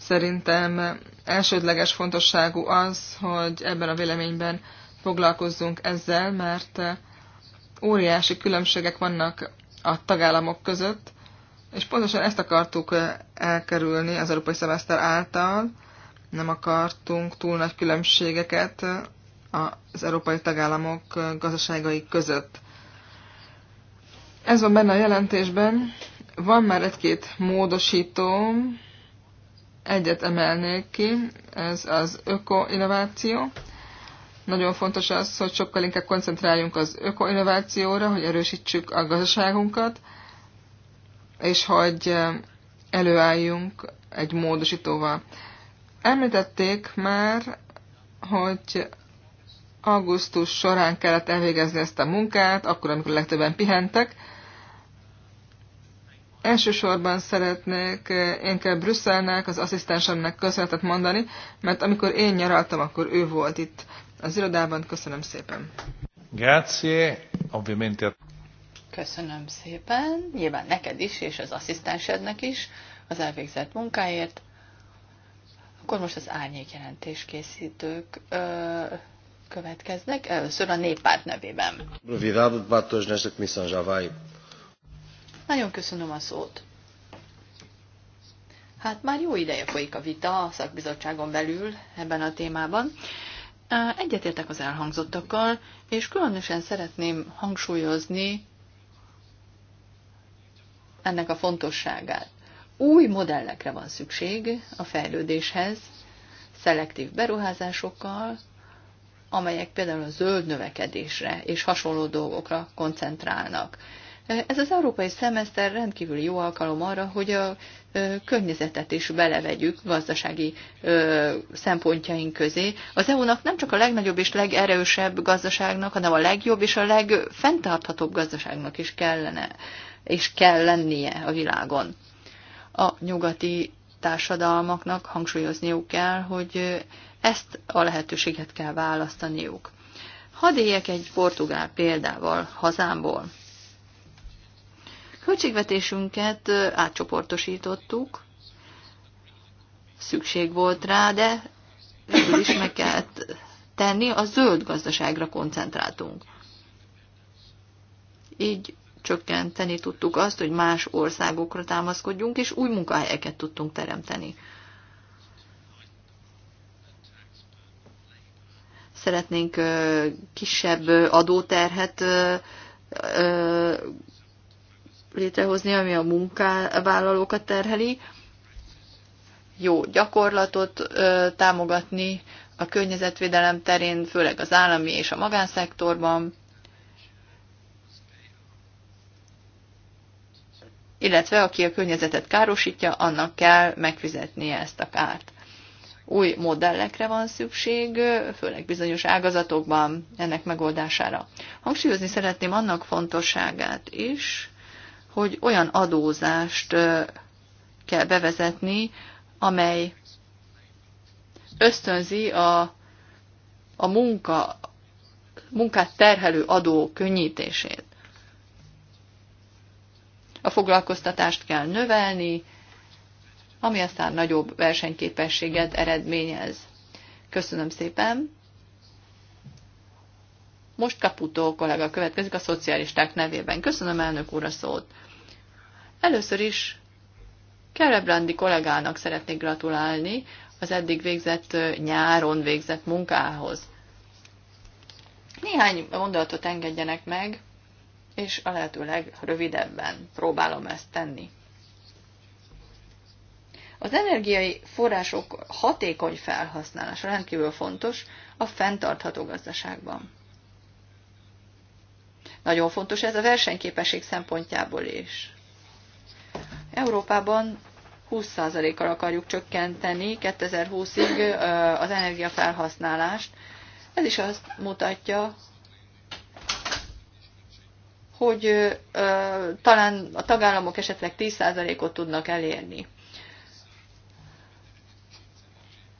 Szerintem elsődleges fontosságú az, hogy ebben a véleményben foglalkozzunk ezzel, mert óriási különbségek vannak a tagállamok között, és pontosan ezt akartuk elkerülni az európai szemeszter által, nem akartunk túl nagy különbségeket az európai tagállamok gazdaságai között. Ez van benne a jelentésben. Van már egy-két módosító, egyet emelnék ki, ez az öko-innováció. Nagyon fontos az, hogy sokkal inkább koncentráljunk az ökoinnovációra, hogy erősítsük a gazdaságunkat, és hogy előálljunk egy módosítóval. Említették már, hogy augusztus során kellett elvégezni ezt a munkát, akkor, amikor legtöbben pihentek. Elsősorban szeretnék én kell Brüsszelnek, az asszisztensemnek köszönetet mondani, mert amikor én nyaraltam, akkor ő volt itt az irodában. Köszönöm szépen. Grazie, ovviamente. Köszönöm szépen, nyilván neked is, és az asszisztensednek is az elvégzett munkáért. Akkor most az árnyék jelentés készítők ö, következnek, először a néppárt nevében. Nagyon köszönöm a szót. Hát már jó ideje folyik a vita a szakbizottságon belül ebben a témában, Egyetértek az elhangzottakkal, és különösen szeretném hangsúlyozni ennek a fontosságát. Új modellekre van szükség a fejlődéshez, szelektív beruházásokkal, amelyek például a zöld növekedésre és hasonló dolgokra koncentrálnak. Ez az európai szemeszter rendkívül jó alkalom arra, hogy a környezetet is belevegyük gazdasági szempontjaink közé. Az EU-nak nem csak a legnagyobb és legerősebb gazdaságnak, hanem a legjobb és a legfenntarthatóbb gazdaságnak is kellene, és kell lennie a világon. A nyugati társadalmaknak hangsúlyozniuk kell, hogy ezt a lehetőséget kell választaniuk. Hadd éljek egy portugál példával hazámból. Költségvetésünket átcsoportosítottuk, szükség volt rá, de végül is meg kellett tenni, a zöld gazdaságra koncentráltunk. Így csökkenteni tudtuk azt, hogy más országokra támaszkodjunk, és új munkahelyeket tudtunk teremteni. Szeretnénk kisebb adóterhet létrehozni, ami a munkavállalókat terheli, jó gyakorlatot ö, támogatni a környezetvédelem terén, főleg az állami és a magánszektorban, illetve aki a környezetet károsítja, annak kell megfizetnie ezt a kárt. Új modellekre van szükség, főleg bizonyos ágazatokban ennek megoldására. Hangsúlyozni szeretném annak fontosságát is, hogy olyan adózást kell bevezetni, amely ösztönzi a, a munka, munkát terhelő adó könnyítését. A foglalkoztatást kell növelni, ami aztán nagyobb versenyképességet eredményez. Köszönöm szépen! Most Kaputó kollega következik a szocialisták nevében. Köszönöm elnök úr a szót. Először is Kerebrandi kollégának szeretnék gratulálni az eddig végzett nyáron végzett munkához. Néhány gondolatot engedjenek meg, és a lehető legrövidebben próbálom ezt tenni. Az energiai források hatékony felhasználása rendkívül fontos a fenntartható gazdaságban. Nagyon fontos ez a versenyképesség szempontjából is. Európában 20%-kal akarjuk csökkenteni 2020-ig az energiafelhasználást. Ez is azt mutatja, hogy talán a tagállamok esetleg 10%-ot tudnak elérni.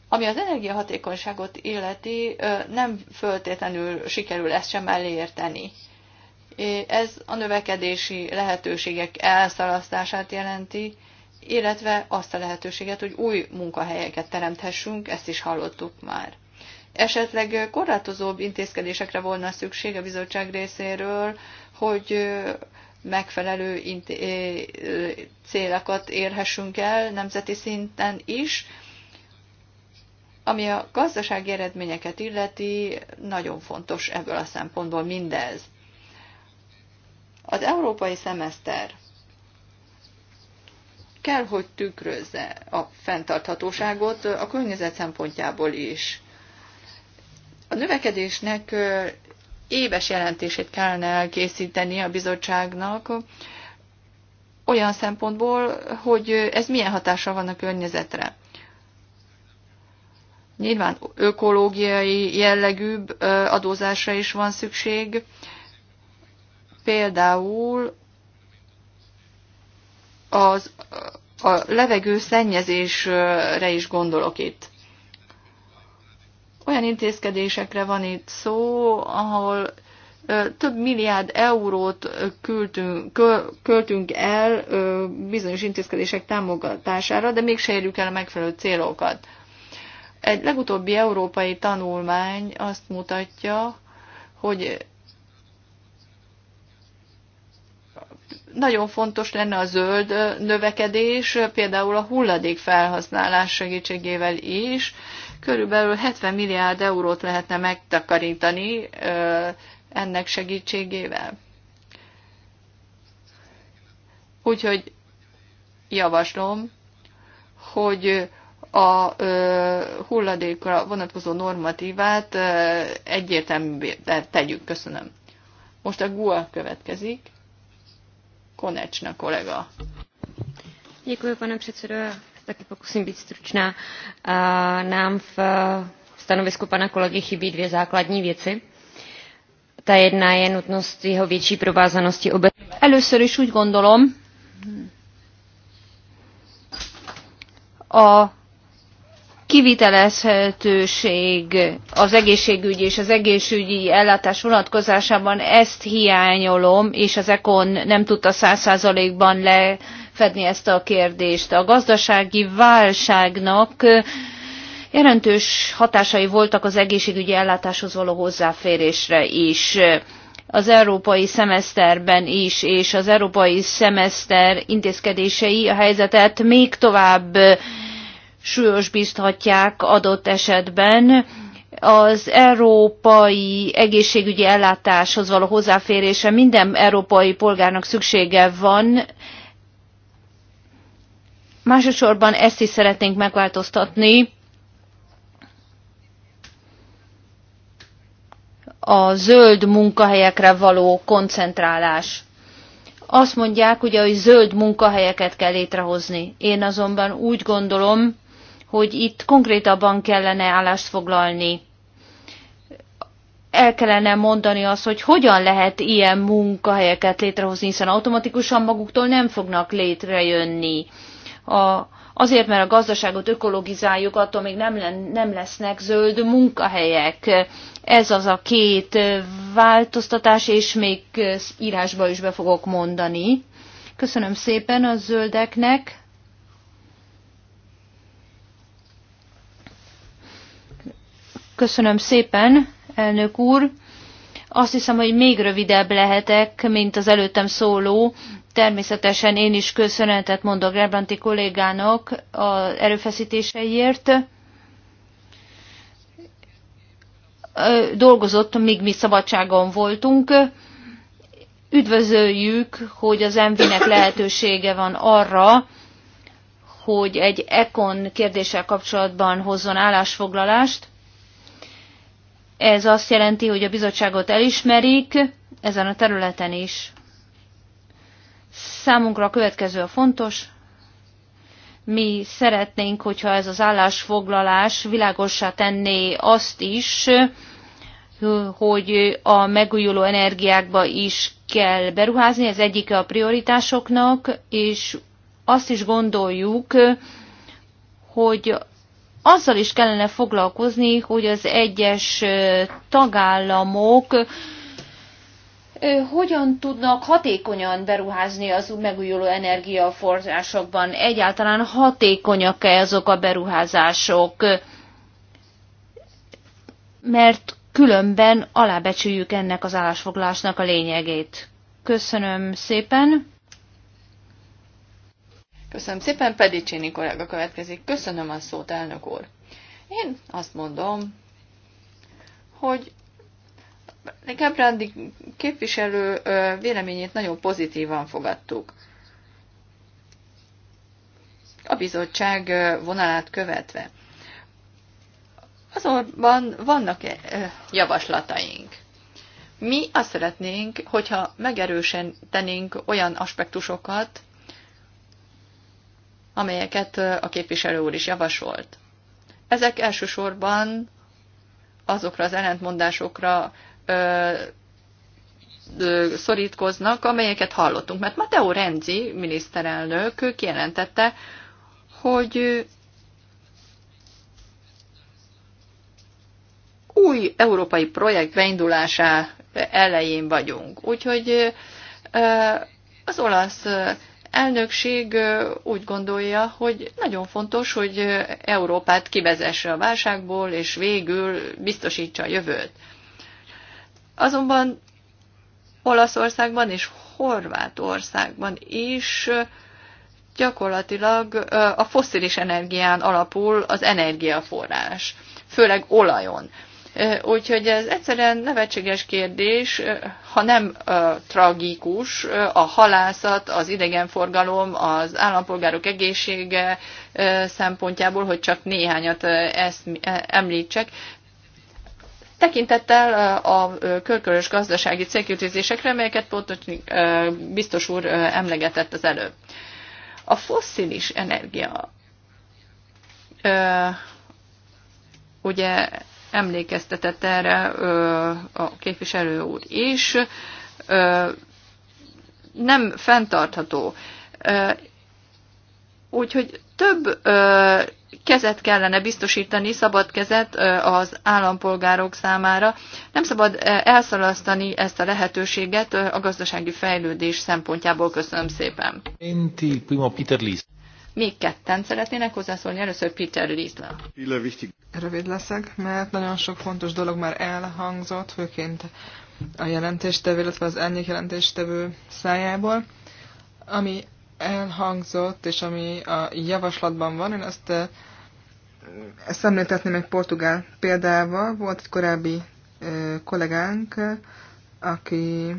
Ami az energiahatékonyságot illeti, nem föltétlenül sikerül ezt sem elérteni. Ez a növekedési lehetőségek elszalasztását jelenti, illetve azt a lehetőséget, hogy új munkahelyeket teremthessünk, ezt is hallottuk már. Esetleg korlátozóbb intézkedésekre volna szükség a bizottság részéről, hogy megfelelő célokat érhessünk el nemzeti szinten is, ami a gazdasági eredményeket illeti, nagyon fontos ebből a szempontból mindez. Az európai szemeszter kell, hogy tükrözze a fenntarthatóságot a környezet szempontjából is. A növekedésnek éves jelentését kellene elkészíteni a bizottságnak olyan szempontból, hogy ez milyen hatása van a környezetre. Nyilván ökológiai jellegűbb adózásra is van szükség, Például az, a levegő szennyezésre is gondolok itt. Olyan intézkedésekre van itt szó, ahol több milliárd eurót küldtünk, költünk el bizonyos intézkedések támogatására, de még se érjük el a megfelelő célokat. Egy legutóbbi európai tanulmány azt mutatja, hogy nagyon fontos lenne a zöld növekedés, például a hulladék felhasználás segítségével is. Körülbelül 70 milliárd eurót lehetne megtakarítani ennek segítségével. Úgyhogy javaslom, hogy a ö, hulladékra vonatkozó normatívát ö, egyértelművé tegyük. Köszönöm. Most a GUA következik. Konečna kolega. Děkuji, pane předsedo. Já Taky pokusím být stručná. Nám v stanovisku pana kolegy chybí dvě základní věci. Ta jedna je nutnost jeho větší provázanosti obecně. Először is úgy gondolom, a kivitelezhetőség az egészségügyi és az egészségügyi ellátás vonatkozásában ezt hiányolom, és az ECON nem tudta száz százalékban lefedni ezt a kérdést. A gazdasági válságnak jelentős hatásai voltak az egészségügyi ellátáshoz való hozzáférésre is az európai szemeszterben is, és az európai szemeszter intézkedései a helyzetet még tovább súlyosbíthatják adott esetben az európai egészségügyi ellátáshoz való hozzáférése minden európai polgárnak szüksége van. Másosorban ezt is szeretnénk megváltoztatni. a zöld munkahelyekre való koncentrálás. Azt mondják ugye, hogy zöld munkahelyeket kell létrehozni. Én azonban úgy gondolom, hogy itt konkrétabban kellene állást foglalni. El kellene mondani azt, hogy hogyan lehet ilyen munkahelyeket létrehozni, hiszen automatikusan maguktól nem fognak létrejönni. A, azért, mert a gazdaságot ökologizáljuk, attól még nem, nem lesznek zöld munkahelyek. Ez az a két változtatás, és még írásba is be fogok mondani. Köszönöm szépen a zöldeknek. Köszönöm szépen, elnök úr. Azt hiszem, hogy még rövidebb lehetek, mint az előttem szóló. Természetesen én is köszönetet mondok Rebranti kollégának az erőfeszítéseiért. Dolgozott, míg mi szabadságon voltunk. Üdvözöljük, hogy az MV-nek lehetősége van arra, hogy egy ECON kérdéssel kapcsolatban hozzon állásfoglalást. Ez azt jelenti, hogy a bizottságot elismerik ezen a területen is. Számunkra a következő a fontos. Mi szeretnénk, hogyha ez az állásfoglalás világossá tenné azt is, hogy a megújuló energiákba is kell beruházni, ez egyike a prioritásoknak, és azt is gondoljuk, hogy azzal is kellene foglalkozni, hogy az egyes tagállamok hogyan tudnak hatékonyan beruházni az megújuló energiaforrásokban? Egyáltalán hatékonyak-e azok a beruházások? Mert különben alábecsüljük ennek az állásfoglalásnak a lényegét. Köszönöm szépen. Köszönöm szépen, pedig Csini kollega következik. Köszönöm a szót, elnök úr. Én azt mondom, hogy Gebrandi képviselő véleményét nagyon pozitívan fogadtuk. A bizottság vonalát követve. Azonban vannak javaslataink. Mi azt szeretnénk, hogyha megerősen tenénk olyan aspektusokat, amelyeket a képviselő úr is javasolt. Ezek elsősorban azokra az ellentmondásokra ö, ö, szorítkoznak, amelyeket hallottunk. Mert Mateo Renzi miniszterelnök kijelentette, hogy új európai projekt beindulásá elején vagyunk. Úgyhogy az olasz elnökség úgy gondolja, hogy nagyon fontos, hogy Európát kivezesse a válságból, és végül biztosítsa a jövőt. Azonban Olaszországban és Horvátországban is gyakorlatilag a foszilis energián alapul az energiaforrás, főleg olajon. Úgyhogy ez egyszerűen nevetséges kérdés, ha nem tragikus, a halászat, az idegenforgalom, az állampolgárok egészsége szempontjából, hogy csak néhányat ezt említsek, tekintettel a körkörös gazdasági célkültözésekre, melyeket Potocsnik biztos úr emlegetett az előbb. A fosszilis energia ugye emlékeztetett erre a képviselő úr is, nem fenntartható. Úgyhogy több kezet kellene biztosítani, szabad kezet az állampolgárok számára. Nem szabad elszalasztani ezt a lehetőséget a gazdasági fejlődés szempontjából. Köszönöm szépen. Peter Liz. Még ketten szeretnének hozzászólni. Először Peter Riesler. Rövid leszek, mert nagyon sok fontos dolog már elhangzott, főként a jelentéstevő, illetve az ennyi jelentéstevő szájából. Ami elhangzott, és ami a javaslatban van, én eh, ezt említetném egy portugál példával. Volt egy korábbi eh, kollégánk, aki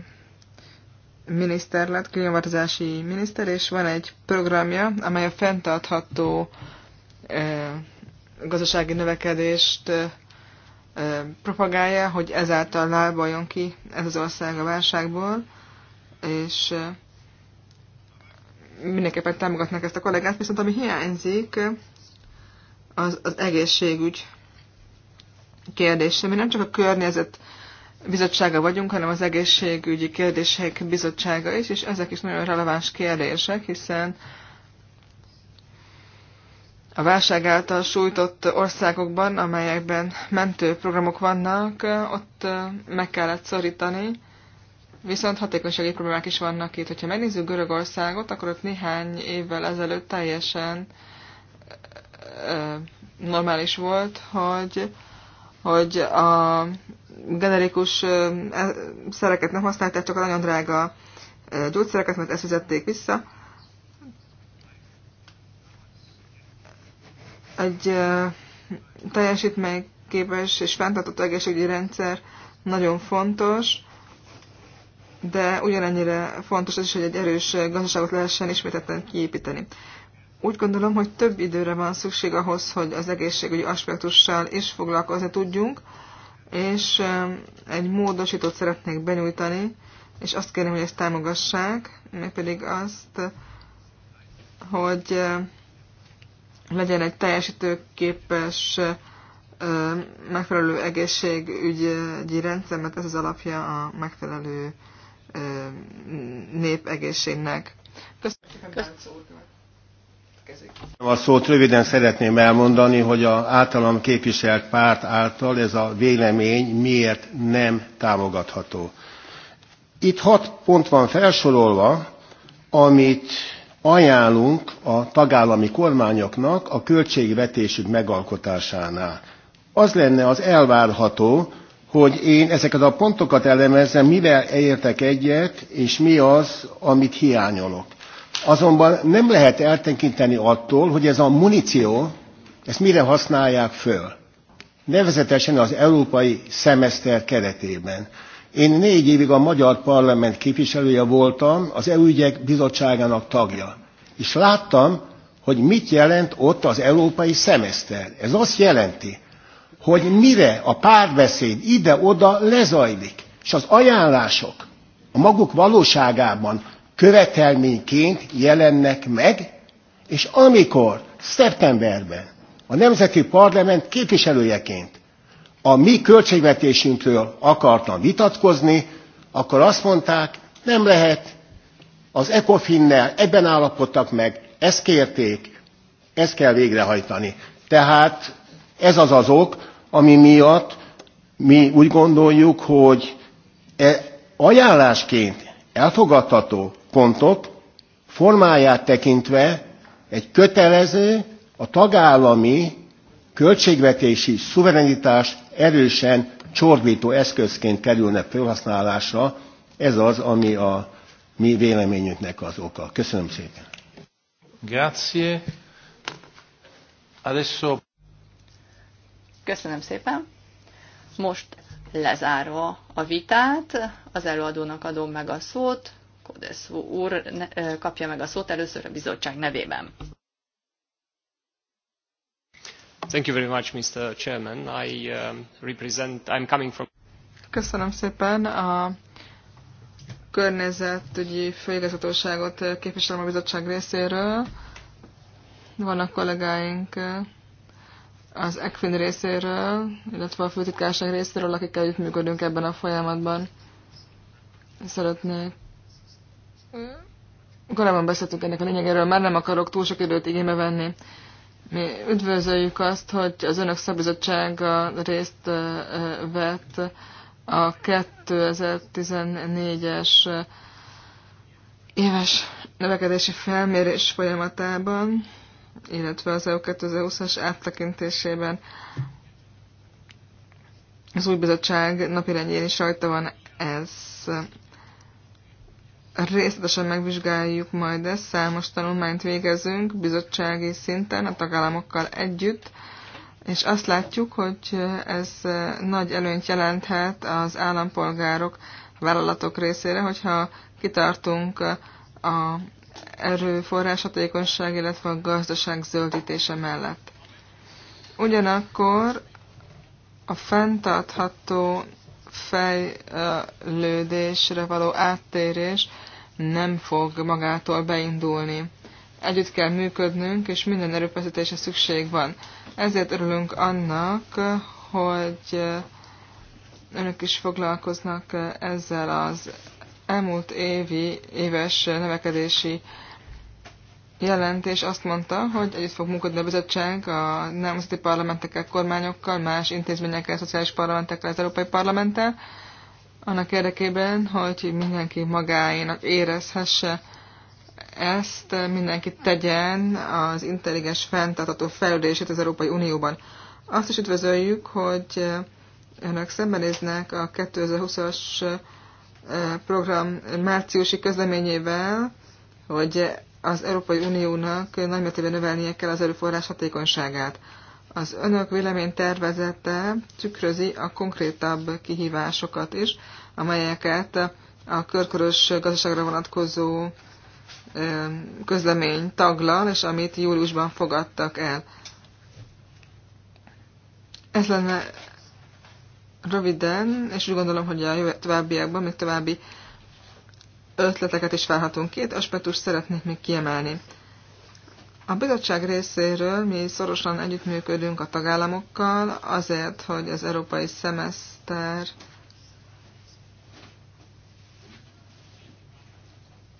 miniszter lett, klímaváltozási miniszter, és van egy programja, amely a fenntartható gazdasági növekedést propagálja, hogy ezáltal lábaljon ki ez az ország a válságból, és mindenképpen támogatnak ezt a kollégát, viszont ami hiányzik, az, az egészségügy kérdése, ami nem csak a környezet bizottsága vagyunk, hanem az egészségügyi kérdések bizottsága is, és ezek is nagyon releváns kérdések, hiszen a válság által sújtott országokban, amelyekben mentőprogramok vannak, ott meg kellett szorítani, viszont hatékonysági problémák is vannak itt. Hogyha megnézzük Görögországot, akkor ott néhány évvel ezelőtt teljesen normális volt, hogy hogy a generikus e, szereket nem használták, csak a nagyon drága gyógyszereket, mert ezt fizették vissza. Egy teljesítményképes és fenntartott egészségügyi rendszer nagyon fontos, de ugyanennyire fontos az is, hogy egy erős gazdaságot lehessen ismételten kiépíteni. Úgy gondolom, hogy több időre van szükség ahhoz, hogy az egészségügyi aspektussal is foglalkozni tudjunk, és egy módosítót szeretnék benyújtani, és azt kérem, hogy ezt támogassák, mégpedig azt, hogy legyen egy teljesítőképes, megfelelő egészségügyi rendszer, mert ez az alapja a megfelelő népegészségnek. Köszönöm. Köszönöm. A szót röviden szeretném elmondani, hogy a általam képviselt párt által ez a vélemény miért nem támogatható. Itt hat pont van felsorolva, amit ajánlunk a tagállami kormányoknak a költségvetésük megalkotásánál. Az lenne az elvárható, hogy én ezeket a pontokat elemezzem, mivel értek egyet, és mi az, amit hiányolok. Azonban nem lehet eltekinteni attól, hogy ez a muníció, ezt mire használják föl. Nevezetesen az európai szemeszter keretében. Én négy évig a magyar parlament képviselője voltam, az EU ügyek bizottságának tagja. És láttam, hogy mit jelent ott az európai szemeszter. Ez azt jelenti, hogy mire a párbeszéd ide-oda lezajlik, és az ajánlások a maguk valóságában követelményként jelennek meg, és amikor szeptemberben a Nemzeti Parlament képviselőjeként a mi költségvetésünkről akartam vitatkozni, akkor azt mondták, nem lehet, az ECOFIN-nel ebben állapodtak meg, ezt kérték, ezt kell végrehajtani. Tehát ez az az ok, ami miatt mi úgy gondoljuk, hogy e ajánlásként elfogadható, pontot formáját tekintve egy kötelező, a tagállami költségvetési szuverenitást erősen csorbító eszközként kerülne felhasználásra. Ez az, ami a mi véleményünknek az oka. Köszönöm szépen. Grazie. Adesso... Köszönöm szépen. Most lezárva a vitát, az előadónak adom meg a szót, Kodesz úr kapja meg a szót először a bizottság nevében. Thank you very much, Mr. Chairman. I um, represent, I'm coming from... Köszönöm szépen. A környezetügyi főigazgatóságot képviselem a bizottság részéről. Vannak kollégáink az ECFIN részéről, illetve a főtitkárság részéről, akikkel együttműködünk ebben a folyamatban. Szeretnék Mm. Korábban beszéltünk ennek a lényegéről, már nem akarok túl sok időt igénybe venni. Mi üdvözöljük azt, hogy az önök szabizottsága részt vett a 2014-es éves növekedési felmérés folyamatában, illetve az EU 2020-as áttekintésében az új bizottság napirendjén is rajta van ez részletesen megvizsgáljuk majd ezt, számos tanulmányt végezünk bizottsági szinten a tagállamokkal együtt, és azt látjuk, hogy ez nagy előnyt jelenthet az állampolgárok, vállalatok részére, hogyha kitartunk a erőforrás hatékonyság, illetve a gazdaság zöldítése mellett. Ugyanakkor a fenntartható fejlődésre való áttérés nem fog magától beindulni. Együtt kell működnünk, és minden erőfeszítésre szükség van. Ezért örülünk annak, hogy önök is foglalkoznak ezzel az elmúlt évi éves növekedési jelentés azt mondta, hogy együtt fog munkodni a bizottság a nemzeti parlamentekkel, kormányokkal, más intézményekkel, szociális parlamentekkel, az Európai Parlamenttel, annak érdekében, hogy mindenki magáénak érezhesse ezt, mindenki tegyen az intelligens fenntartató fejlődését az Európai Unióban. Azt is üdvözöljük, hogy önök szembenéznek a 2020-as eh, program márciusi közleményével, hogy az Európai Uniónak nagymértékben növelnie kell az erőforrás hatékonyságát. Az önök tervezete tükrözi a konkrétabb kihívásokat is, amelyeket a körkörös gazdaságra vonatkozó közlemény taglal, és amit júliusban fogadtak el. Ez lenne röviden, és úgy gondolom, hogy a továbbiakban még további ötleteket is várhatunk. Két aspektust szeretnék még kiemelni. A bizottság részéről mi szorosan együttműködünk a tagállamokkal azért, hogy az európai szemeszter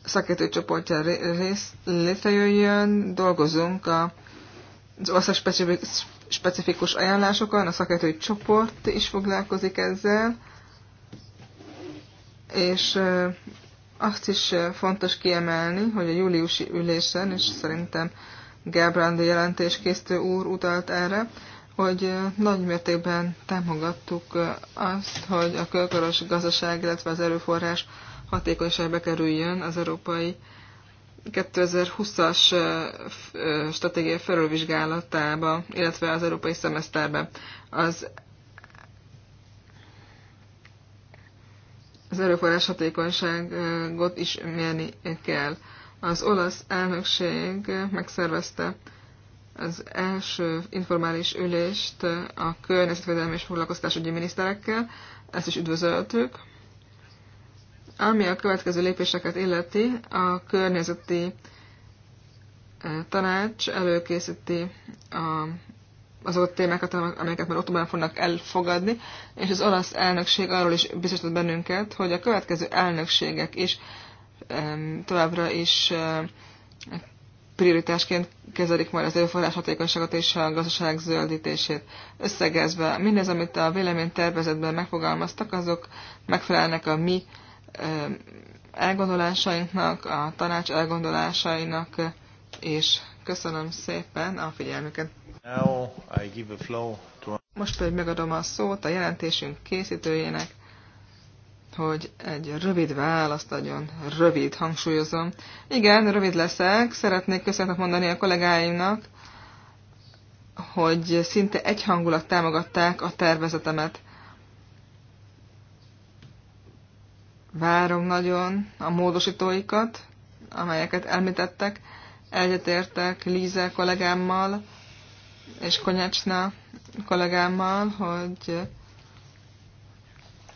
szakértő csoportja rész, létrejöjjön, dolgozunk a, az ország specifikus ajánlásokon, a szakértői csoport is foglalkozik ezzel, és azt is fontos kiemelni, hogy a júliusi ülésen, és szerintem Gábrándi jelentéskészítő úr utalt erre, hogy nagy mértékben támogattuk azt, hogy a körkoros gazdaság, illetve az erőforrás hatékonyság bekerüljön az európai 2020-as stratégia felülvizsgálatába, illetve az európai szemeszterbe. Az az erőforrás hatékonyságot is mérni kell. Az olasz elnökség megszervezte az első informális ülést a környezetvédelmi és foglalkoztatásügyi miniszterekkel, ezt is üdvözöltük. Ami a következő lépéseket illeti, a környezeti eh, tanács előkészíti a azok a témákat, amelyeket már októberben fognak elfogadni, és az olasz elnökség arról is biztosított bennünket, hogy a következő elnökségek is továbbra is prioritásként kezelik majd az erőforrás hatékonyságot és a gazdaság zöldítését. Összegezve, mindez, amit a vélemény tervezetben megfogalmaztak, azok megfelelnek a mi elgondolásainknak, a tanács elgondolásainak, és köszönöm szépen a figyelmüket. Most pedig megadom a szót a jelentésünk készítőjének, hogy egy rövid választ adjon. Rövid, hangsúlyozom. Igen, rövid leszek. Szeretnék köszönetet mondani a kollégáimnak, hogy szinte egyhangulat támogatták a tervezetemet. Várom nagyon a módosítóikat, amelyeket elmitettek, Egyetértek Líze kollégámmal és konyacsna kollégámmal, hogy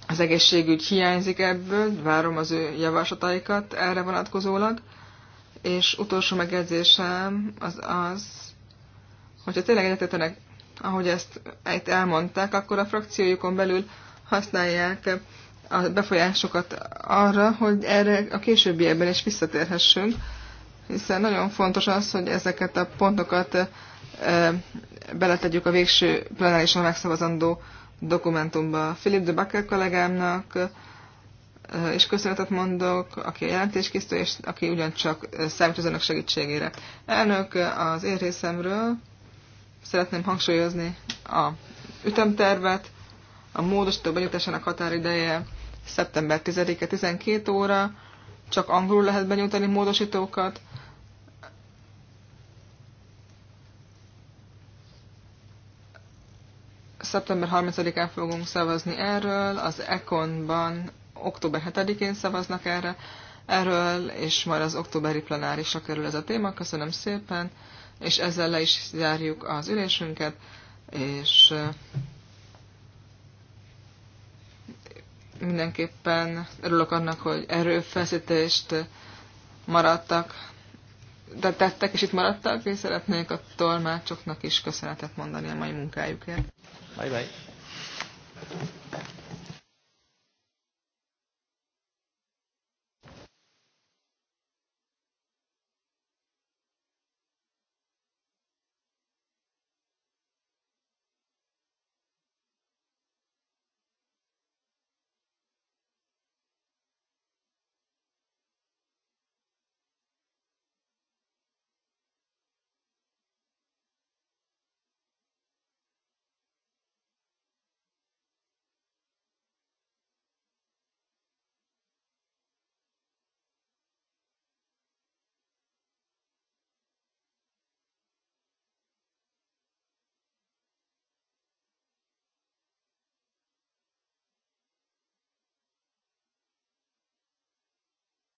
az egészségügy hiányzik ebből, várom az ő javaslataikat erre vonatkozólag, és utolsó megjegyzésem az az, hogyha tényleg egyetetlenek, ahogy ezt itt elmondták, akkor a frakciójukon belül használják a befolyásokat arra, hogy erre a későbbi ebben is visszatérhessünk, hiszen nagyon fontos az, hogy ezeket a pontokat beletegyük a végső plenárisan megszavazandó dokumentumba. Philip de Bakker kollégámnak és köszönetet mondok, aki a jelentéskészítő, és aki ugyancsak számít az önök segítségére. Elnök, az én részemről szeretném hangsúlyozni a ütemtervet, a módosító benyújtásának határideje szeptember 10-e 12 óra, csak angolul lehet benyújtani módosítókat, Szeptember 30-án fogunk szavazni erről, az Econban október 7-én szavaznak erre, erről, és majd az októberi plenárisra kerül ez a téma. Köszönöm szépen, és ezzel le is zárjuk az ülésünket, és eh, mindenképpen örülök annak, hogy erőfeszítést maradtak, de tettek, és itt maradtak, és szeretnék a tolmácsoknak is köszönetet mondani a mai munkájukért. Bye bye.